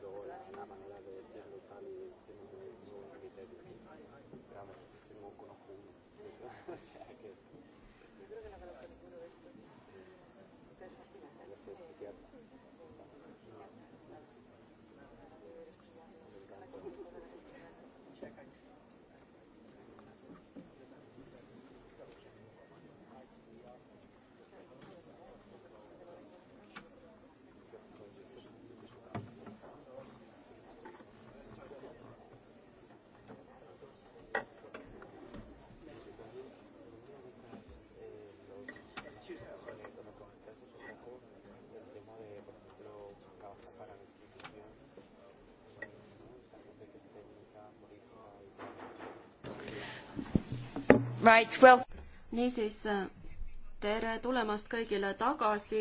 Right, well... niisiis, tere tulemast kõigile tagasi.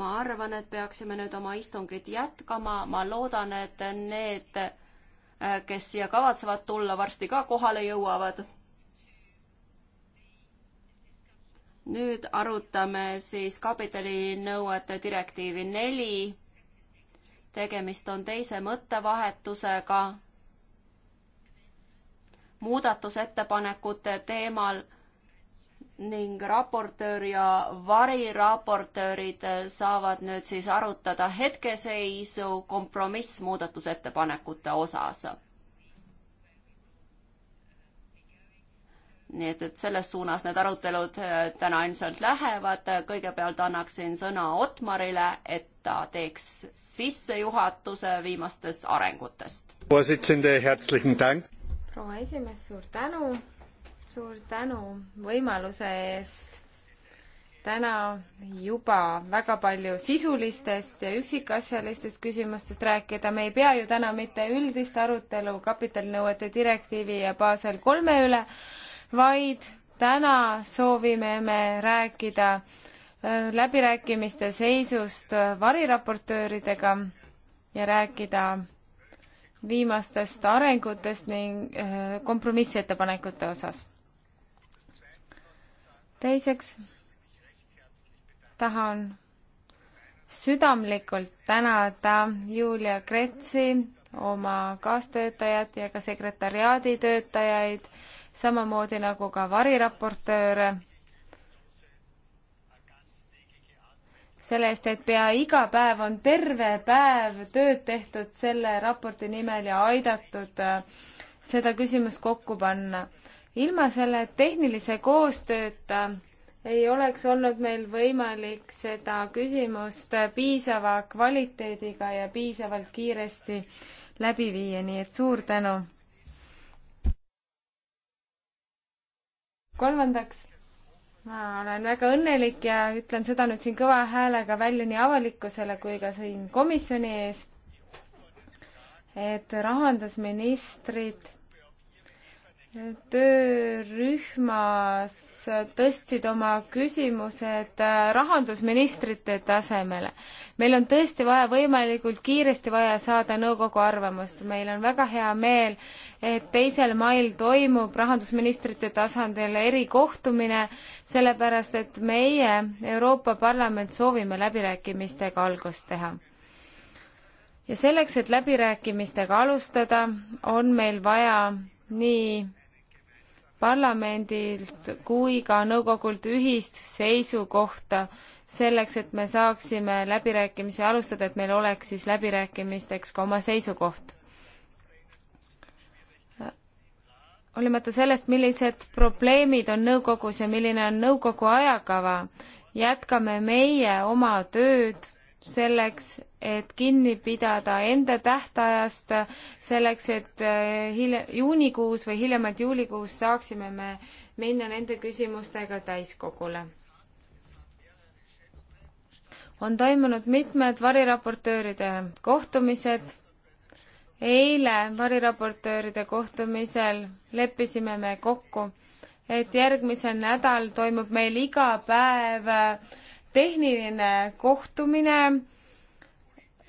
ma arvan, et peaksime nüüd oma istungit jätkama, ma loodan, et need, äh, kes siia kavatsevad tulla, varsti ka kohale jõuavad. nüüd arutame siis kapitalinõuete direktiivi neli. tegemist on teise mõttevahetusega muudatusettepanekute teemal ning raportöör ja variraportöörid saavad nüüd siis arutada hetkeseisu kompromissmuudatusettepanekute osas. nii et, et selles suunas need arutelud äh, täna ilmselt lähevad, kõigepealt annaksin sõna Otmarile, et ta teeks sissejuhatuse viimastest arengutest proua esimees, suur tänu, suur tänu võimaluse eest täna juba väga palju sisulistest ja üksikasjalistest küsimustest rääkida. me ei pea ju täna mitte üldist arutelu kapitalinõuete direktiivi ja Basel kolme üle, vaid täna soovime me rääkida äh, läbirääkimiste seisust variraportööridega ja rääkida viimastest arengutest ning eh, kompromissettepanekute osas. teiseks tahan südamlikult tänada Julia Kretsi, oma kaastöötajat ja ka sekretariaadi töötajaid, samamoodi nagu ka variraportööre selle eest, et pea iga päev on terve päev tööd tehtud selle raporti nimel ja aidatud äh, seda küsimust kokku panna. ilma selle tehnilise koostööta ei oleks olnud meil võimalik seda küsimust piisava kvaliteediga ja piisavalt kiiresti läbi viia, nii et suur tänu. kolmandaks ma olen väga õnnelik ja ütlen seda nüüd siin kõva häälega välja nii avalikkusele kui ka siin komisjoni ees, et rahandusministrid töörühmas tõstsid oma küsimused äh, rahandusministrite tasemele. meil on tõesti vaja võimalikult kiiresti vaja saada nõukogu arvamust. meil on väga hea meel, et teisel mail toimub rahandusministrite tasandil erikohtumine, sellepärast et meie, Euroopa Parlament, soovime läbirääkimistega algust teha ja selleks, et läbirääkimistega alustada, on meil vaja nii parlamendilt kui ka nõukogult ühist seisukohta selleks, et me saaksime läbirääkimisi alustada, et meil oleks siis läbirääkimisteks ka oma seisukoht. olemata sellest, millised probleemid on nõukogus ja milline on nõukogu ajakava, jätkame meie oma tööd selleks, et kinni pidada enda tähtajast, selleks, et äh, hilja, juunikuus või hiljemalt juulikuus saaksime me minna nende küsimustega täiskogule. on toimunud mitmed variraportööride kohtumised. eile variraportööride kohtumisel leppisime me kokku, et järgmisel nädal toimub meil iga päev äh, tehniline kohtumine.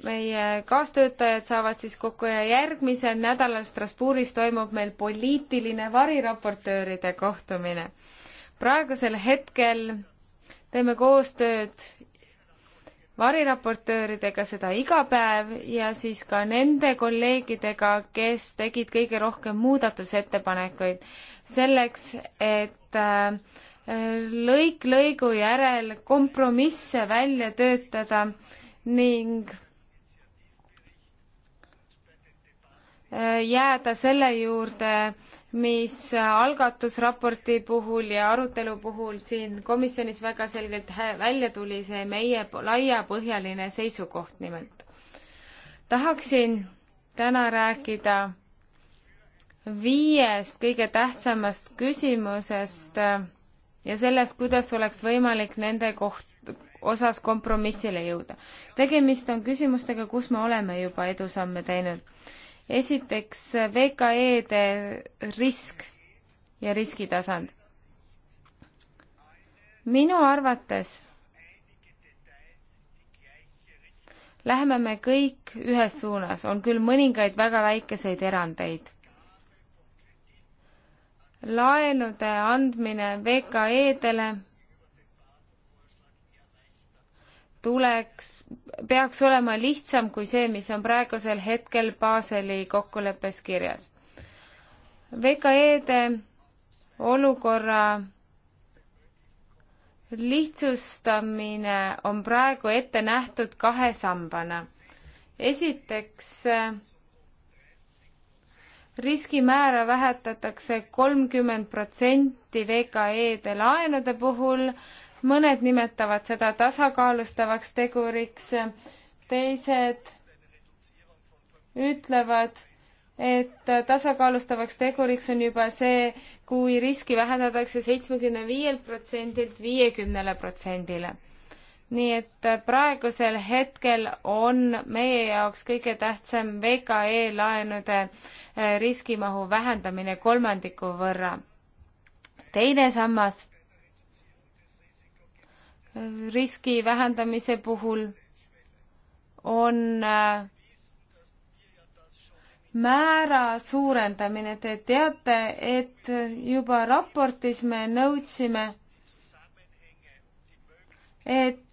meie kaastöötajad saavad siis kokku ja järgmisel nädalal Strasbourgis toimub meil poliitiline variraportööride kohtumine. praegusel hetkel teeme koostööd variraportööridega seda iga päev ja siis ka nende kolleegidega, kes tegid kõige rohkem muudatusettepanekuid selleks, et äh, lõik lõigu järel kompromisse välja töötada ning äh, jääda selle juurde, mis algatusraporti puhul ja arutelu puhul siin komisjonis väga selgelt välja tuli, see meie laiapõhjaline seisukoht nimelt. tahaksin täna rääkida viiest kõige tähtsamast küsimusest äh, ja sellest, kuidas oleks võimalik nende koht, osas kompromissile jõuda. tegemist on küsimustega, kus me oleme juba edusamme teinud. esiteks VKE-de risk ja riskitasand. minu arvates läheme me kõik ühes suunas, on küll mõningaid väga väikeseid erandeid laenude andmine VKE-dele tuleks, peaks olema lihtsam kui see, mis on praegusel hetkel Baseli kokkuleppes kirjas. VKE-de olukorra lihtsustamine on praegu ette nähtud kahesambana. esiteks riskimäära vähetatakse kolmkümmend protsenti VKE-de laenude puhul, mõned nimetavad seda tasakaalustavaks teguriks, teised ütlevad, et tasakaalustavaks teguriks on juba see, kui riski vähendatakse seitsmekümne viielt protsendilt viiekümnele protsendile nii et äh, praegusel hetkel on meie jaoks kõige tähtsam VKE laenude äh, riskimahu vähendamine kolmandiku võrra. teine sammas äh, riski vähendamise puhul on määra suurendamine. Te teate, et juba raportis me nõudsime, et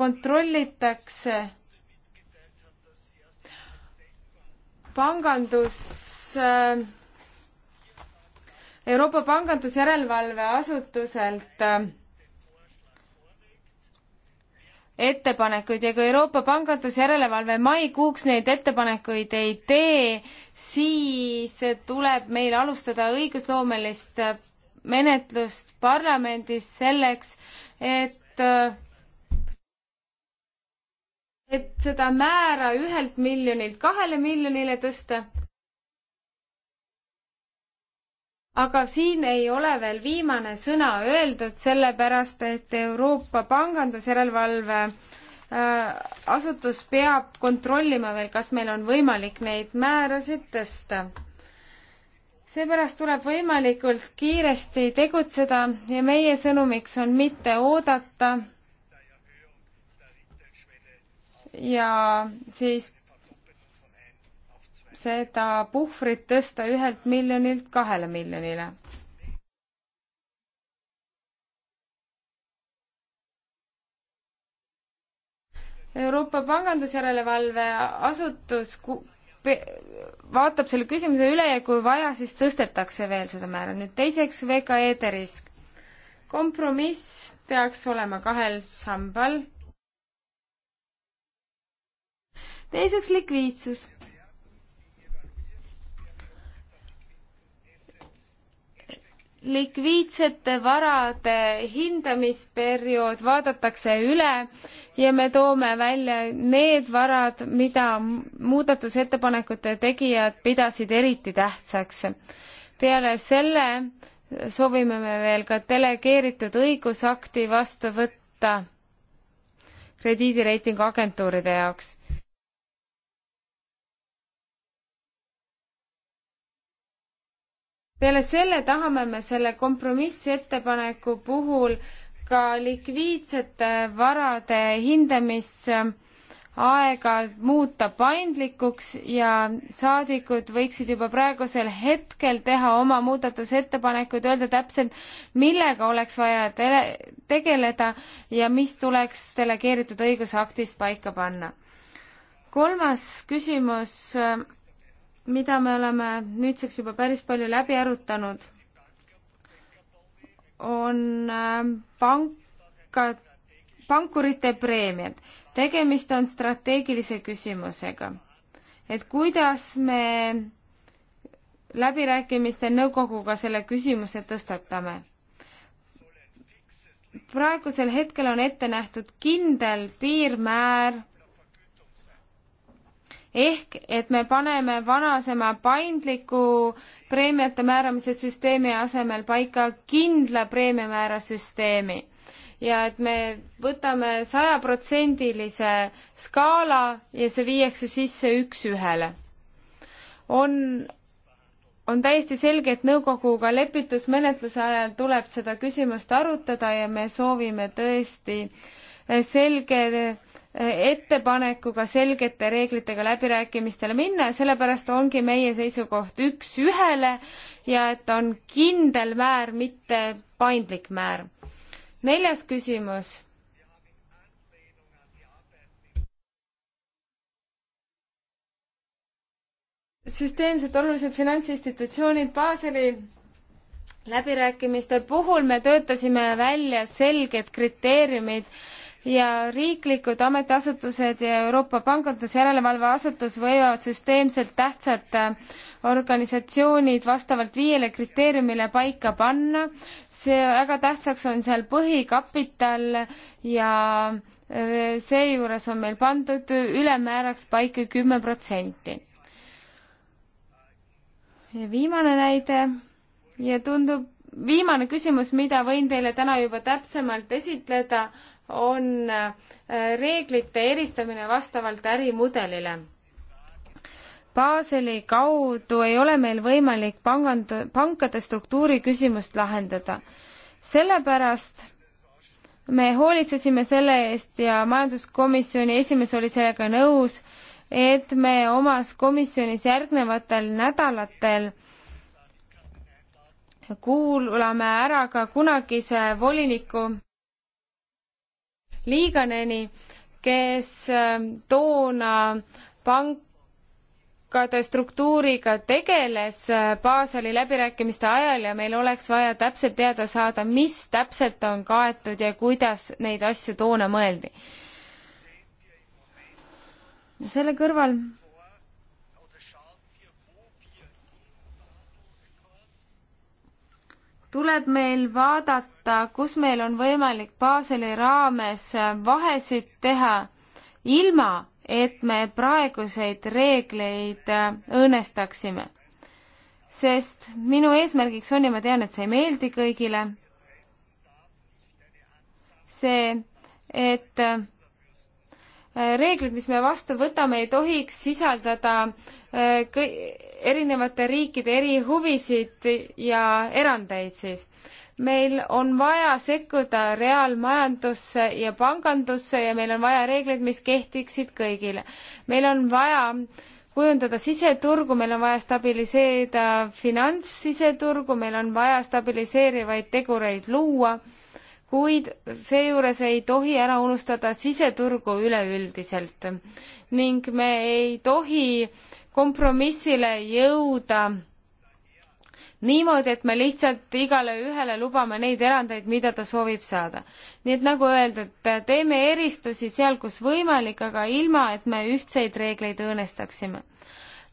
kontrollitakse pangandus äh, Euroopa Pangandusjärelevalve Asutuselt äh, ettepanekuid ja kui Euroopa Pangandusjärelevalve maikuuks neid ettepanekuid ei tee, siis tuleb meil alustada õigusloomelist menetlust parlamendis selleks, et äh, et seda määra ühelt miljonilt kahele miljonile tõsta. aga siin ei ole veel viimane sõna öeldud, sellepärast et Euroopa pangandusjärelevalve äh, asutus peab kontrollima veel, kas meil on võimalik neid määrasid tõsta. seepärast tuleb võimalikult kiiresti tegutseda ja meie sõnumiks on mitte oodata ja siis seda puhvrit tõsta ühelt miljonilt kahele miljonile. Euroopa Pangandusjärelevalve asutus vaatab selle küsimuse üle ja kui vaja, siis tõstetakse veel seda määra. nüüd teiseks VKE-de risk. kompromiss peaks olema kahel sambal teiseks likviidsus. likviidsete varade hindamisperiood vaadatakse üle ja me toome välja need varad, mida muudatusettepanekute tegijad pidasid eriti tähtsaks. peale selle soovime me veel ka delegeeritud õigusakti vastu võtta krediidireitingu agentuuride jaoks. peale selle tahame me selle kompromissettepaneku puhul ka likviidsete varade hindamisaega muuta paindlikuks ja saadikud võiksid juba praegusel hetkel teha oma muudatusettepanekuid, öelda täpselt, millega oleks vaja tele, tegeleda ja mis tuleks delegeeritud õigusaktis paika panna. kolmas küsimus mida me oleme nüüdseks juba päris palju läbi arutanud, on äh, pankad, pankurite preemiad. tegemist on strateegilise küsimusega, et kuidas me läbirääkimistel nõukoguga selle küsimuse tõstatame. praegusel hetkel on ette nähtud kindel piirmäär ehk et me paneme vanasema paindliku preemiate määramise süsteemi asemel paika kindla preemiamäära süsteemi ja et me võtame sajaprotsendilise skaala ja see viiakse sisse üks-ühele. on, on täiesti selge, et nõukoguga lepitusmenetluse ajal tuleb seda küsimust arutada ja me soovime tõesti selge ettepanekuga selgete reeglitega läbirääkimistele minna ja sellepärast ongi meie seisukoht üks ühele ja et on kindel määr, mitte paindlik määr. neljas küsimus. süsteemselt olulised finantsinstitutsioonid Baseli läbirääkimiste puhul me töötasime välja selged kriteeriumid ja riiklikud ametiasutused ja Euroopa Pangandusjärelevalve Asutus võivad süsteemselt tähtsad äh, organisatsioonid vastavalt viiele kriteeriumile paika panna. see väga tähtsaks on seal põhikapital ja äh, seejuures on meil pandud ülemääraks paika kümme protsenti. ja viimane näide ja tundub, viimane küsimus, mida võin teile täna juba täpsemalt esitleda on äh, reeglite eristamine vastavalt ärimudelile. Baseli kaudu ei ole meil võimalik pangand-, pankade struktuuri küsimust lahendada. sellepärast me hoolitsesime selle eest ja majanduskomisjoni esimees oli sellega nõus, et me omas komisjonis järgnevatel nädalatel kuulame ära ka kunagise voliniku Liiganeni, kes ähm, toona pankade struktuuriga tegeles äh, Baseli läbirääkimiste ajal ja meil oleks vaja täpselt teada saada, mis täpselt on kaetud ja kuidas neid asju toona mõeldi. selle kõrval tuleb meil vaadata, kus meil on võimalik Baseli raames vahesid teha, ilma et me praeguseid reegleid äh, õõnestaksime. sest minu eesmärgiks on ja ma tean, et see ei meeldi kõigile, see, et äh, Äh, reeglid, mis me vastu võtame, ei tohiks sisaldada äh, erinevate riikide erihuvisid ja erandeid siis. meil on vaja sekkuda reaalmajandusse ja pangandusse ja meil on vaja reegleid, mis kehtiksid kõigile. meil on vaja kujundada siseturgu, meil on vaja stabiliseerida finantssiseturgu, meil on vaja stabiliseerivaid tegureid luua kuid seejuures ei tohi ära unustada siseturgu üleüldiselt ning me ei tohi kompromissile jõuda niimoodi, et me lihtsalt igale ühele lubame neid erandeid, mida ta soovib saada. nii et nagu öeldud, teeme eristusi seal, kus võimalik, aga ilma, et me ühtseid reegleid õõnestaksime.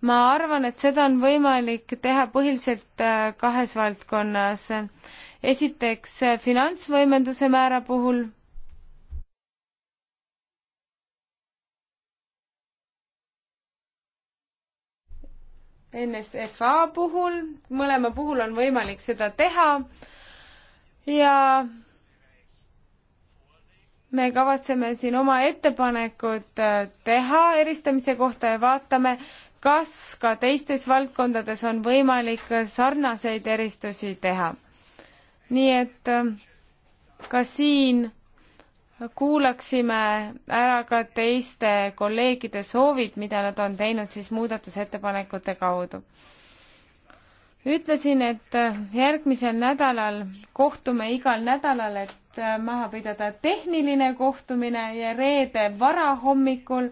ma arvan, et seda on võimalik teha põhiliselt äh, kahes valdkonnas esiteks eh, finantsvõimenduse määra puhul NSFA puhul, mõlema puhul on võimalik seda teha ja me kavatseme siin oma ettepanekud eh, teha eristamise kohta ja vaatame, kas ka teistes valdkondades on võimalik sarnaseid eristusi teha nii et äh, ka siin kuulaksime ära ka teiste kolleegide soovid, mida nad on teinud siis muudatusettepanekute kaudu. ütlesin, et äh, järgmisel nädalal kohtume igal nädalal, et äh, maha pidada tehniline kohtumine ja reede varahommikul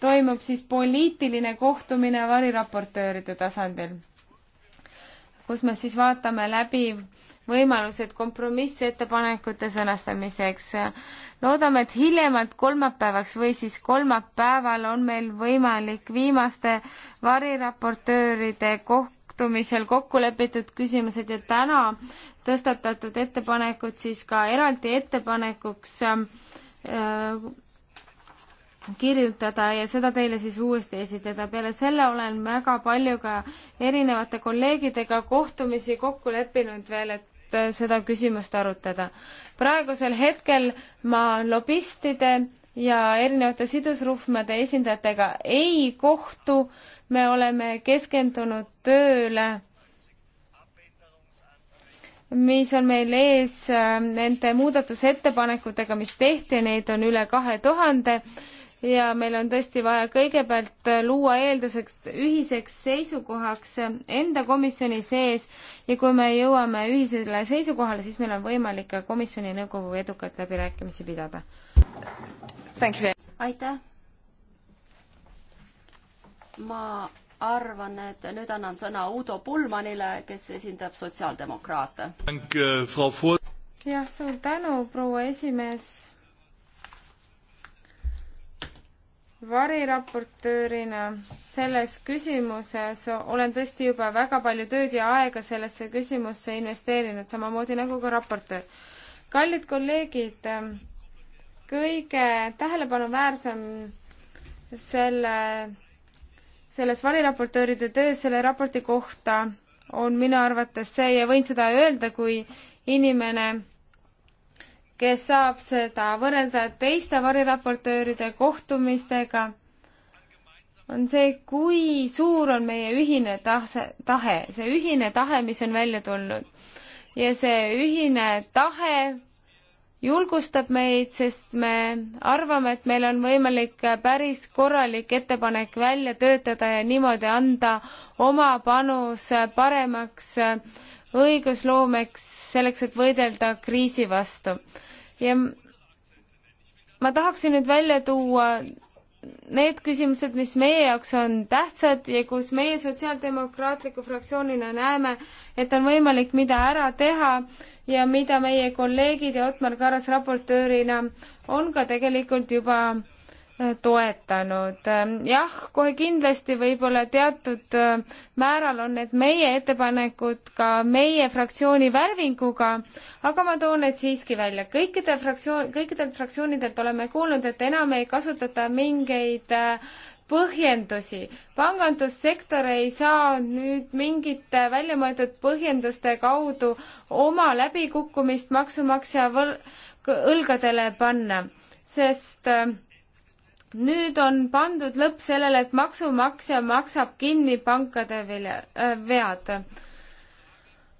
toimub siis poliitiline kohtumine variraportööride tasandil kus me siis vaatame läbi võimalused kompromissettepanekute sõnastamiseks. loodame, et hiljemalt kolmapäevaks või siis kolmapäeval on meil võimalik viimaste variraportööride kohtumisel kokku lepitud küsimused ja täna tõstatatud ettepanekud siis ka eraldi ettepanekuks äh, kirjutada ja seda teile siis uuesti esitleda. peale selle olen väga palju ka erinevate kolleegidega kohtumisi kokku leppinud veel, et äh, seda küsimust arutada. praegusel hetkel ma lobistide ja erinevate sidusrühmade esindajatega ei kohtu, me oleme keskendunud tööle mis on meil ees äh, nende muudatusettepanekutega, mis tehti, neid on üle kahe tuhande ja meil on tõesti vaja kõigepealt luua eelduseks ühiseks seisukohaks enda komisjoni sees ja kui me jõuame ühisele seisukohale, siis meil on võimalik ka komisjoni ja nõukogu edukalt läbirääkimisi pidada. aitäh! ma arvan, et nüüd annan sõna Udo Pulmanile, kes esindab sotsiaaldemokraate. jah, suur tänu, proua esimees variraportöörina selles küsimuses olen tõesti juba väga palju tööd ja aega sellesse küsimusse investeerinud, samamoodi nagu ka raportöör. kallid kolleegid, kõige tähelepanuväärsem selle, selles variraportööride töös selle raporti kohta on minu arvates see ja võin seda öelda kui inimene, kes saab seda võrrelda teiste variraportööride kohtumistega, on see, kui suur on meie ühine tahe, tahe, see ühine tahe, mis on välja tulnud. ja see ühine tahe julgustab meid, sest me arvame, et meil on võimalik päris korralik ettepanek välja töötada ja niimoodi anda oma panus paremaks äh, õigusloomeks selleks, et võidelda kriisi vastu. ja ma tahaksin nüüd välja tuua need küsimused, mis meie jaoks on tähtsad ja kus meie sotsiaaldemokraatliku fraktsioonina näeme, et on võimalik mida ära teha ja mida meie kolleegid ja Otmar Karas raportöörina on ka tegelikult juba toetanud. jah, kohe kindlasti võib-olla teatud äh, määral on need meie ettepanekud ka meie fraktsiooni värvinguga, aga ma toon need siiski välja. kõikide fraktsioon, kõikidelt fraktsioonidelt oleme kuulnud, et enam ei kasutata mingeid äh, põhjendusi. pangandussektor ei saa nüüd mingite väljamõeldud põhjenduste kaudu oma läbikukkumist maksumaksja õlgadele panna, sest äh, nüüd on pandud lõpp sellele, et maksumaksja maksab kinni pankade vilja, äh, vead.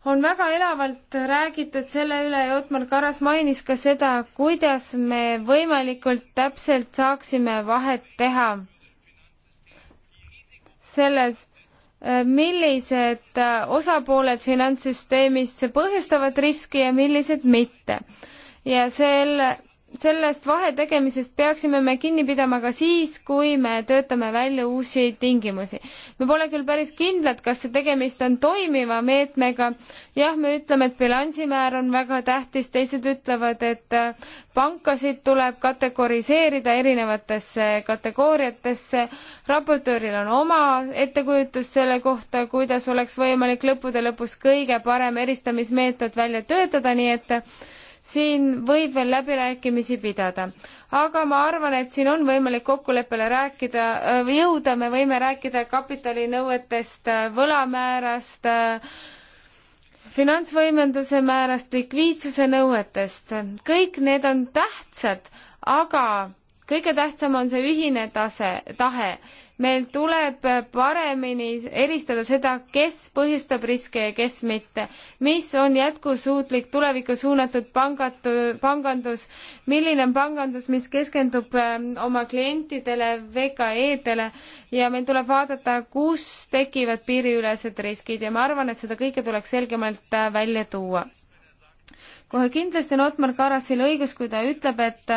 on väga elavalt räägitud selle üle ja Otmar Karas mainis ka seda, kuidas me võimalikult täpselt saaksime vahet teha selles, äh, millised äh, osapooled finantssüsteemis põhjustavad riski ja millised mitte. ja selle sellest vahetegemisest peaksime me kinni pidama ka siis, kui me töötame välja uusi tingimusi. me pole küll päris kindlad, kas see tegemist on toimiva meetmega. jah, me ütleme, et bilansimäär on väga tähtis, teised ütlevad, et äh, pankasid tuleb kategoriseerida erinevatesse kategooriatesse. raportööril on oma ettekujutus selle kohta, kuidas oleks võimalik lõppude lõpus kõige parem eristamismeetod välja töötada, nii et siin võib veel läbirääkimisi pidada. aga ma arvan, et siin on võimalik kokkuleppele rääkida, äh, jõuda, me võime rääkida kapitalinõuetest, äh, võlamäärast, äh, finantsvõimenduse määrast, likviidsuse nõuetest, kõik need on tähtsad, aga kõige tähtsam on see ühine tase, tahe meil tuleb paremini eristada seda, kes põhjustab riske ja kes mitte. mis on jätkusuutlik tulevikku suunatud pangatu, pangandus, milline on pangandus, mis keskendub ähm, oma klientidele, VKE-dele ja meil tuleb vaadata, kus tekivad piiriülesed riskid ja ma arvan, et seda kõike tuleks selgemalt äh, välja tuua kohe kindlasti on Otmar Karasil õigus, kui ta ütleb, et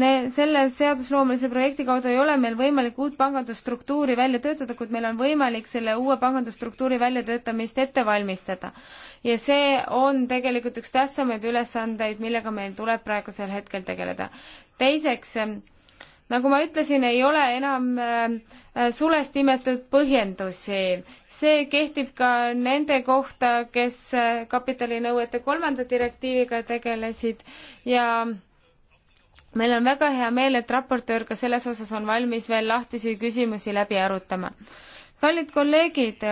ne, selle seadusloomelise projekti kaudu ei ole meil võimalik uut pangandusstruktuuri välja töötada, kuid meil on võimalik selle uue pangandusstruktuuri väljatöötamist ette valmistada. ja see on tegelikult üks tähtsamaid ülesandeid, millega meil tuleb praegusel hetkel tegeleda. teiseks, nagu ma ütlesin, ei ole enam äh, sulest imetud põhjendusi. see kehtib ka nende kohta, kes äh, kapitalinõuete kolmanda direktiiviga tegelesid ja meil on väga hea meel, et raportöör ka selles osas on valmis veel lahtisi küsimusi läbi arutama. kallid kolleegid,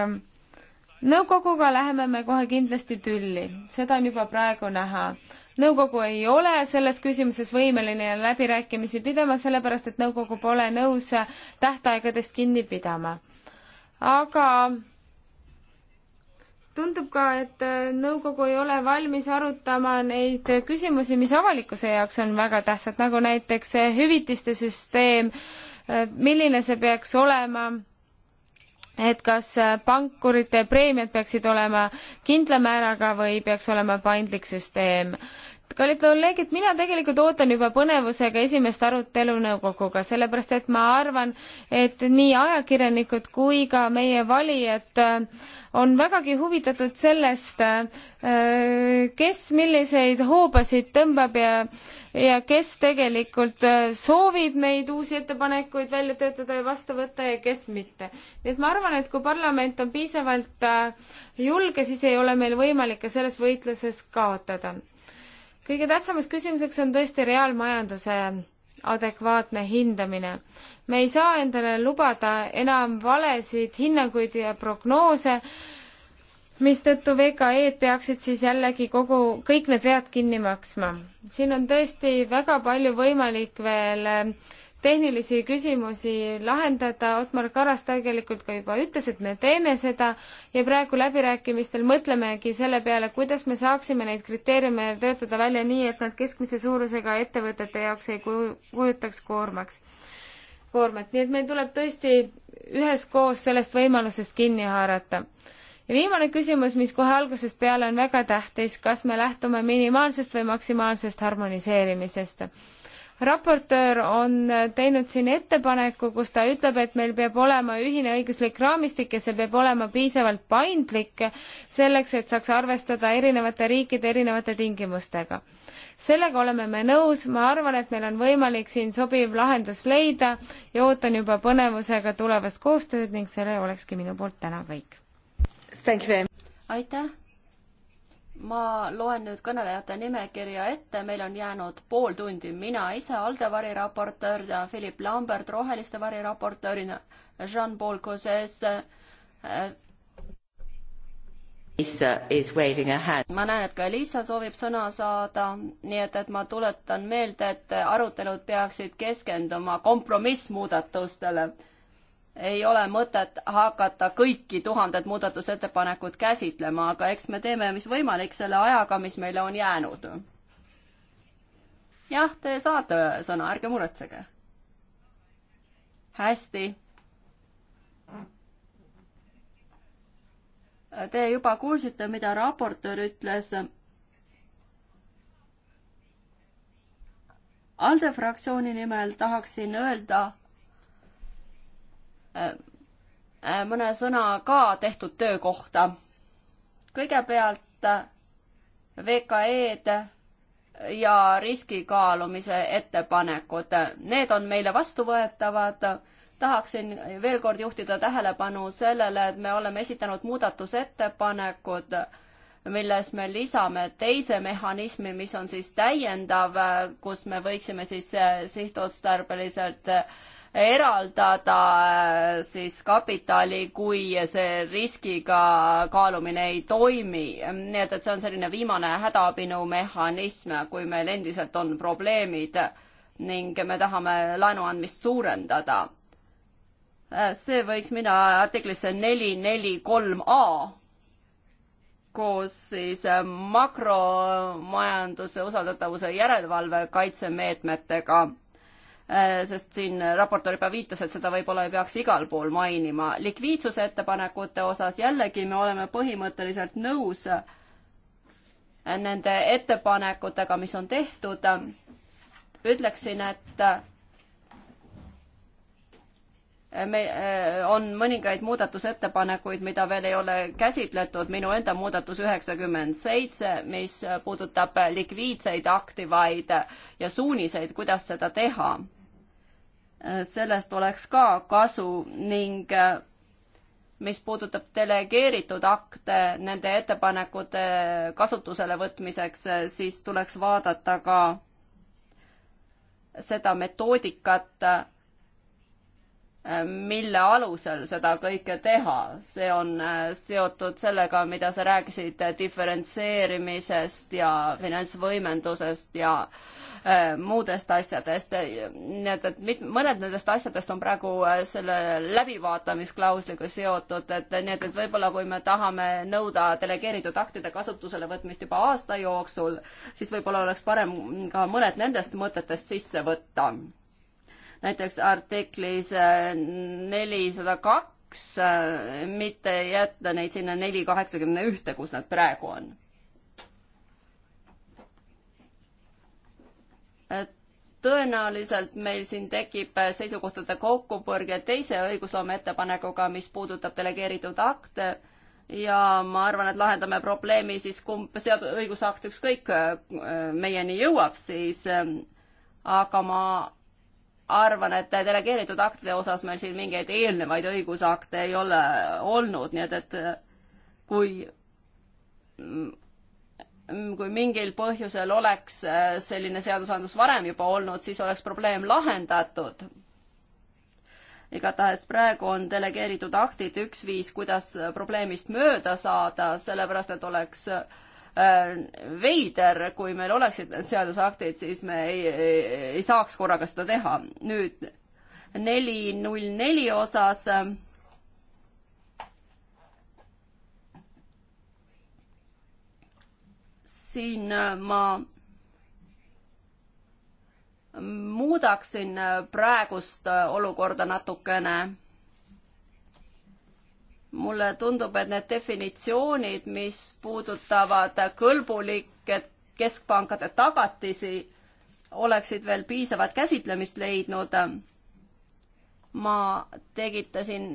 nõukoguga läheme me kohe kindlasti tülli, seda on juba praegu näha nõukogu ei ole selles küsimuses võimeline läbirääkimisi pidama, sellepärast et nõukogu pole nõus tähtaegadest kinni pidama. aga tundub ka, et nõukogu ei ole valmis arutama neid küsimusi, mis avalikkuse jaoks on väga tähtsad, nagu näiteks hüvitiste süsteem, milline see peaks olema et kas äh, pankurite preemiad peaksid olema kindla määraga või peaks olema paindlik süsteem kallid kolleegid, mina tegelikult ootan juba põnevusega esimest arutelu nõukoguga, sellepärast et ma arvan, et nii ajakirjanikud kui ka meie valijad äh, on vägagi huvitatud sellest, äh, kes milliseid hoobasid tõmbab ja, ja kes tegelikult äh, soovib neid uusi ettepanekuid välja töötada ja vastu võtta ja kes mitte. nii et ma arvan, et kui parlament on piisavalt julge, siis ei ole meil võimalik ka selles võitluses kaotada kõige tähtsamaks küsimuseks on tõesti reaalmajanduse adekvaatne hindamine. me ei saa endale lubada enam valesid hinnanguid ja prognoose, mistõttu VKE-d peaksid siis jällegi kogu, kõik need vead kinni maksma. siin on tõesti väga palju võimalik veel tehnilisi küsimusi lahendada, Otmar Karas tegelikult ka juba ütles, et me teeme seda ja praegu läbirääkimistel mõtlemegi selle peale, kuidas me saaksime neid kriteeriume töötada välja nii, et nad keskmise suurusega ettevõtete jaoks ei kujutaks koormaks, koormat, nii et meil tuleb tõesti üheskoos sellest võimalusest kinni haarata ja viimane küsimus, mis kohe algusest peale on väga tähtis, kas me lähtume minimaalsest või maksimaalsest harmoniseerimisest raportöör on teinud siin ettepaneku, kus ta ütleb, et meil peab olema ühine õiguslik raamistik ja see peab olema piisavalt paindlik selleks, et saaks arvestada erinevate riikide erinevate tingimustega. sellega oleme me nõus, ma arvan, et meil on võimalik siin sobiv lahendus leida ja ootan juba põnevusega tulevast koostööd ning see olekski minu poolt täna kõik. aitäh! ma loen nüüd kõnelejate nimekirja ette, meil on jäänud pool tundi, mina ise ALDE variraportöör ja Philip Lambert Roheliste variraportöörina, Jean-Paul Cosses äh,. ma näen, et ka Elisa soovib sõna saada, nii et, et ma tuletan meelde, et arutelud peaksid keskenduma kompromissmuudatustele ei ole mõtet hakata kõiki tuhanded muudatusettepanekud käsitlema, aga eks me teeme, mis võimalik selle ajaga, mis meile on jäänud. jah, te saate sõna, ärge muretsege. hästi. Te juba kuulsite, mida raportöör ütles ALDE fraktsiooni nimel tahaksin öelda, Äh, äh, mõne sõna ka tehtud töö kohta. kõigepealt äh, VKE-d ja riskikaalumise ettepanekud, need on meile vastuvõetavad. tahaksin veel kord juhtida tähelepanu sellele, et me oleme esitanud muudatusettepanekud, milles me lisame teise mehhanismi, mis on siis täiendav, kus me võiksime siis sihtotstarbeliselt äh, eraldada äh, siis kapitali, kui see riskiga kaalumine ei toimi. nii et, et see on selline viimane hädaabinumehhanism, kui meil endiselt on probleemid ning me tahame laenu andmist suurendada. Äh, see võiks minna artiklisse neli, neli, kolm A koos siis äh, makromajanduse usaldatavuse järelevalve kaitsemeetmetega Äh, sest siin raportöör juba viitas, et seda võib-olla ei peaks igal pool mainima. likviidsuse ettepanekute osas jällegi me oleme põhimõtteliselt nõus äh, nende ettepanekutega, mis on tehtud. ütleksin, et äh, me, on mõningaid muudatusettepanekuid, mida veel ei ole käsitletud, minu enda muudatus üheksakümmend seitse, mis puudutab likviidseid aktivaid ja suuniseid, kuidas seda teha Äh, sellest oleks ka kasu ning äh, mis puudutab delegeeritud akte nende ettepanekute kasutusele võtmiseks, äh, siis tuleks vaadata ka seda metoodikat, Äh, mille alusel seda kõike teha. see on äh, seotud sellega, mida sa rääkisid äh, diferentseerimisest ja finantsvõimendusest ja äh, muudest asjadest. nii et, et mit-, mõned nendest asjadest on praegu selle läbivaatamisklausliga seotud, et nii et, et võib-olla kui me tahame nõuda delegeeritud aktide kasutusele võtmist juba aasta jooksul, siis võib-olla oleks parem ka mõned nendest mõtetest sisse võtta näiteks artiklis äh, nelisada kaks, äh, mitte jätta neid sinna neli kaheksakümne ühte, kus nad praegu on. et tõenäoliselt meil siin tekib äh, seisukohtade kokkupõrge teise õigusloome ettepanekuga, mis puudutab delegeeritud akte ja ma arvan, et lahendame probleemi siis, kumb seadu-, õigusakt ükskõik meieni jõuab siis, aga ma arvan, et delegeeritud aktide osas meil siin mingeid eelnevaid õigusakte ei ole olnud, nii et, et kui kui mingil põhjusel oleks selline seadusandlus varem juba olnud, siis oleks probleem lahendatud. igatahes praegu on delegeeritud aktid üks viis, kuidas probleemist mööda saada, sellepärast et oleks äh, Äh, veider, kui meil oleksid need seadusaktid, siis me ei, ei, ei saaks korraga seda teha. nüüd neli null neli osas äh, siin äh, ma muudaksin praegust olukorda natukene mulle tundub, et need definitsioonid, mis puudutavad kõlbulikke keskpankade tagatisi, oleksid veel piisavat käsitlemist leidnud. ma tegitasin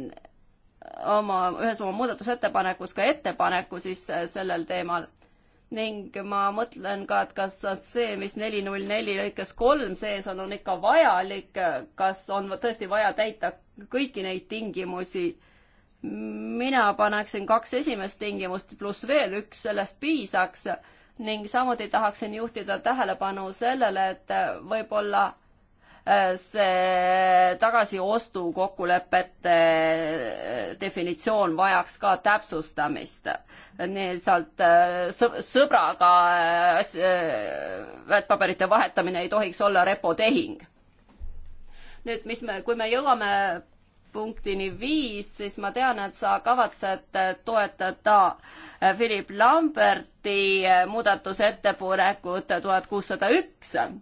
oma, ühes oma muudatusettepanekus ka ettepaneku siis sellel teemal ning ma mõtlen ka, et kas see, mis neli null neli lõikes kolm sees on, on ikka vajalik, kas on tõesti vaja täita kõiki neid tingimusi mina paneksin kaks esimest tingimust pluss veel üks, sellest piisaks ning samuti tahaksin juhtida tähelepanu sellele, et võib-olla äh, see tagasiostu kokkulepete äh, definitsioon vajaks ka täpsustamist. sealt äh, sõbraga väärtpaberite vahetamine ei tohiks olla repotehing. nüüd, mis me, kui me jõuame punktini viis, siis ma tean, et sa kavatsed toetada äh, Philip Lamberti äh, muudatusettepanekut tuhat kuussada üks, äh,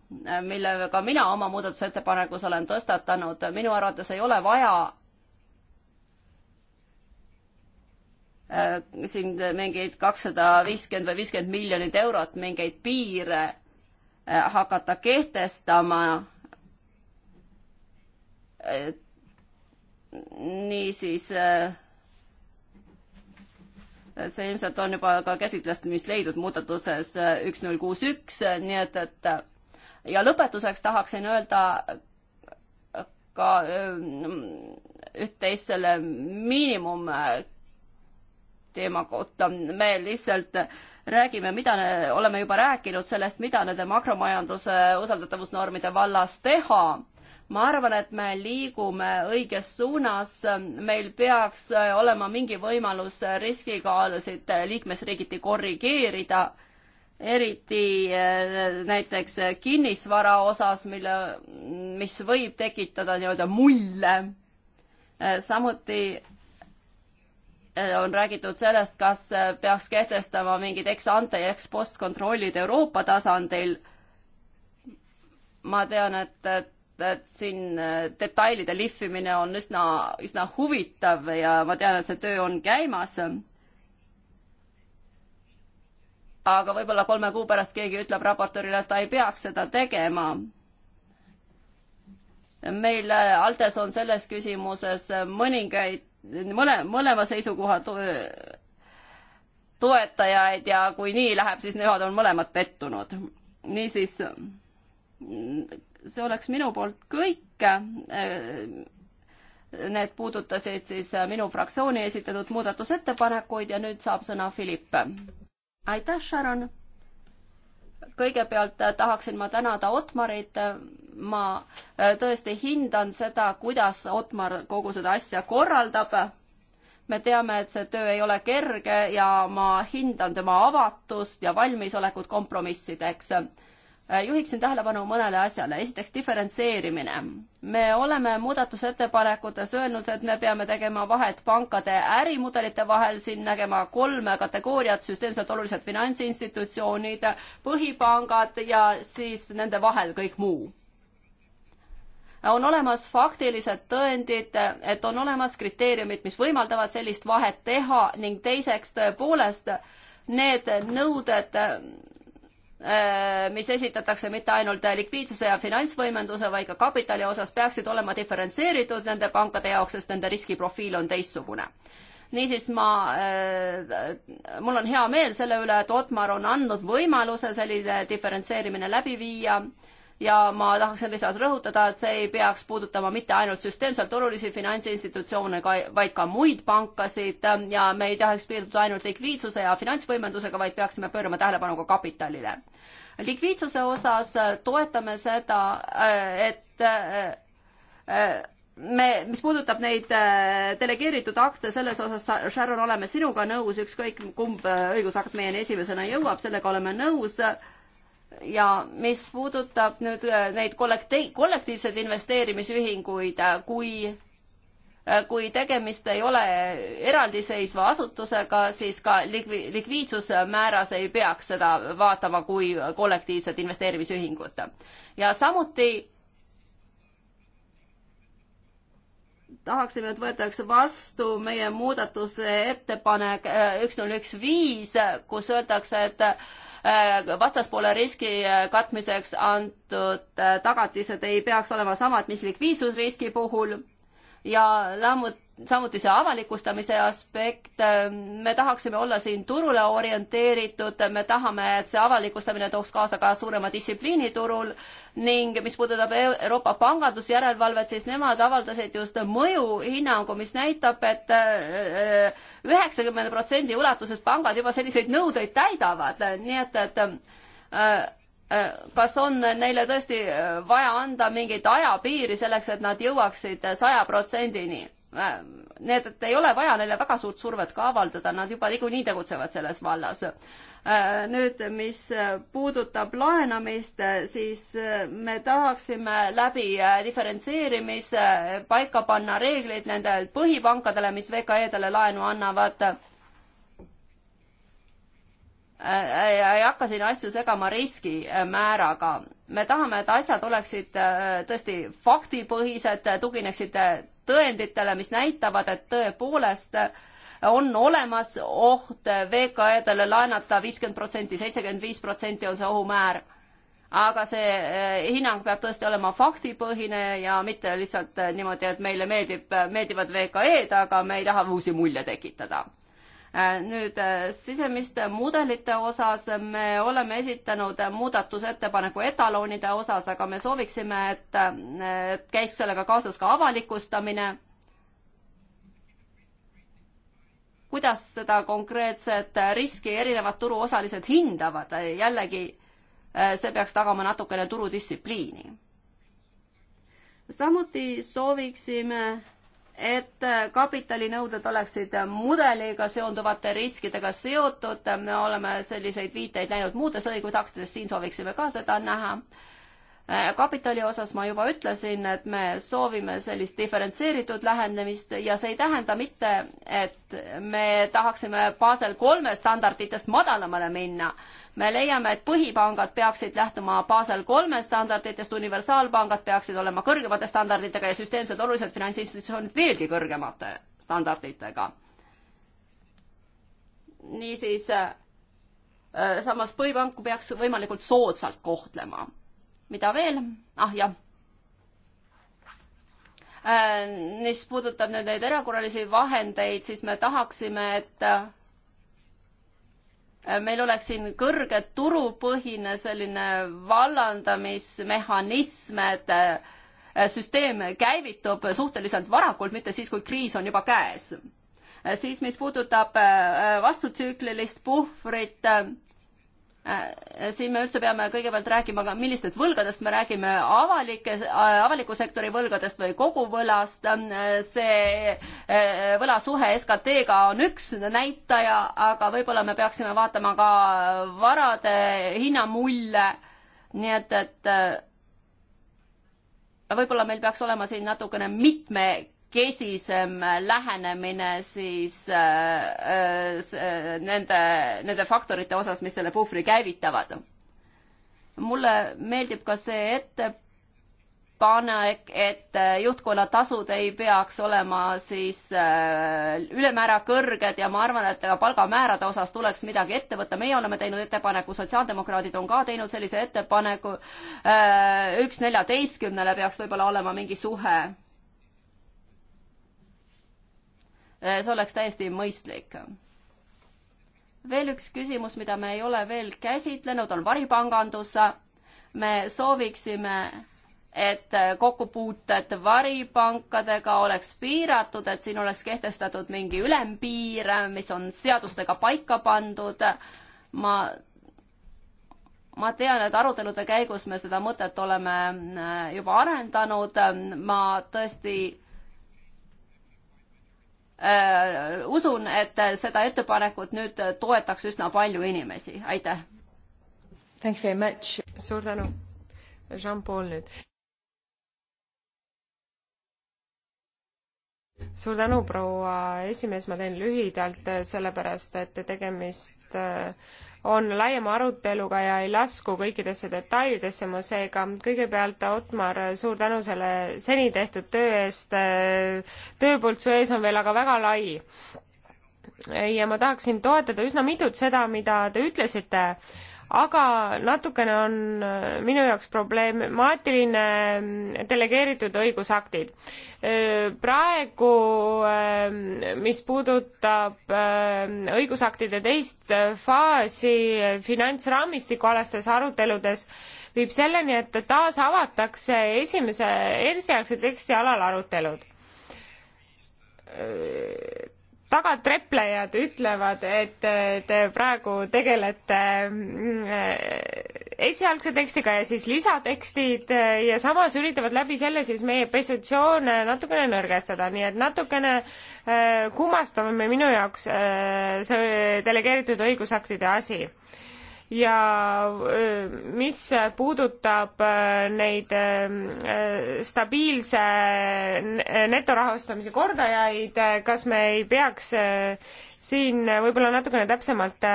millega mina oma muudatusettepanekus olen tõstatanud. minu arvates ei ole vaja siin mingeid kakssada viiskümmend või viiskümmend miljonit eurot mingeid piire hakata kehtestama niisiis äh, see ilmselt on juba ka käsitlemist leidnud muudatuses äh, üks null kuus üks, äh, nii et, et ja lõpetuseks tahaksin öelda ka üht-teist selle miinimum teema kohta, me lihtsalt räägime, mida, oleme juba rääkinud sellest, mida nende makromajanduse usaldatavusnormide vallas teha ma arvan, et me liigume õiges suunas, meil peaks olema mingi võimalus riskikaalusid liikmesriigiti korrigeerida, eriti eh, näiteks kinnisvara osas, mille, mis võib tekitada nii-öelda mulle. Eh, samuti eh, on räägitud sellest, kas peaks kehtestama mingid ex-ante ja ex-post kontrollid Euroopa tasandil. ma tean, et, et et siin äh, detailide lihvimine on üsna, üsna huvitav ja ma tean, et see töö on käimas. aga võib-olla kolme kuu pärast keegi ütleb raportöörile, et ta ei peaks seda tegema. meil äh, Aldes on selles küsimuses mõningaid, mõle, mõlema seisukoha to toetajaid ja kui nii läheb, siis nemad on mõlemad pettunud. niisiis see oleks minu poolt kõik. Äh, need puudutasid siis äh, minu fraktsiooni esitatud muudatusettepanekuid ja nüüd saab sõna Philipp. aitäh, Sharon! kõigepealt äh, tahaksin ma tänada Otmarit. ma tõesti hindan seda, kuidas Otmar kogu seda asja korraldab. me teame, et see töö ei ole kerge ja ma hindan tema avatust ja valmisolekut kompromissideks Äh, juhiksin tähelepanu mõnele asjale. esiteks diferentseerimine. me oleme muudatusettepanekutes öelnud, et me peame tegema vahet pankade ärimudelite vahel, siin nägema kolme kategooriat, süsteemselt olulised finantsinstitutsioonid, põhipangad ja siis nende vahel kõik muu. on olemas faktilised tõendid, et on olemas kriteeriumid, mis võimaldavad sellist vahet teha ning teiseks tõepoolest need nõuded Äh, mis esitatakse mitte ainult likviidsuse ja finantsvõimenduse, vaid ka kapitali osas, peaksid olema diferentseeritud nende pankade jaoks, sest nende riskiprofiil on teistsugune. niisiis ma, äh, mul on hea meel selle üle, et Otmar on andnud võimaluse selline diferentseerimine läbi viia ja ma tahaksin lisaks rõhutada, et see ei peaks puudutama mitte ainult süsteemselt olulisi finantsinstitutsioone, vaid ka muid pankasid ähm, ja me ei tahaks piirduda ainult likviidsuse ja finantsvõimendusega, vaid peaksime pöörama tähelepanu ka kapitalile. likviidsuse osas äh, toetame seda, äh, et äh, me, mis puudutab neid delegeeritud akte, selles osas, Sharon, oleme sinuga nõus, ükskõik kumb õigusakt meieni esimesena jõuab, sellega oleme nõus ja mis puudutab nüüd äh, neid kollekti-, kollektiivseid investeerimisühinguid, äh, kui äh, kui tegemist ei ole eraldiseisva asutusega, siis ka likvi-, likviidsusmääras ei peaks seda vaatama kui kollektiivset investeerimisühingut. ja samuti tahaksime, et võetakse vastu meie muudatuse ettepanek üks null üks viis, kus öeldakse, et Äh, vastaspoole riski äh, katmiseks antud äh, tagatised ei peaks olema samad, mis likviidsusriski puhul ja lammut-, samuti see avalikustamise aspekt, me tahaksime olla siin turule orienteeritud, me tahame, et see avalikustamine tooks kaasa ka suurema distsipliini turul ning mis puudutab e-, Euroopa pangandusjärelevalvet, siis nemad avaldasid just mõjuhinnangu, mis näitab et, et äh, üheksakümne protsendi ulatuses pangad juba selliseid nõudeid täidavad, nii et, et äh, äh, kas on neile tõesti vaja anda mingit ajapiiri selleks, et nad jõuaksid saja protsendini? Äh, need, et ei ole vaja neile väga suurt survet ka avaldada, nad juba niikuinii tegutsevad selles vallas. Äh, nüüd, mis puudutab laenamist, siis äh, me tahaksime läbi diferentseerimise paika panna reeglid nendel põhipankadele, mis VKE-dele laenu annavad ei hakka siin asju segama riskimääraga. me tahame, et asjad oleksid tõesti faktipõhised, tugineksid tõenditele, mis näitavad, et tõepoolest on olemas oht VKE-dele laenata viiskümmend protsenti, seitsekümmend viis protsenti on see ohumäär. aga see eh, hinnang peab tõesti olema faktipõhine ja mitte lihtsalt niimoodi, et meile meeldib, meeldivad VKE-d, aga me ei taha uusi mulje tekitada Äh, nüüd äh, sisemiste mudelite osas me oleme esitanud muudatusettepaneku etalonide osas, aga me sooviksime, et, äh, et käiks sellega kaasas ka avalikustamine. kuidas seda konkreetset riski erinevad turuosalised hindavad, jällegi see peaks tagama natukene turudistsipliini. samuti sooviksime et kapitalinõuded oleksid mudeliga seonduvate riskidega seotud, me oleme selliseid viiteid näinud muudes õigusaktides, siin sooviksime ka seda näha Äh, kapitali osas ma juba ütlesin, et me soovime sellist diferentseeritud lähenemist ja see ei tähenda mitte, et me tahaksime Basel kolme standarditest madalamale minna. me leiame, et põhipangad peaksid lähtuma Basel kolme standarditest, universaalpangad peaksid olema kõrgemate standarditega ja süsteemselt olulised finantsinstitutsioonid veelgi kõrgemate standarditega. niisiis, äh, samas põhipanku peaks võimalikult soodsalt kohtlema mida veel? ah jah äh,. mis puudutab nüüd neid erakorralisi vahendeid, siis me tahaksime, et äh, meil oleks siin kõrge turupõhine selline vallandamismehhanism, et äh, süsteem käivitub suhteliselt varakult, mitte siis, kui kriis on juba käes. Äh, siis, mis puudutab äh, vastutsüklilist puhvrit äh, Äh, siin me üldse peame kõigepealt rääkima ka, millistest võlgadest me räägime, avalike, äh, avaliku sektori võlgadest või koguvõlast. Äh, see võlasuhe SKT-ga on üks näitaja, aga võib-olla me peaksime vaatama ka varade hinnamulle. nii et, et võib-olla meil peaks olema siin natukene mitme mitmekesisem lähenemine siis äh, äh, äh, nende, nende faktorite osas, mis selle puhvri käivitavad. mulle meeldib ka see ettepanek, et juhtkonna tasud ei peaks olema siis ülemäära kõrged ja ma arvan, et ka palgamäärade osas tuleks midagi ette võtta. meie oleme teinud ettepaneku, sotsiaaldemokraadid on ka teinud sellise ettepaneku, üks neljateistkümnele peaks võib-olla olema mingi suhe Eh, see oleks täiesti mõistlik. veel üks küsimus, mida me ei ole veel käsitlenud, on varipangandus. me sooviksime, et kokkupuuted varipankadega oleks piiratud, et siin oleks kehtestatud mingi ülempiir, mis on seadustega paika pandud. ma ma tean, et arutelude käigus me seda mõtet oleme eh, juba arendanud, ma tõesti Äh, usun, et seda ettepanekut nüüd toetaks üsna palju inimesi, aitäh! Thank you very much! suur tänu! Jean-Paul nüüd. suur tänu, proua esimees, ma teen lühidalt, sellepärast et tegemist äh, on laiema aruteluga ja ei lasku kõikidesse detailidesse, ma seega kõigepealt, Otmar, suur tänu selle seni tehtud töö eest, tööpõld su ees on veel aga väga lai. ja ma tahaksin toetada üsna mitut seda, mida te ütlesite, aga natukene on äh, minu jaoks problemaatiline mm, delegeeritud õigusaktid. Äh, praegu, ähm, mis puudutab äh, õigusaktide teist faasi finantsraamistiku alastes aruteludes, viib selleni, et taas avatakse esimese, esialgse teksti alal arutelud tagantreplejad ütlevad, et äh, te praegu tegelete äh, esialgse tekstiga ja siis lisatekstid äh, ja samas üritavad läbi selle siis meie positsioone natukene nõrgestada, nii et natukene kummastame minu jaoks see delegeeritud õigusaktide asi ja äh, mis puudutab äh, neid äh, stabiilse netorahastamise kordajaid, kas me ei peaks siin võib-olla natukene täpsemalt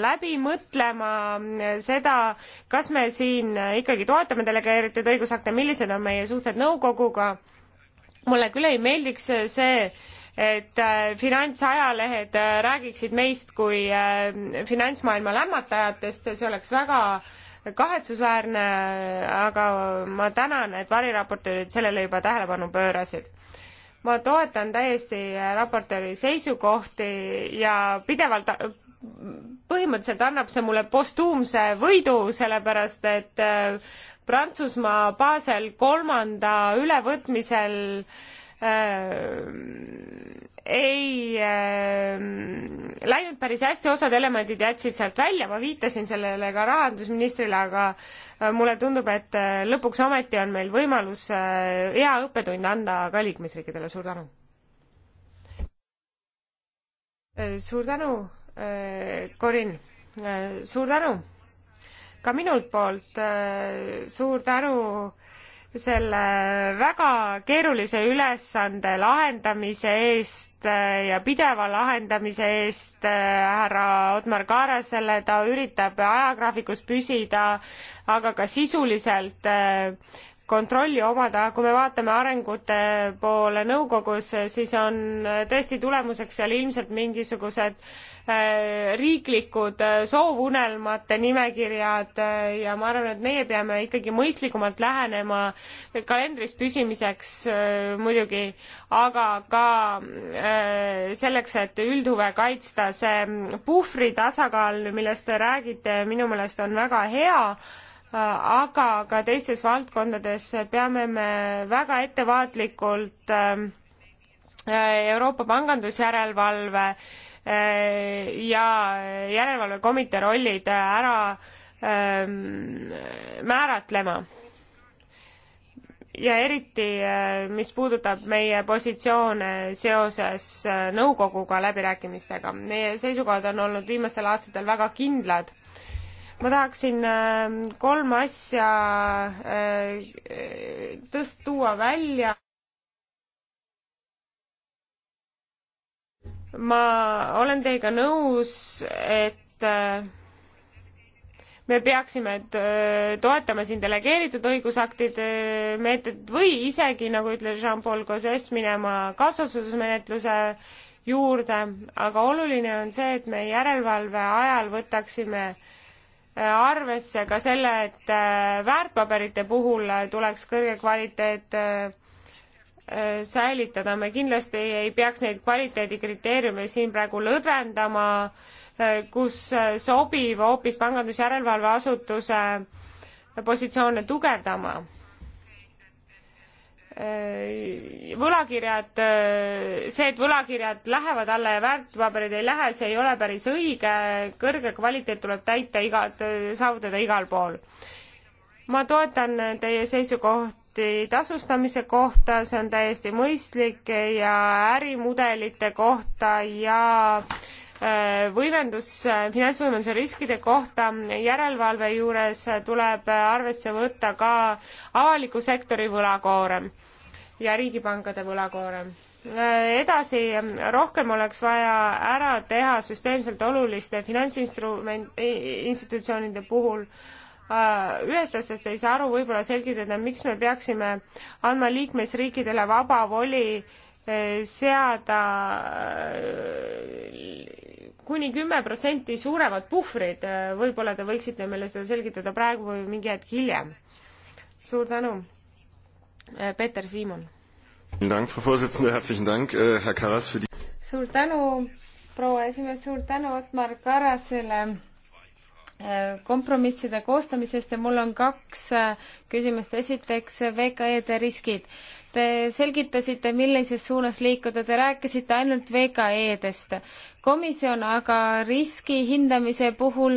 läbi mõtlema seda, kas me siin ikkagi toetame delegeeritud õigusakte, millised on meie suhted nõukoguga. mulle küll ei meeldiks see, et äh, finantsajalehed äh, räägiksid meist kui äh, finantsmaailma lämmatajatest, see oleks väga kahetsusväärne, aga ma tänan, et variraportöörid sellele juba tähelepanu pöörasid. ma toetan täiesti raportööri seisukohti ja pidevalt põhimõtteliselt annab see mulle postuumse võidu, sellepärast et Prantsusmaa Basel kolmanda ülevõtmisel äh, Äh, ei äh, läinud päris hästi, osad elemendid jätsid sealt välja, ma viitasin sellele ka rahandusministrile, aga äh, mulle tundub, et äh, lõpuks ometi on meil võimalus äh, hea õppetund anda ka liikmesriikidele, suur tänu! suur tänu äh,, Corin, suur tänu ka minult poolt, suur tänu äh, selle väga keerulise ülesande lahendamise eest äh, ja pideva lahendamise eest äh, härra Otmar Kaarasele, ta üritab ajagraafikus püsida, aga ka sisuliselt äh, kontrolli omada, kui me vaatame arengute poole nõukogus, siis on tõesti tulemuseks seal ilmselt mingisugused äh, riiklikud äh, soovunelmate nimekirjad äh, ja ma arvan, et meie peame ikkagi mõistlikumalt lähenema kalendris püsimiseks muidugi, aga ka selleks, et üldhuve kaitsta, see puhvri tasakaal, millest te räägite, minu meelest on väga hea aga ka teistes valdkondades peame me väga ettevaatlikult ähm, äh, Euroopa pangandusjärelevalve äh, ja järelevalvekomitee rollid ära ähm, määratlema. ja eriti, äh, mis puudutab meie positsioone seoses nõukoguga läbirääkimistega. meie seisukohad on olnud viimastel aastatel väga kindlad ma tahaksin äh, kolm asja äh, tõst-, tuua välja. ma olen teiega nõus, et äh, me peaksime toetama siin delegeeritud õigusaktide meetodit või isegi, nagu ütles Jean-Paul Gauzes, minema kaasotsusmenetluse juurde, aga oluline on see, et me järelevalve ajal võtaksime äh, arvesse ka selle, et äh, väärtpaberite puhul tuleks kõrge kvaliteet äh, äh, säilitada, me kindlasti ei peaks neid kvaliteedikriteeriume siin praegu lõdvendama, kus sobib hoopis pangandusjärelevalveasutuse positsioone tugevdama Äh, võlakirjad, äh, see, et võlakirjad lähevad alla ja väärtpaberid ei lähe, see ei ole päris õige, kõrge kvaliteet tuleb täita iga, saavutada igal pool. ma toetan teie seisukohti tasustamise kohta, see on täiesti mõistlik ja ärimudelite kohta ja äh, võimendus, finantsvõimenduse riskide kohta järelevalve juures tuleb arvesse võtta ka avaliku sektori võlakoorem ja riigipankade võlakoorem. Edasi, rohkem oleks vaja ära teha süsteemselt oluliste finantsinstrument, institutsioonide puhul äh, ühest asjast ei saa aru võib-olla selgitada, miks me peaksime andma liikmesriikidele vaba voli äh, seada äh, kuni kümme protsenti suuremad puhvrid, võib-olla te võiksite meile seda selgitada praegu või mingi hetk hiljem. suur tänu Eh, Peeter Siimon. Äh, suur tänu, proua esimees, suur tänu Otmar Karasele äh, kompromisside koostamisest ja mul on kaks äh, küsimust. esiteks VKE-de riskid. Te selgitasite, millises suunas liikuda, te rääkisite ainult VKE-dest. komisjon aga riski hindamise puhul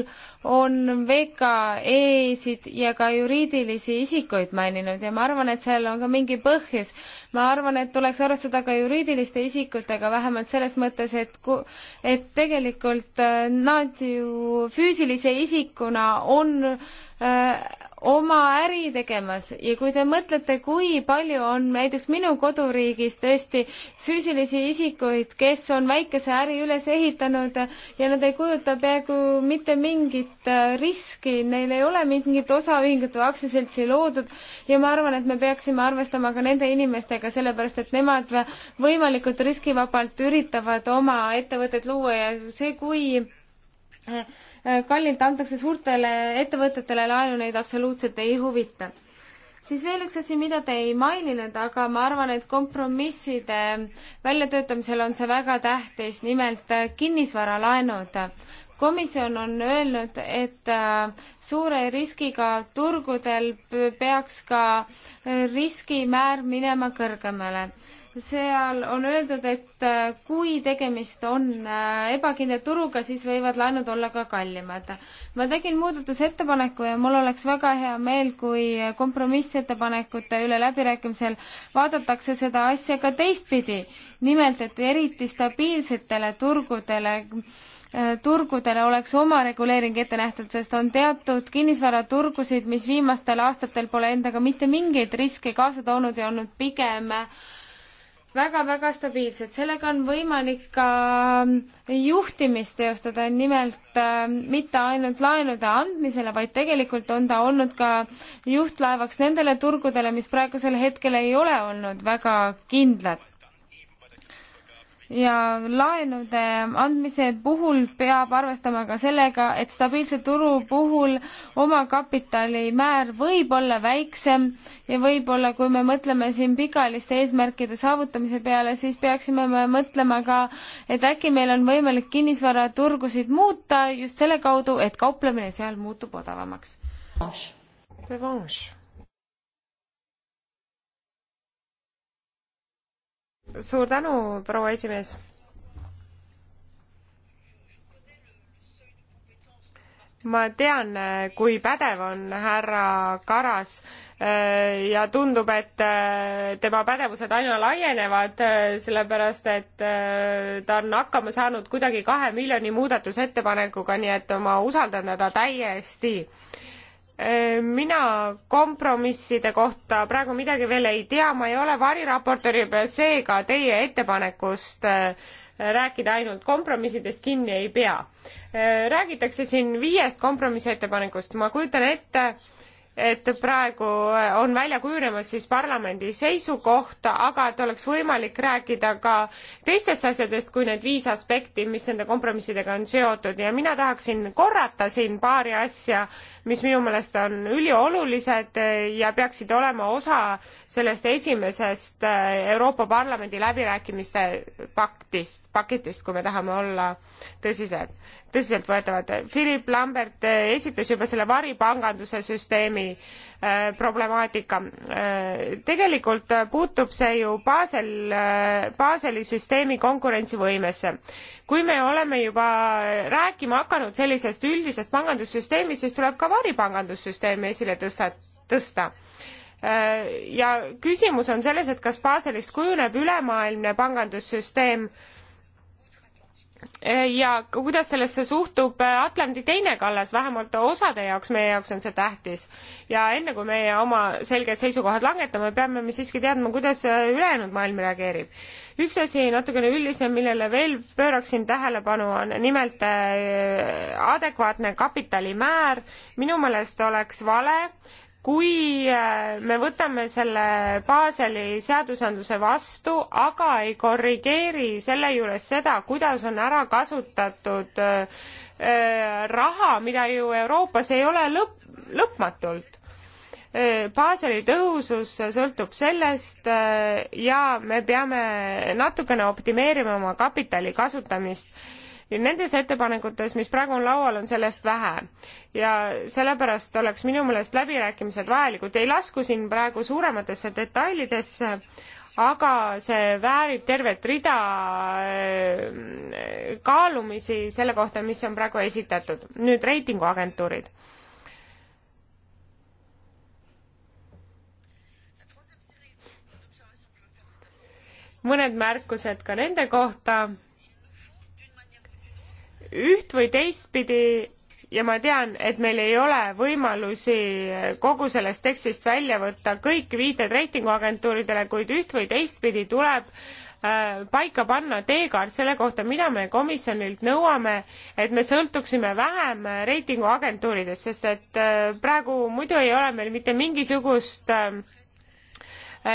on VKE-sid ja ka juriidilisi isikuid maininud ja ma arvan, et sellel on ka mingi põhjus. ma arvan, et tuleks arvestada ka juriidiliste isikutega, vähemalt selles mõttes, et ku-, et tegelikult äh, nad ju füüsilise isikuna on oma äri tegemas ja kui te mõtlete, kui palju on näiteks minu koduriigis tõesti füüsilisi isikuid, kes on väikese äri üles ehitanud ja nad ei kujuta peaaegu mitte mingit äh, riski, neil ei ole mingit osaühingut või aktsiaseltsi loodud ja ma arvan, et me peaksime arvestama ka nende inimestega, sellepärast et nemad võimalikult riskivabalt üritavad oma ettevõtet luua ja see, kui äh, kallilt antakse suurtele ettevõtetele laenu, neid absoluutselt ei huvita. siis veel üks asi, mida te ei maininud, aga ma arvan, et kompromisside väljatöötamisel on see väga tähtis, nimelt kinnisvaralaenud komisjon on öelnud, et äh, suure riskiga turgudel peaks ka riskimäär minema kõrgemale seal on öeldud, et äh, kui tegemist on äh, ebakindla turuga, siis võivad laenud olla ka kallimad. ma tegin muudatusettepaneku ja mul oleks väga hea meel, kui kompromissettepanekute üle läbirääkimisel vaadatakse seda asja ka teistpidi. nimelt, et eriti stabiilsetele turgudele äh, turgudele oleks oma reguleering ette nähtud, sest on teatud kinnisvaraturgusid, mis viimastel aastatel pole endaga mitte mingeid riske kaasa toonud ja olnud pigem äh, väga-väga stabiilsed, sellega on võimalik ka mm, juhtimist teostada, nimelt mm, mitte ainult laenude andmisele, vaid tegelikult on ta olnud ka juhtlaevaks nendele turgudele, mis praegusel hetkel ei ole olnud väga kindlad ja laenude andmise puhul peab arvestama ka sellega, et stabiilse turu puhul omakapitali määr võib olla väiksem ja võib-olla kui me mõtleme siin pikaajaliste eesmärkide saavutamise peale, siis peaksime me mõtlema ka, et äkki meil on võimalik kinnisvaraturgusid muuta just selle kaudu, et kauplemine seal muutub odavamaks. Revanche. suur tänu, proua esimees ma tean, kui pädev on härra Karas eh, ja tundub, et eh, tema pädevused aina laienevad, eh, sellepärast et ta on hakkama saanud kuidagi kahe miljoni muudatusettepanekuga, nii et ma usaldan teda täiesti Äh, mina kompromisside kohta praegu midagi veel ei tea, ma ei ole variraportööri peal, seega teie ettepanekust äh, rääkida ainult kompromissidest kinni ei pea. Äh, räägitakse siin viiest kompromissettepanekust, ma kujutan ette, et praegu äh, on välja kujunemas siis parlamendi seisukoht, aga et oleks võimalik rääkida ka teistest asjadest kui need viis aspekti, mis nende kompromissidega on seotud ja mina tahaksin korrata siin paari asja, mis minu meelest on üliolulised äh, ja peaksid olema osa sellest esimesest äh, Euroopa Parlamendi läbirääkimiste paktist, paketist, kui me tahame olla tõsised tõsiseltvõetavad. Philip Lambert äh, esitas juba selle varipanganduse süsteemi äh, problemaatika äh,. tegelikult äh, puutub see ju Basel äh,, Baseli süsteemi konkurentsivõimesse. kui me oleme juba rääkima hakanud sellisest üldisest pangandussüsteemist, siis tuleb ka varipangandussüsteemi esile tõsta, tõsta äh, ja küsimus on selles, et kas Baselist kujuneb ülemaailmne pangandussüsteem äh, ja kuidas sellesse suhtub äh, Atlandi teine kallas, vähemalt osade jaoks, meie jaoks on see tähtis. ja enne kui meie oma selged seisukohad langetame, peame me siiski teadma, kuidas äh, ülejäänud maailm reageerib. üks asi natukene üldisem, millele veel pööraksin tähelepanu, on nimelt äh, adekvaatne kapitalimäär. minu meelest oleks vale, kui äh, me võtame selle Baseli seadusandluse vastu, aga ei korrigeeri selle juures seda, kuidas on ära kasutatud äh, raha, mida ju Euroopas ei ole lõpp, lõpmatult. Äh, Baseli tõhusus sõltub sellest ja me peame natukene optimeerima oma kapitali kasutamist ja nendes ettepanekutes, mis praegu on laual, on sellest vähe. ja sellepärast oleks minu meelest läbirääkimised vajalikud, ei lasku siin praegu suurematesse detailidesse, aga see väärib tervet rida äh, kaalumisi selle kohta, mis on praegu esitatud. nüüd reitinguagentuurid mõned märkused ka nende kohta üht või teistpidi ja ma tean, et meil ei ole võimalusi kogu sellest tekstist välja võtta kõik viited reitinguagentuuridele, kuid üht või teistpidi tuleb äh, paika panna teekaart selle kohta, mida me komisjonilt nõuame, et me sõltuksime vähem reitinguagentuuridest, sest et äh, praegu muidu ei ole meil mitte mingisugust äh,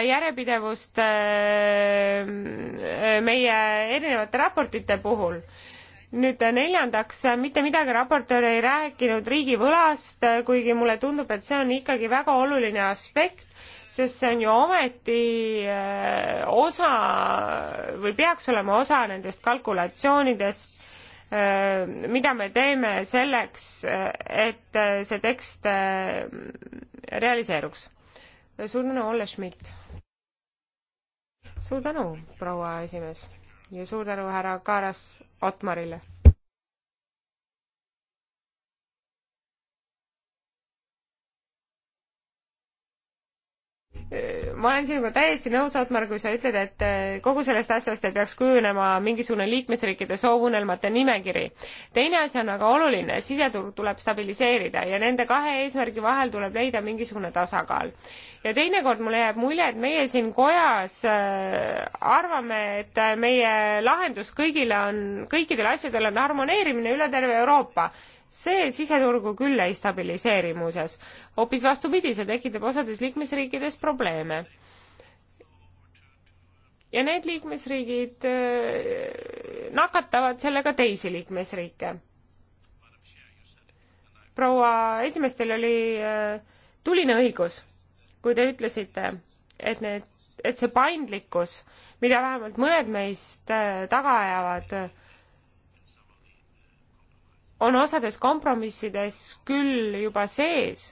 järjepidevust meie erinevate raportite puhul nüüd neljandaks, mitte midagi raportöör ei rääkinud riigivõlast, kuigi mulle tundub, et see on ikkagi väga oluline aspekt, sest see on ju ometi äh, osa või peaks olema osa nendest kalkulatsioonidest, äh, mida me teeme selleks, et äh, see tekst realiseeruks. suur tänu, Olle Schmidt! suur tänu, proua esimees! ja suur tänu härra Kaaras Otmarile. ma olen sinuga täiesti nõus, Otmar, kui sa ütled, et eh, kogu sellest asjast ei peaks kujunema mingisugune liikmesriikide soovunelmate nimekiri. teine asi on aga oluline, siseturg tuleb stabiliseerida ja nende kahe eesmärgi vahel tuleb leida mingisugune tasakaal ja teinekord mulle jääb mulje, et meie siin kojas äh, arvame, et äh, meie lahendus kõigile on, kõikidele asjadele on harmoneerimine üle terve Euroopa. see siseturgu küll ei stabiliseeri muuseas. hoopis vastupidi, see tekitab osades liikmesriikides probleeme. ja need liikmesriigid äh, nakatavad sellega teisi liikmesriike. proua esimees, teil oli tuline õigus kui te ütlesite, et need, et see paindlikkus, mida vähemalt mõned meist äh, taga ajavad, on osades kompromissides küll juba sees,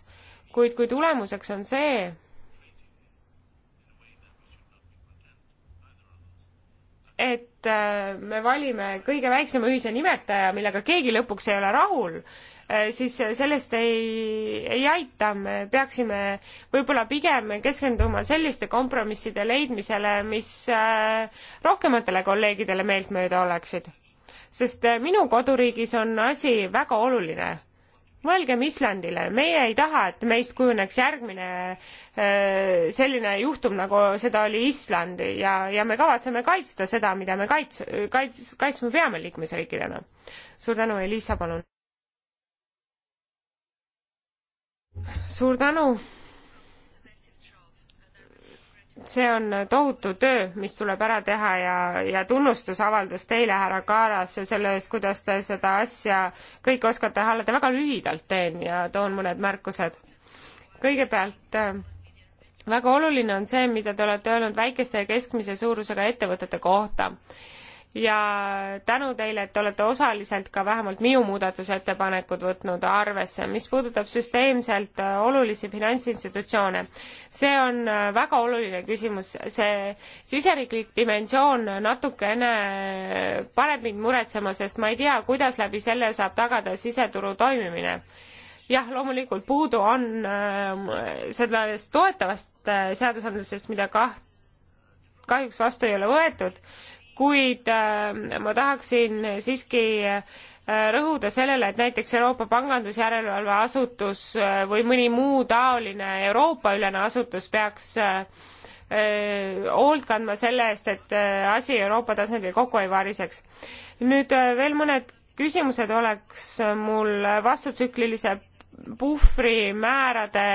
kuid kui tulemuseks on see, et äh, me valime kõige väiksema ühise nimetaja, millega keegi lõpuks ei ole rahul, Äh, siis sellest ei, ei aita, me peaksime võib-olla pigem keskenduma selliste kompromisside leidmisele, mis äh, rohkematele kolleegidele meeltmööda oleksid. sest äh, minu koduriigis on asi väga oluline mõelgem Islandile, meie ei taha, et meist kujuneks järgmine selline juhtum, nagu seda oli Island ja, ja me kavatseme kaitsta seda, mida me kaits-, kaits-, kaitsma peame liikmesriikidena. suur tänu, Elisa, palun! suur tänu. see on tohutu töö, mis tuleb ära teha ja, ja tunnustusavaldus teile, härra Kaaras, selle eest, kuidas te seda asja kõike oskate hallata. väga lühidalt teen ja toon mõned märkused. kõigepealt äh, väga oluline on see, mida te olete öelnud väikeste ja keskmise suurusega ettevõtete kohta ja tänu teile, et te olete osaliselt ka vähemalt minu muudatusettepanekud võtnud arvesse, mis puudutab süsteemselt äh, olulisi finantsinstitutsioone. see on äh, väga oluline küsimus, see siseriiklik dimensioon natukene äh, paneb mind muretsema, sest ma ei tea, kuidas läbi selle saab tagada siseturu toimimine jah, loomulikult puudu on äh, sellest toetavast äh, seadusandlusest, mida kaht-, kahjuks vastu ei ole võetud, kuid äh, ma tahaksin siiski äh, rõhuda sellele, et näiteks Euroopa Pangandusjärelevalve Asutus äh, või mõni muu taoline Euroopa-ülene asutus peaks hoolt kandma selle eest, et asi Euroopa tasandil kokku ei variseks. nüüd veel mõned küsimused oleks mul vastutsüklilise puhvrimäärade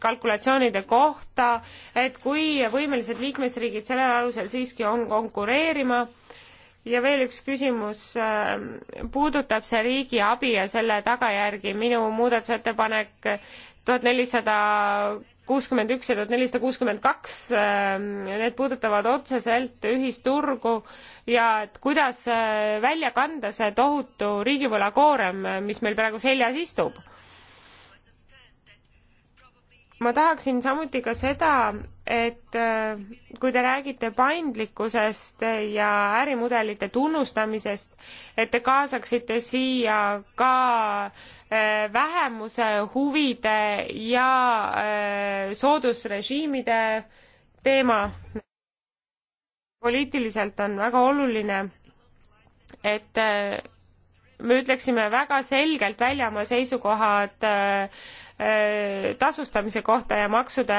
kalkulatsioonide kohta, et kui võimelised liikmesriigid sellel alusel siiski on konkureerima ja veel üks küsimus äh, puudutab see riigi abi ja selle tagajärgi. minu muudatusettepanek tuhat nelisada kuuskümmend üks ja tuhat nelisada kuuskümmend kaks, äh, need puudutavad otseselt ühisturgu ja et kuidas äh, välja kanda see tohutu riigivõlakoorem, mis meil praegu seljas istub ma tahaksin samuti ka seda, et äh, kui te räägite paindlikkusest ja ärimudelite tunnustamisest, et te kaasaksite siia ka äh, vähemuse huvide ja äh, soodusrežiimide teema. poliitiliselt on väga oluline, et me ütleksime väga selgelt välja oma seisukohad äh, äh, tasustamise kohta ja maksude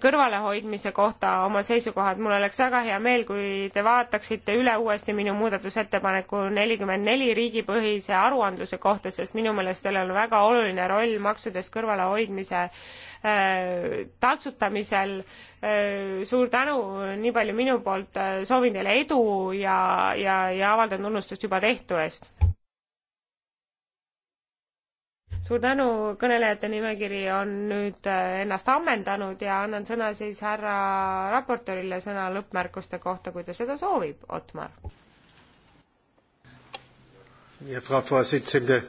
kõrvalehoidmise kohta oma seisukohad. mul oleks väga hea meel, kui te vaataksite üle uuesti minu muudatusettepaneku nelikümmend neli riigipõhise aruandluse kohta, sest minu meelest sellel on väga oluline roll maksudest kõrvalehoidmise äh, taltsutamisel äh,. suur tänu, nii palju minu poolt, äh, soovin teile edu ja, ja, ja avaldan tunnustust juba tehtu eest suur tänu, kõnelejate nimekiri on nüüd äh, ennast ammendanud ja annan sõna siis härra raportöörile sõna lõppmärkuste kohta, kui ta seda soovib, Otmar. Frau Vorsitzende,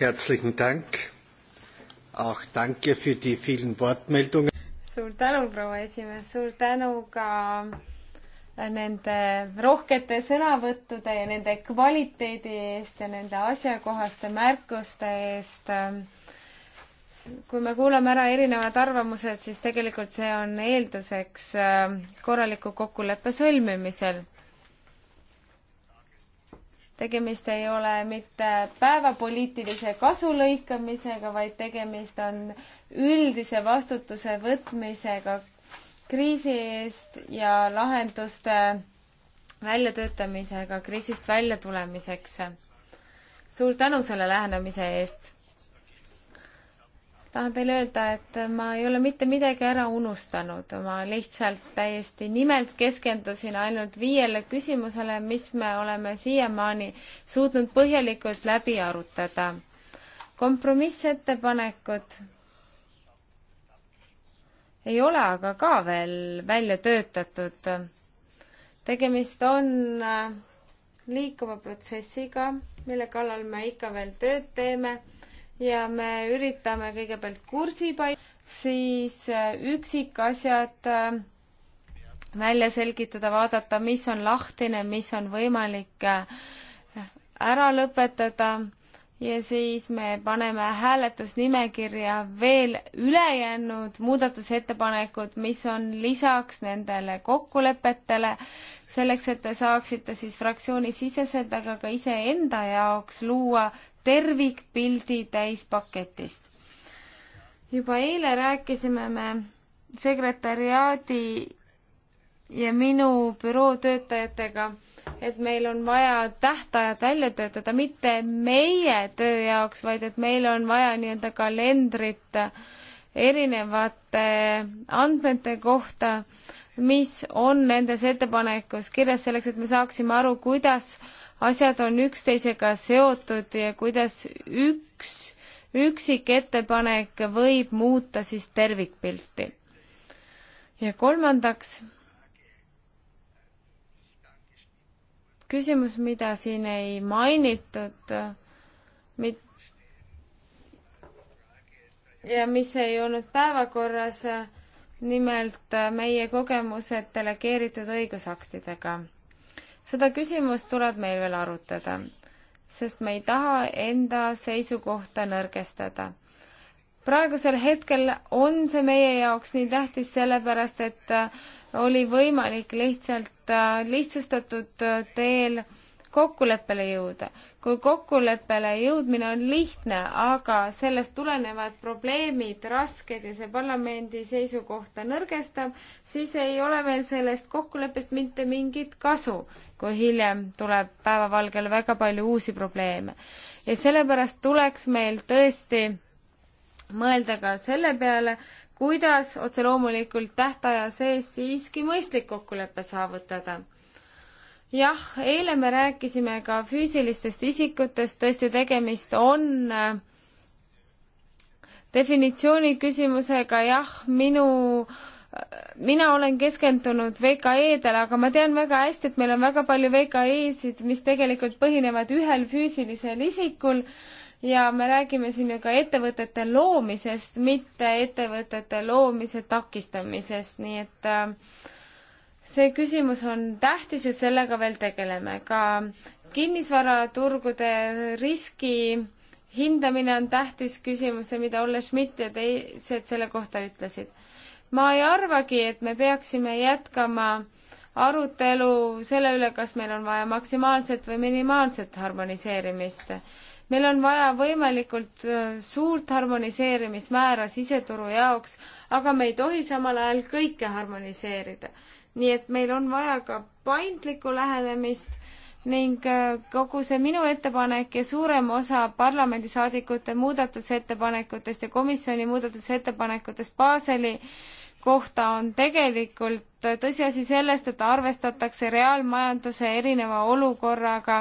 herzlichen Dank. Auch danke für die vielen Wortmeldungen. suur tänu, proua esimees, suur tänu ka nende rohkete sõnavõttude ja nende kvaliteedi eest ja nende asjakohaste märkuste eest. kui me kuulame ära erinevad arvamused, siis tegelikult see on eelduseks äh, korraliku kokkuleppe sõlmimisel. tegemist ei ole mitte päevapoliitilise kasu lõikamisega, vaid tegemist on üldise vastutuse võtmisega kriisi eest ja lahenduste väljatöötamisega kriisist välja tulemiseks. suur tänu selle lähenemise eest. tahan teile öelda, et ma ei ole mitte midagi ära unustanud, ma lihtsalt täiesti nimelt keskendusin ainult viiele küsimusele, mis me oleme siiamaani suutnud põhjalikult läbi arutada. kompromissettepanekud ei ole aga ka veel välja töötatud. tegemist on äh, liikuva protsessiga, mille kallal me ikka veel tööd teeme ja me üritame kõigepealt kursipaik, siis äh, üksikasjad äh, välja selgitada, vaadata, mis on lahtine, mis on võimalik ära lõpetada ja siis me paneme hääletusnimekirja veel ülejäänud muudatusettepanekud, mis on lisaks nendele kokkulepetele, selleks et te saaksite siis fraktsioonisiseselt, aga ka iseenda jaoks luua tervikpildi täispaketist. juba eile rääkisime me sekretäriaadi ja minu büroo töötajatega et meil on vaja tähtajad välja töötada, mitte meie töö jaoks, vaid et meil on vaja nii-öelda kalendrit erinevate andmete kohta, mis on nendes ettepanekus kirjas selleks, et me saaksime aru, kuidas asjad on üksteisega seotud ja kuidas üks üksik ettepanek võib muuta siis tervikpilti. ja kolmandaks küsimus, mida siin ei mainitud, mit-, ja mis ei olnud päevakorras, nimelt meie kogemused delegeeritud õigusaktidega. seda küsimust tuleb meil veel arutada, sest me ei taha enda seisukohta nõrgestada praegusel hetkel on see meie jaoks nii tähtis, sellepärast et äh, oli võimalik lihtsalt äh, lihtsustatud äh, teel kokkuleppele jõuda. kui kokkuleppele jõudmine on lihtne, aga sellest tulenevad probleemid rasked ja see parlamendi seisukohta nõrgestab, siis ei ole meil sellest kokkuleppest mitte mingit kasu, kui hiljem tuleb päevavalgele väga palju uusi probleeme. ja sellepärast tuleks meil tõesti mõelda ka selle peale, kuidas otse loomulikult tähtaja sees siiski mõistlik kokkulepe saavutada. jah, eile me rääkisime ka füüsilistest isikutest, tõesti tegemist on äh, definitsiooni küsimusega, jah, minu äh, mina olen keskendunud VKE-dele, aga ma tean väga hästi, et meil on väga palju VKE-sid, mis tegelikult põhinevad ühel füüsilisel isikul äh, ja me räägime siin ju ka ettevõtete loomisest, mitte ettevõtete loomise takistamisest, nii et äh, see küsimus on tähtis ja sellega veel tegeleme. ka kinnisvaraturgude riski hindamine on tähtis küsimus ja mida Olle Schmidt ja teised selle kohta ütlesid. ma ei arvagi, et me peaksime jätkama arutelu selle üle, kas meil on vaja maksimaalset või minimaalset harmoniseerimist meil on vaja võimalikult suurt harmoniseerimismäära siseturu jaoks, aga me ei tohi samal ajal kõike harmoniseerida. nii et meil on vaja ka paindlikku lähenemist ning kogu see minu ettepanek ja suurem osa parlamendisaadikute muudatusettepanekutest ja komisjoni muudatusettepanekutest Baseli äh, kohta on tegelikult tõsiasi sellest, et arvestatakse reaalmajanduse erineva olukorraga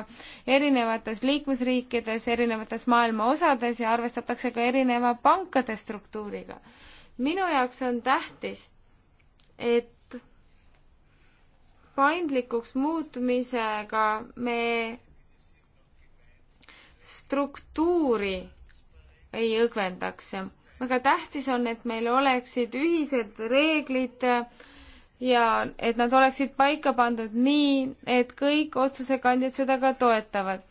erinevates liikmesriikides, erinevates maailma osades ja arvestatakse ka erineva pankade struktuuriga. minu jaoks on tähtis, et paindlikuks muutmisega me struktuuri ei õgvendaks väga tähtis on, et meil oleksid ühised reeglid ja et nad oleksid paika pandud nii, et kõik otsusekandjad seda ka toetavad.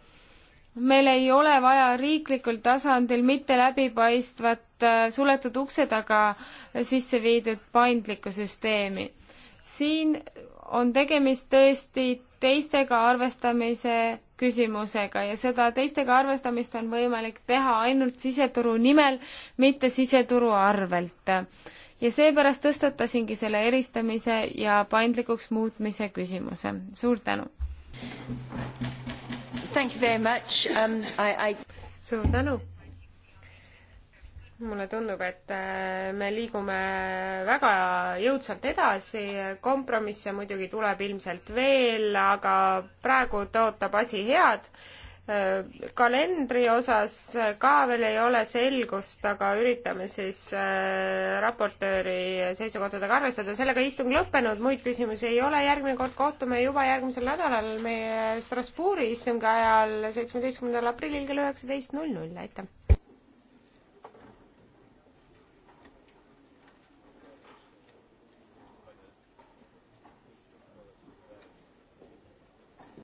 meil ei ole vaja riiklikul tasandil mitte läbipaistvat äh, suletud ukse taga sisse viidud paindlikku süsteemi. siin on tegemist tõesti teistega arvestamise küsimusega ja seda teistega arvestamist on võimalik teha ainult siseturu nimel, mitte siseturu arvelt. ja seepärast tõstatasingi selle eristamise ja paindlikuks muutmise küsimuse. suur tänu! Um, I... suur tänu! mulle tundub, et äh, me liigume väga jõudsalt edasi, kompromisse muidugi tuleb ilmselt veel, aga praegu tõotab asi head. Äh, kalendri osas ka veel ei ole selgust, aga üritame siis äh, raportööri seisukohtadega arvestada. sellega istung lõppenud, muid küsimusi ei ole, järgmine kord kohtume juba järgmisel nädalal meie Strasbourgi istungi ajal, seitsmeteistkümnendal aprillil kell üheksateist null null, aitäh!